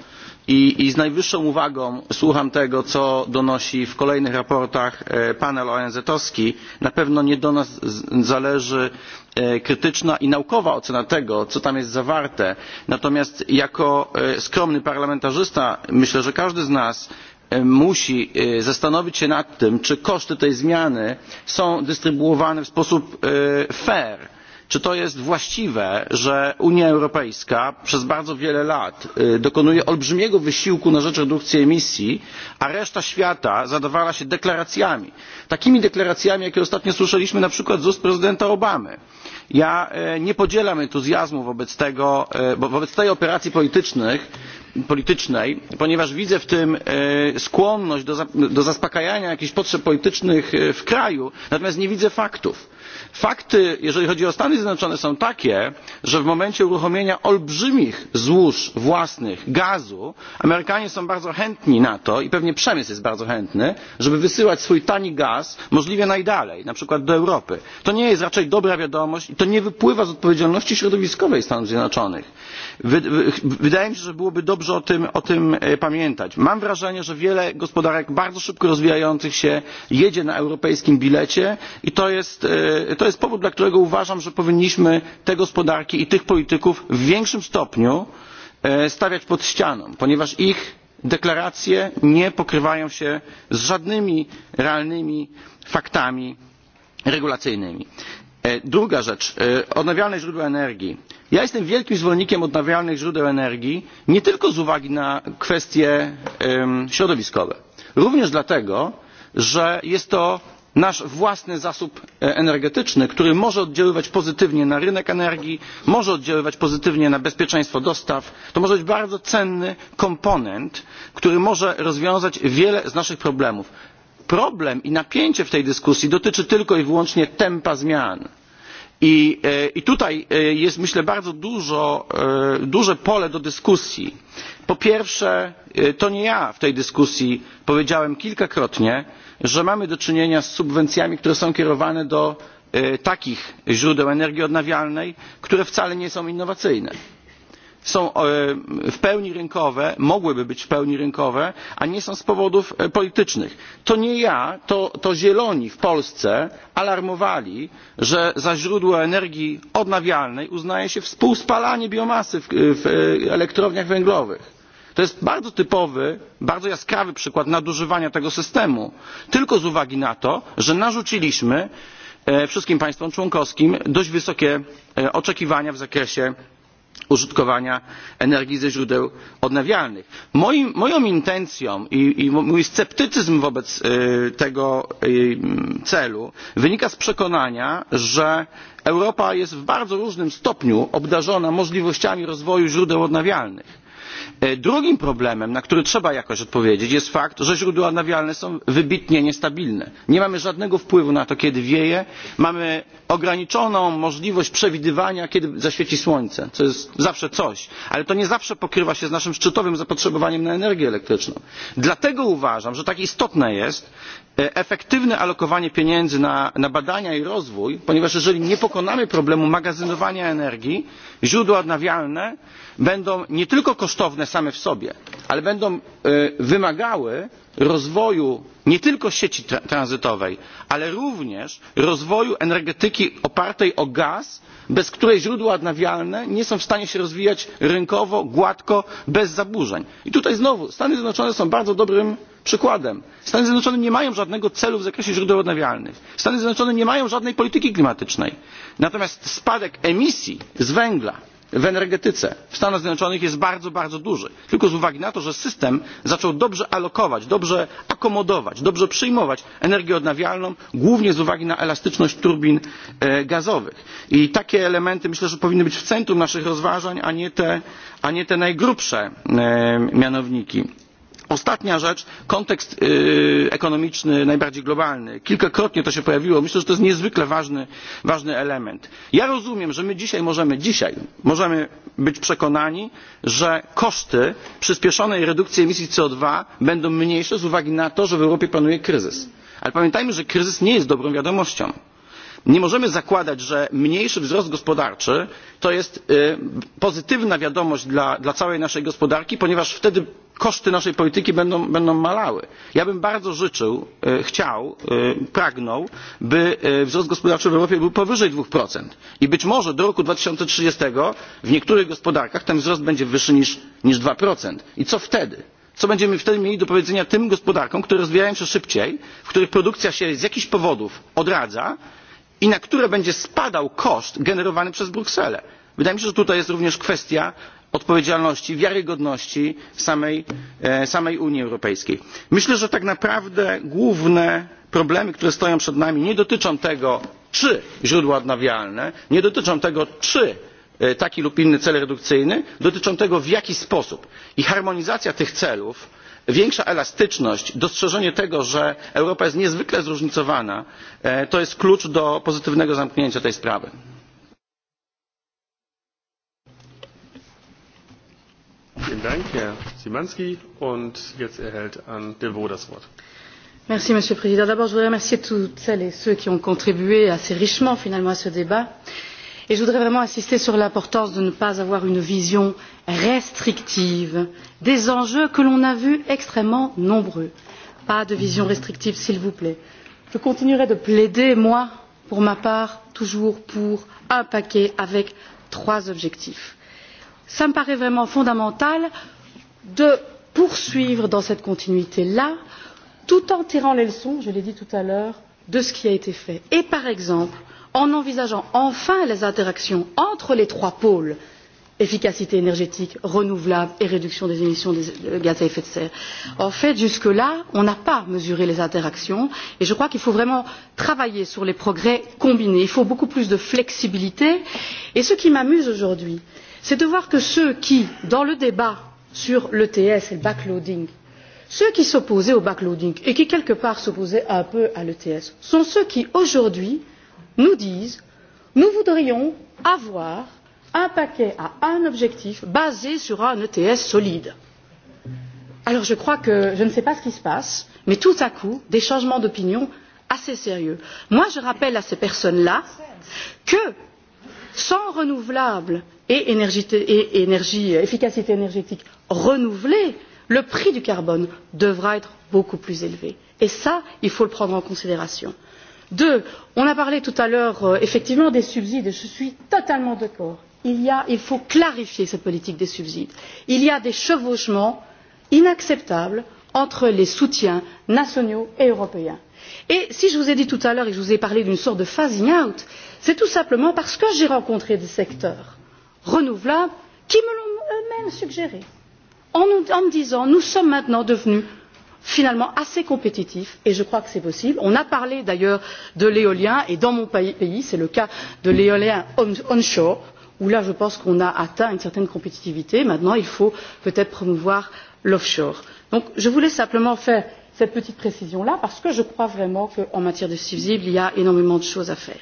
I, I z najwyższą uwagą słucham tego, co donosi w kolejnych raportach e, panel ONZ-owski. Na pewno nie do nas zależy e, krytyczna i naukowa ocena tego, co tam jest zawarte. Natomiast jako e, skromny parlamentarzysta myślę, że każdy z nas musi zastanowić się nad tym, czy koszty tej zmiany są dystrybuowane w sposób fair czy to jest właściwe że unia europejska przez bardzo wiele lat dokonuje olbrzymiego wysiłku na rzecz redukcji emisji a reszta świata zadowala się deklaracjami takimi deklaracjami jakie ostatnio słyszeliśmy na przykład z ust prezydenta obamy. ja nie podzielam entuzjazmu wobec, tego, wobec tej operacji politycznej ponieważ widzę w tym skłonność do, do zaspokajania jakichś potrzeb politycznych w kraju natomiast nie widzę faktów Fakty, jeżeli chodzi o Stany Zjednoczone, są takie, że w momencie uruchomienia olbrzymich złóż własnych gazu, Amerykanie są bardzo chętni na to i pewnie przemysł jest bardzo chętny, żeby wysyłać swój tani gaz możliwie najdalej, na przykład do Europy. To nie jest raczej dobra wiadomość i to nie wypływa z odpowiedzialności środowiskowej Stanów Zjednoczonych. Wydaje mi się, że byłoby dobrze o tym, o tym e, pamiętać. Mam wrażenie, że wiele gospodarek bardzo szybko rozwijających się jedzie na europejskim bilecie i to jest, e, to jest powód, dla którego uważam, że powinniśmy te gospodarki i tych polityków w większym stopniu e, stawiać pod ścianą, ponieważ ich deklaracje nie pokrywają się z żadnymi realnymi faktami regulacyjnymi. Druga rzecz, odnawialne źródła energii. Ja jestem wielkim zwolennikiem odnawialnych źródeł energii, nie tylko z uwagi na kwestie um, środowiskowe, również dlatego, że jest to nasz własny zasób e, energetyczny, który może oddziaływać pozytywnie na rynek energii, może oddziaływać pozytywnie na bezpieczeństwo dostaw. To może być bardzo cenny komponent, który może rozwiązać wiele z naszych problemów. Problem i napięcie w tej dyskusji dotyczy tylko i wyłącznie tempa zmian I, e, i tutaj e, jest myślę bardzo dużo, e, duże pole do dyskusji. Po pierwsze, to nie ja w tej dyskusji powiedziałem kilkakrotnie, że mamy do czynienia z subwencjami, które są kierowane do takich źródeł energii odnawialnej, które wcale nie są innowacyjne są e, w pełni rynkowe, mogłyby być w pełni rynkowe, a nie są z powodów e, politycznych. To nie ja, to, to zieloni w Polsce alarmowali, że za źródło energii odnawialnej uznaje się współspalanie biomasy w, w e, elektrowniach węglowych. To jest bardzo typowy, bardzo jaskrawy przykład nadużywania tego systemu. Tylko z uwagi na to, że narzuciliśmy wszystkim państwom członkowskim dość wysokie oczekiwania w zakresie użytkowania energii ze źródeł odnawialnych. Moim, moją intencją i, i mój sceptycyzm wobec y, tego y, celu wynika z przekonania, że Europa jest w bardzo różnym stopniu obdarzona możliwościami rozwoju źródeł odnawialnych. Drugim problemem, na który trzeba jakoś odpowiedzieć, jest fakt, że źródła odnawialne są wybitnie niestabilne. Nie mamy żadnego wpływu na to, kiedy wieje. Mamy ograniczoną możliwość przewidywania, kiedy zaświeci słońce, co jest zawsze coś, ale to nie zawsze pokrywa się z naszym szczytowym zapotrzebowaniem na energię elektryczną. Dlatego uważam, że tak istotne jest e, efektywne alokowanie pieniędzy na, na badania i rozwój, ponieważ jeżeli nie pokonamy problemu magazynowania energii, źródła odnawialne będą nie tylko kosztowne same w sobie, ale będą e, wymagały rozwoju nie tylko sieci tra tranzytowej, ale również rozwoju energetyki opartej o gaz, bez której źródła odnawialne nie są w stanie się rozwijać rynkowo, gładko, bez zaburzeń. I tutaj znowu Stany Zjednoczone są bardzo dobrym przykładem. Stany Zjednoczone nie mają żadnego celu w zakresie źródeł odnawialnych. Stany Zjednoczone nie mają żadnej polityki klimatycznej. Natomiast spadek emisji z węgla w energetyce w Stanach Zjednoczonych jest bardzo, bardzo duży. Tylko z uwagi na to, że system zaczął dobrze alokować, dobrze akomodować, dobrze przyjmować energię odnawialną, głównie z uwagi na elastyczność turbin e, gazowych. I takie elementy myślę, że powinny być w centrum naszych rozważań, a nie te, a nie te najgrubsze e, mianowniki Ostatnia rzecz, kontekst y, ekonomiczny najbardziej globalny. Kilkakrotnie to się pojawiło. Myślę, że to jest niezwykle ważny, ważny element. Ja rozumiem, że my dzisiaj możemy, dzisiaj możemy być przekonani, że koszty przyspieszonej redukcji emisji co dwa będą mniejsze z uwagi na to, że w Europie panuje kryzys. Ale pamiętajmy, że kryzys nie jest dobrą wiadomością. Nie możemy zakładać, że mniejszy wzrost gospodarczy to jest pozytywna wiadomość dla, dla całej naszej gospodarki, ponieważ wtedy koszty naszej polityki będą, będą malały. Ja bym bardzo życzył, chciał, pragnął, by wzrost gospodarczy w Europie był powyżej 2%. I być może do roku 2030 w niektórych gospodarkach ten wzrost będzie wyższy niż, niż 2%. I co wtedy? co będziemy wtedy mieli do powiedzenia tym gospodarkom, które rozwijają się szybciej, w których produkcja się z jakichś powodów odradza i na które będzie spadał koszt generowany przez Brukselę. Wydaje mi się, że tutaj jest również kwestia odpowiedzialności, wiarygodności samej, e, samej Unii Europejskiej. Myślę, że tak naprawdę główne problemy, które stoją przed nami, nie dotyczą tego, czy źródła odnawialne, nie dotyczą tego, czy e, taki lub inny cel redukcyjny, dotyczą tego, w jaki sposób. I harmonizacja tych celów większa elastyczność, dostrzeżenie tego, że Europa jest niezwykle zróżnicowana, e, to jest klucz do pozytywnego zamknięcia tej sprawy.
Merci, Monsieur le Président. D'abord, je voudrais remercier toutes celles et ceux qui ont contribué assez richement, finalement, à ce débat. Et je voudrais vraiment insister sur l'importance de ne pas avoir une vision restrictive, des enjeux que l'on a vus extrêmement nombreux. Pas de vision restrictive, s'il vous plaît. Je continuerai de plaider, moi, pour ma part, toujours pour un paquet avec trois objectifs. Ça me paraît vraiment fondamental de poursuivre dans cette continuité-là, tout en tirant les leçons, je l'ai dit tout à l'heure, de ce qui a été fait. Et par exemple, en envisageant enfin les interactions entre les trois pôles, efficacité énergétique, renouvelable et réduction des émissions de gaz à effet de serre. En fait, jusque-là, on n'a pas mesuré les interactions et je crois qu'il faut vraiment travailler sur les progrès combinés. Il faut beaucoup plus de flexibilité et ce qui m'amuse aujourd'hui, c'est de voir que ceux qui, dans le débat sur l'ETS et le backloading, ceux qui s'opposaient au backloading et qui quelque part s'opposaient un peu à l'ETS sont ceux qui aujourd'hui nous disent nous voudrions avoir un paquet à un objectif basé sur un ETS solide. Alors je crois que je ne sais pas ce qui se passe, mais tout à coup, des changements d'opinion assez sérieux. Moi, je rappelle à ces personnes-là que sans renouvelables et, énergie, et énergie, efficacité énergétique renouvelée, le prix du carbone devra être beaucoup plus élevé. Et ça, il faut le prendre en considération. Deux, on a parlé tout à l'heure euh, effectivement des subsides, et je suis totalement d'accord il, y a, il faut clarifier cette politique des subsides. Il y a des chevauchements inacceptables entre les soutiens nationaux et européens. Et si je vous ai dit tout à l'heure et je vous ai parlé d'une sorte de phasing out, c'est tout simplement parce que j'ai rencontré des secteurs renouvelables qui me l'ont eux-mêmes suggéré en, nous, en me disant nous sommes maintenant devenus finalement assez compétitif et je crois que c'est possible. On a parlé d'ailleurs de l'éolien et dans mon pays, c'est le cas de l'éolien onshore où là je pense qu'on a atteint une certaine compétitivité. Maintenant, il faut peut-être promouvoir l'offshore. Donc je voulais simplement faire cette petite précision là parce que je crois vraiment qu'en matière de civil, il y a énormément de choses à faire.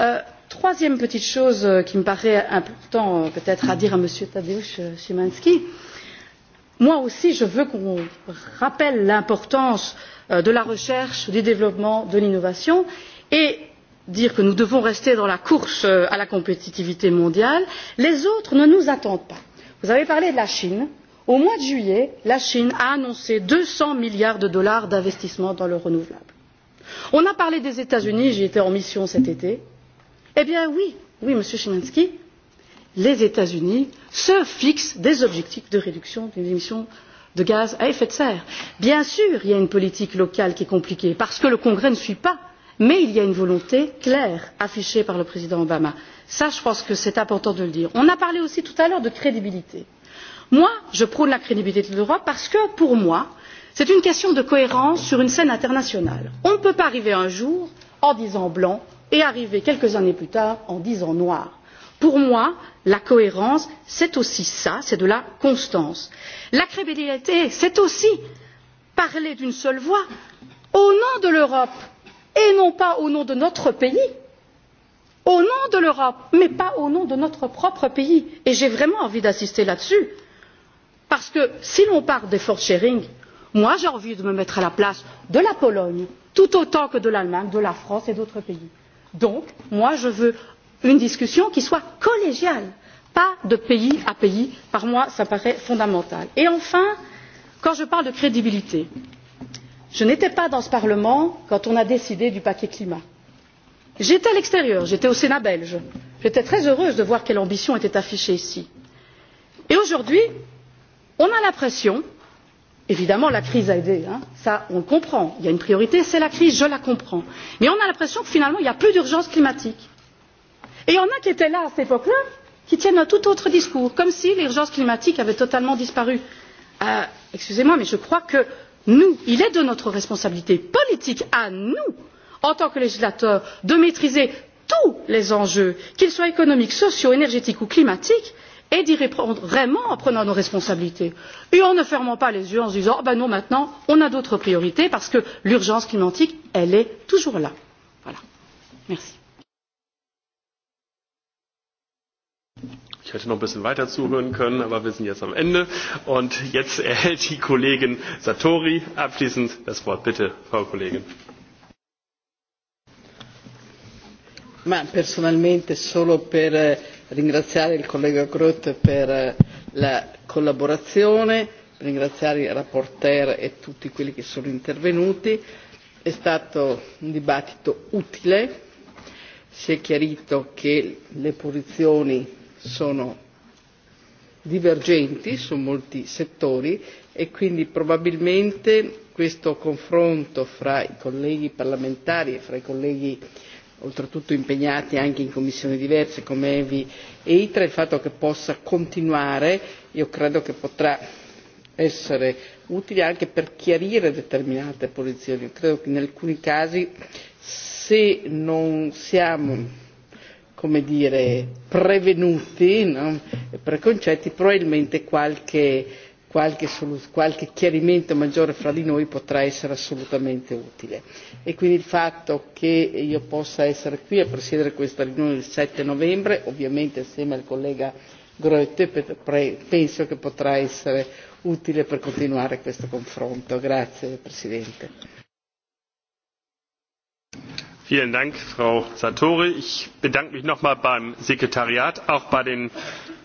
Euh, troisième petite chose euh, qui me paraît importante euh, peut-être à dire à M. Tadeusz euh, Szymanski, moi aussi je veux qu'on rappelle l'importance de la recherche, du développement, de l'innovation et dire que nous devons rester dans la course euh, à la compétitivité mondiale, les autres ne nous attendent pas. Vous avez parlé de la Chine. Au mois de juillet, la Chine a annoncé 200 milliards de dollars d'investissement dans le renouvelable. On a parlé des États-Unis, j'y étais en mission cet été. Eh bien oui, oui, Monsieur Chimansky, les États-Unis se fixent des objectifs de réduction des émissions de gaz à effet de serre. Bien sûr, il y a une politique locale qui est compliquée parce que le Congrès ne suit pas mais il y a une volonté claire affichée par le président obama. ça je pense que c'est important de le dire. on a parlé aussi tout à l'heure de crédibilité. moi je prône la crédibilité de l'europe parce que pour moi c'est une question de cohérence sur une scène internationale. on ne peut pas arriver un jour en disant blanc et arriver quelques années plus tard en disant noir. Pour moi, la cohérence, c'est aussi ça, c'est de la constance. La crédibilité, c'est aussi parler d'une seule voix au nom de l'Europe et non pas au nom de notre pays, au nom de l'Europe, mais pas au nom de notre propre pays. Et j'ai vraiment envie d'insister là-dessus. Parce que si l'on parle d'effort sharing, moi j'ai envie de me mettre à la place de la Pologne, tout autant que de l'Allemagne, de la France et d'autres pays. Donc, moi je veux une discussion qui soit collégiale, pas de pays à pays. Par moi, ça paraît fondamental. Et enfin, quand je parle de crédibilité, Je n'étais pas dans ce Parlement quand on a décidé du paquet climat. J'étais à l'extérieur, j'étais au Sénat belge. J'étais très heureuse de voir quelle ambition était affichée ici. Et aujourd'hui, on a l'impression, évidemment la crise a aidé, hein, ça on le comprend, il y a une priorité, c'est la crise, je la comprends. Mais on a l'impression que finalement il n'y a plus d'urgence climatique. Et il y en a qui étaient là à cette époque-là, qui tiennent un tout autre discours, comme si l'urgence climatique avait totalement disparu. Euh, Excusez-moi, mais je crois que nous, il est de notre responsabilité politique à nous, en tant que législateurs, de maîtriser tous les enjeux, qu'ils soient économiques, sociaux, énergétiques ou climatiques, et d'y répondre vraiment en prenant nos responsabilités et en ne fermant pas les yeux en se disant oh ben non maintenant on a d'autres priorités parce que l'urgence climatique elle est toujours là. Voilà. Merci.
Ich hätte noch ein bisschen weiter zuhören können, aber wir sind jetzt am Ende. Und jetzt erhält die Kollegin Satori abschließend das Wort. Bitte, Frau Kollegin.
Ma personalmente solo per eh, ringraziare il collega Groth per eh, la collaborazione, ringraziare il rapporteur e tutti quelli che sono intervenuti. È stato un dibattito utile, si è chiarito che le posizioni sono divergenti su molti settori e quindi probabilmente questo confronto fra i colleghi parlamentari e fra i colleghi oltretutto impegnati anche in commissioni diverse come Evi e ITRA, il fatto che possa continuare io credo che potrà essere utile anche per chiarire determinate posizioni. Io credo che in alcuni casi se non siamo come dire, prevenuti, no? E preconcetti, probabilmente qualche, qualche, qualche chiarimento maggiore fra di noi potrà essere assolutamente utile. E quindi il fatto che io possa essere qui a presiedere questa riunione il 7 novembre, ovviamente assieme al collega Grotte, penso che potrà essere utile per continuare questo confronto. Grazie Presidente.
Vielen Dank, Frau Sartori. Ich bedanke mich nochmal beim Sekretariat, auch bei den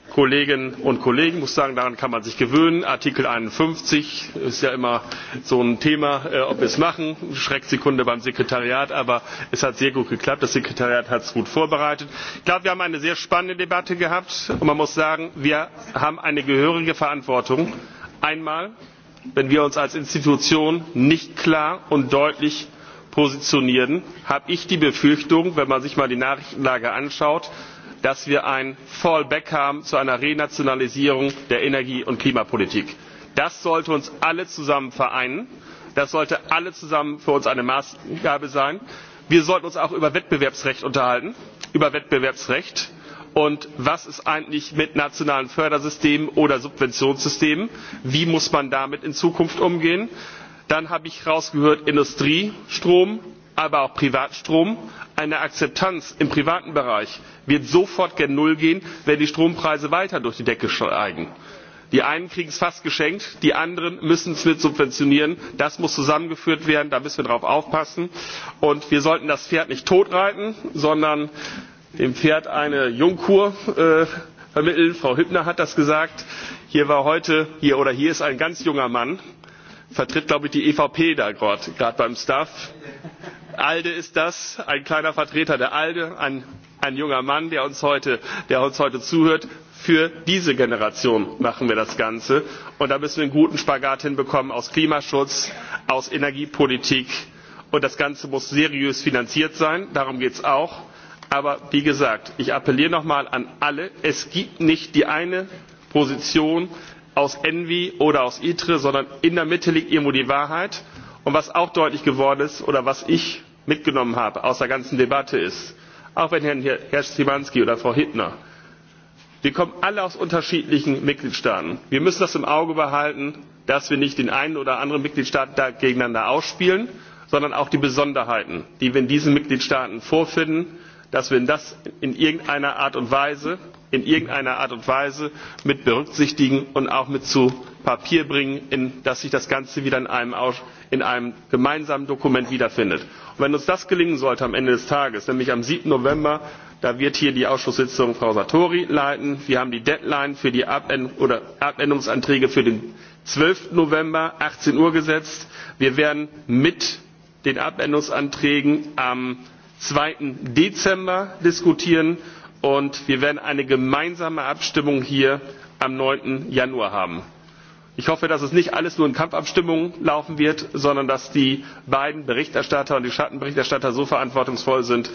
Kolleginnen und Kollegen. Ich muss sagen, daran kann man sich gewöhnen. Artikel 51 ist ja immer so ein Thema, äh, ob wir es machen. Schrecksekunde beim Sekretariat, aber es hat sehr gut geklappt. Das Sekretariat hat es gut vorbereitet. Ich glaube, wir haben eine sehr spannende Debatte gehabt. Und man muss sagen, wir haben eine gehörige Verantwortung. Einmal, wenn wir uns als Institution nicht klar und deutlich positionieren, habe ich die Befürchtung, wenn man sich mal die Nachrichtenlage anschaut, dass wir ein Fallback haben zu einer Renationalisierung der Energie- und Klimapolitik. Das sollte uns alle zusammen vereinen. Das sollte alle zusammen für uns eine Maßgabe sein. Wir sollten uns auch über Wettbewerbsrecht unterhalten, über Wettbewerbsrecht und was ist eigentlich mit nationalen Fördersystemen oder Subventionssystemen? Wie muss man damit in Zukunft umgehen? Dann habe ich herausgehört Industriestrom, aber auch Privatstrom. Eine Akzeptanz im privaten Bereich wird sofort gen Null gehen, wenn die Strompreise weiter durch die Decke steigen. Die einen kriegen es fast geschenkt, die anderen müssen es mit subventionieren. Das muss zusammengeführt werden, da müssen wir darauf aufpassen. Und wir sollten das Pferd nicht totreiten, sondern dem Pferd eine Jungkur äh, vermitteln. Frau Hübner hat das gesagt. Hier war heute, hier oder hier ist ein ganz junger Mann, vertritt, glaube ich, die EVP da gerade beim Staff. ALDE ist das, ein kleiner Vertreter der ALDE, ein, ein junger Mann, der uns, heute, der uns heute zuhört. Für diese Generation machen wir das Ganze. Und da müssen wir einen guten Spagat hinbekommen aus Klimaschutz, aus Energiepolitik. Und das Ganze muss seriös finanziert sein. Darum geht es auch. Aber wie gesagt, ich appelliere nochmal an alle, es gibt nicht die eine Position, aus Envi oder aus ITRE, sondern in der Mitte liegt irgendwo die Wahrheit. Und was auch deutlich geworden ist oder was ich mitgenommen habe aus der ganzen Debatte ist, auch wenn Herr, Herr Schimanski oder Frau Hittner, wir kommen alle aus unterschiedlichen Mitgliedstaaten. Wir müssen das im Auge behalten, dass wir nicht den einen oder anderen Mitgliedstaat da gegeneinander ausspielen, sondern auch die Besonderheiten, die wir in diesen Mitgliedstaaten vorfinden, dass wir das in irgendeiner Art und Weise in irgendeiner Art und Weise mit berücksichtigen und auch mit zu Papier bringen, in, dass sich das Ganze wieder in einem, in einem gemeinsamen Dokument wiederfindet. Und wenn uns das gelingen sollte am Ende des Tages, nämlich am 7. November, da wird hier die Ausschusssitzung Frau Satori leiten. Wir haben die Deadline für die Abend oder Abänderungsanträge für den 12. November 18 Uhr gesetzt. Wir werden mit den Abänderungsanträgen am 2. Dezember diskutieren und wir werden eine gemeinsame Abstimmung hier am 9. Januar haben. Ich hoffe, dass es nicht alles nur in Kampfabstimmungen laufen wird, sondern dass die beiden Berichterstatter und die Schattenberichterstatter so verantwortungsvoll sind,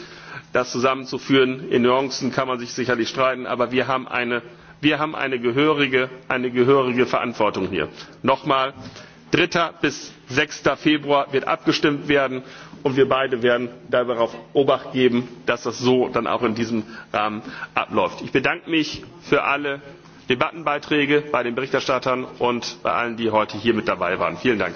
das zusammenzuführen. In Nuancen kann man sich sicherlich streiten, aber wir haben eine, wir haben eine, gehörige, eine gehörige Verantwortung hier. Nochmal, 3. bis 6. Februar wird abgestimmt werden und wir beide werden darauf Obacht geben, dass das so dann auch in diesem Rahmen abläuft. Ich bedanke mich für alle Debattenbeiträge bei den Berichterstattern und bei allen, die heute hier mit dabei waren. Vielen Dank.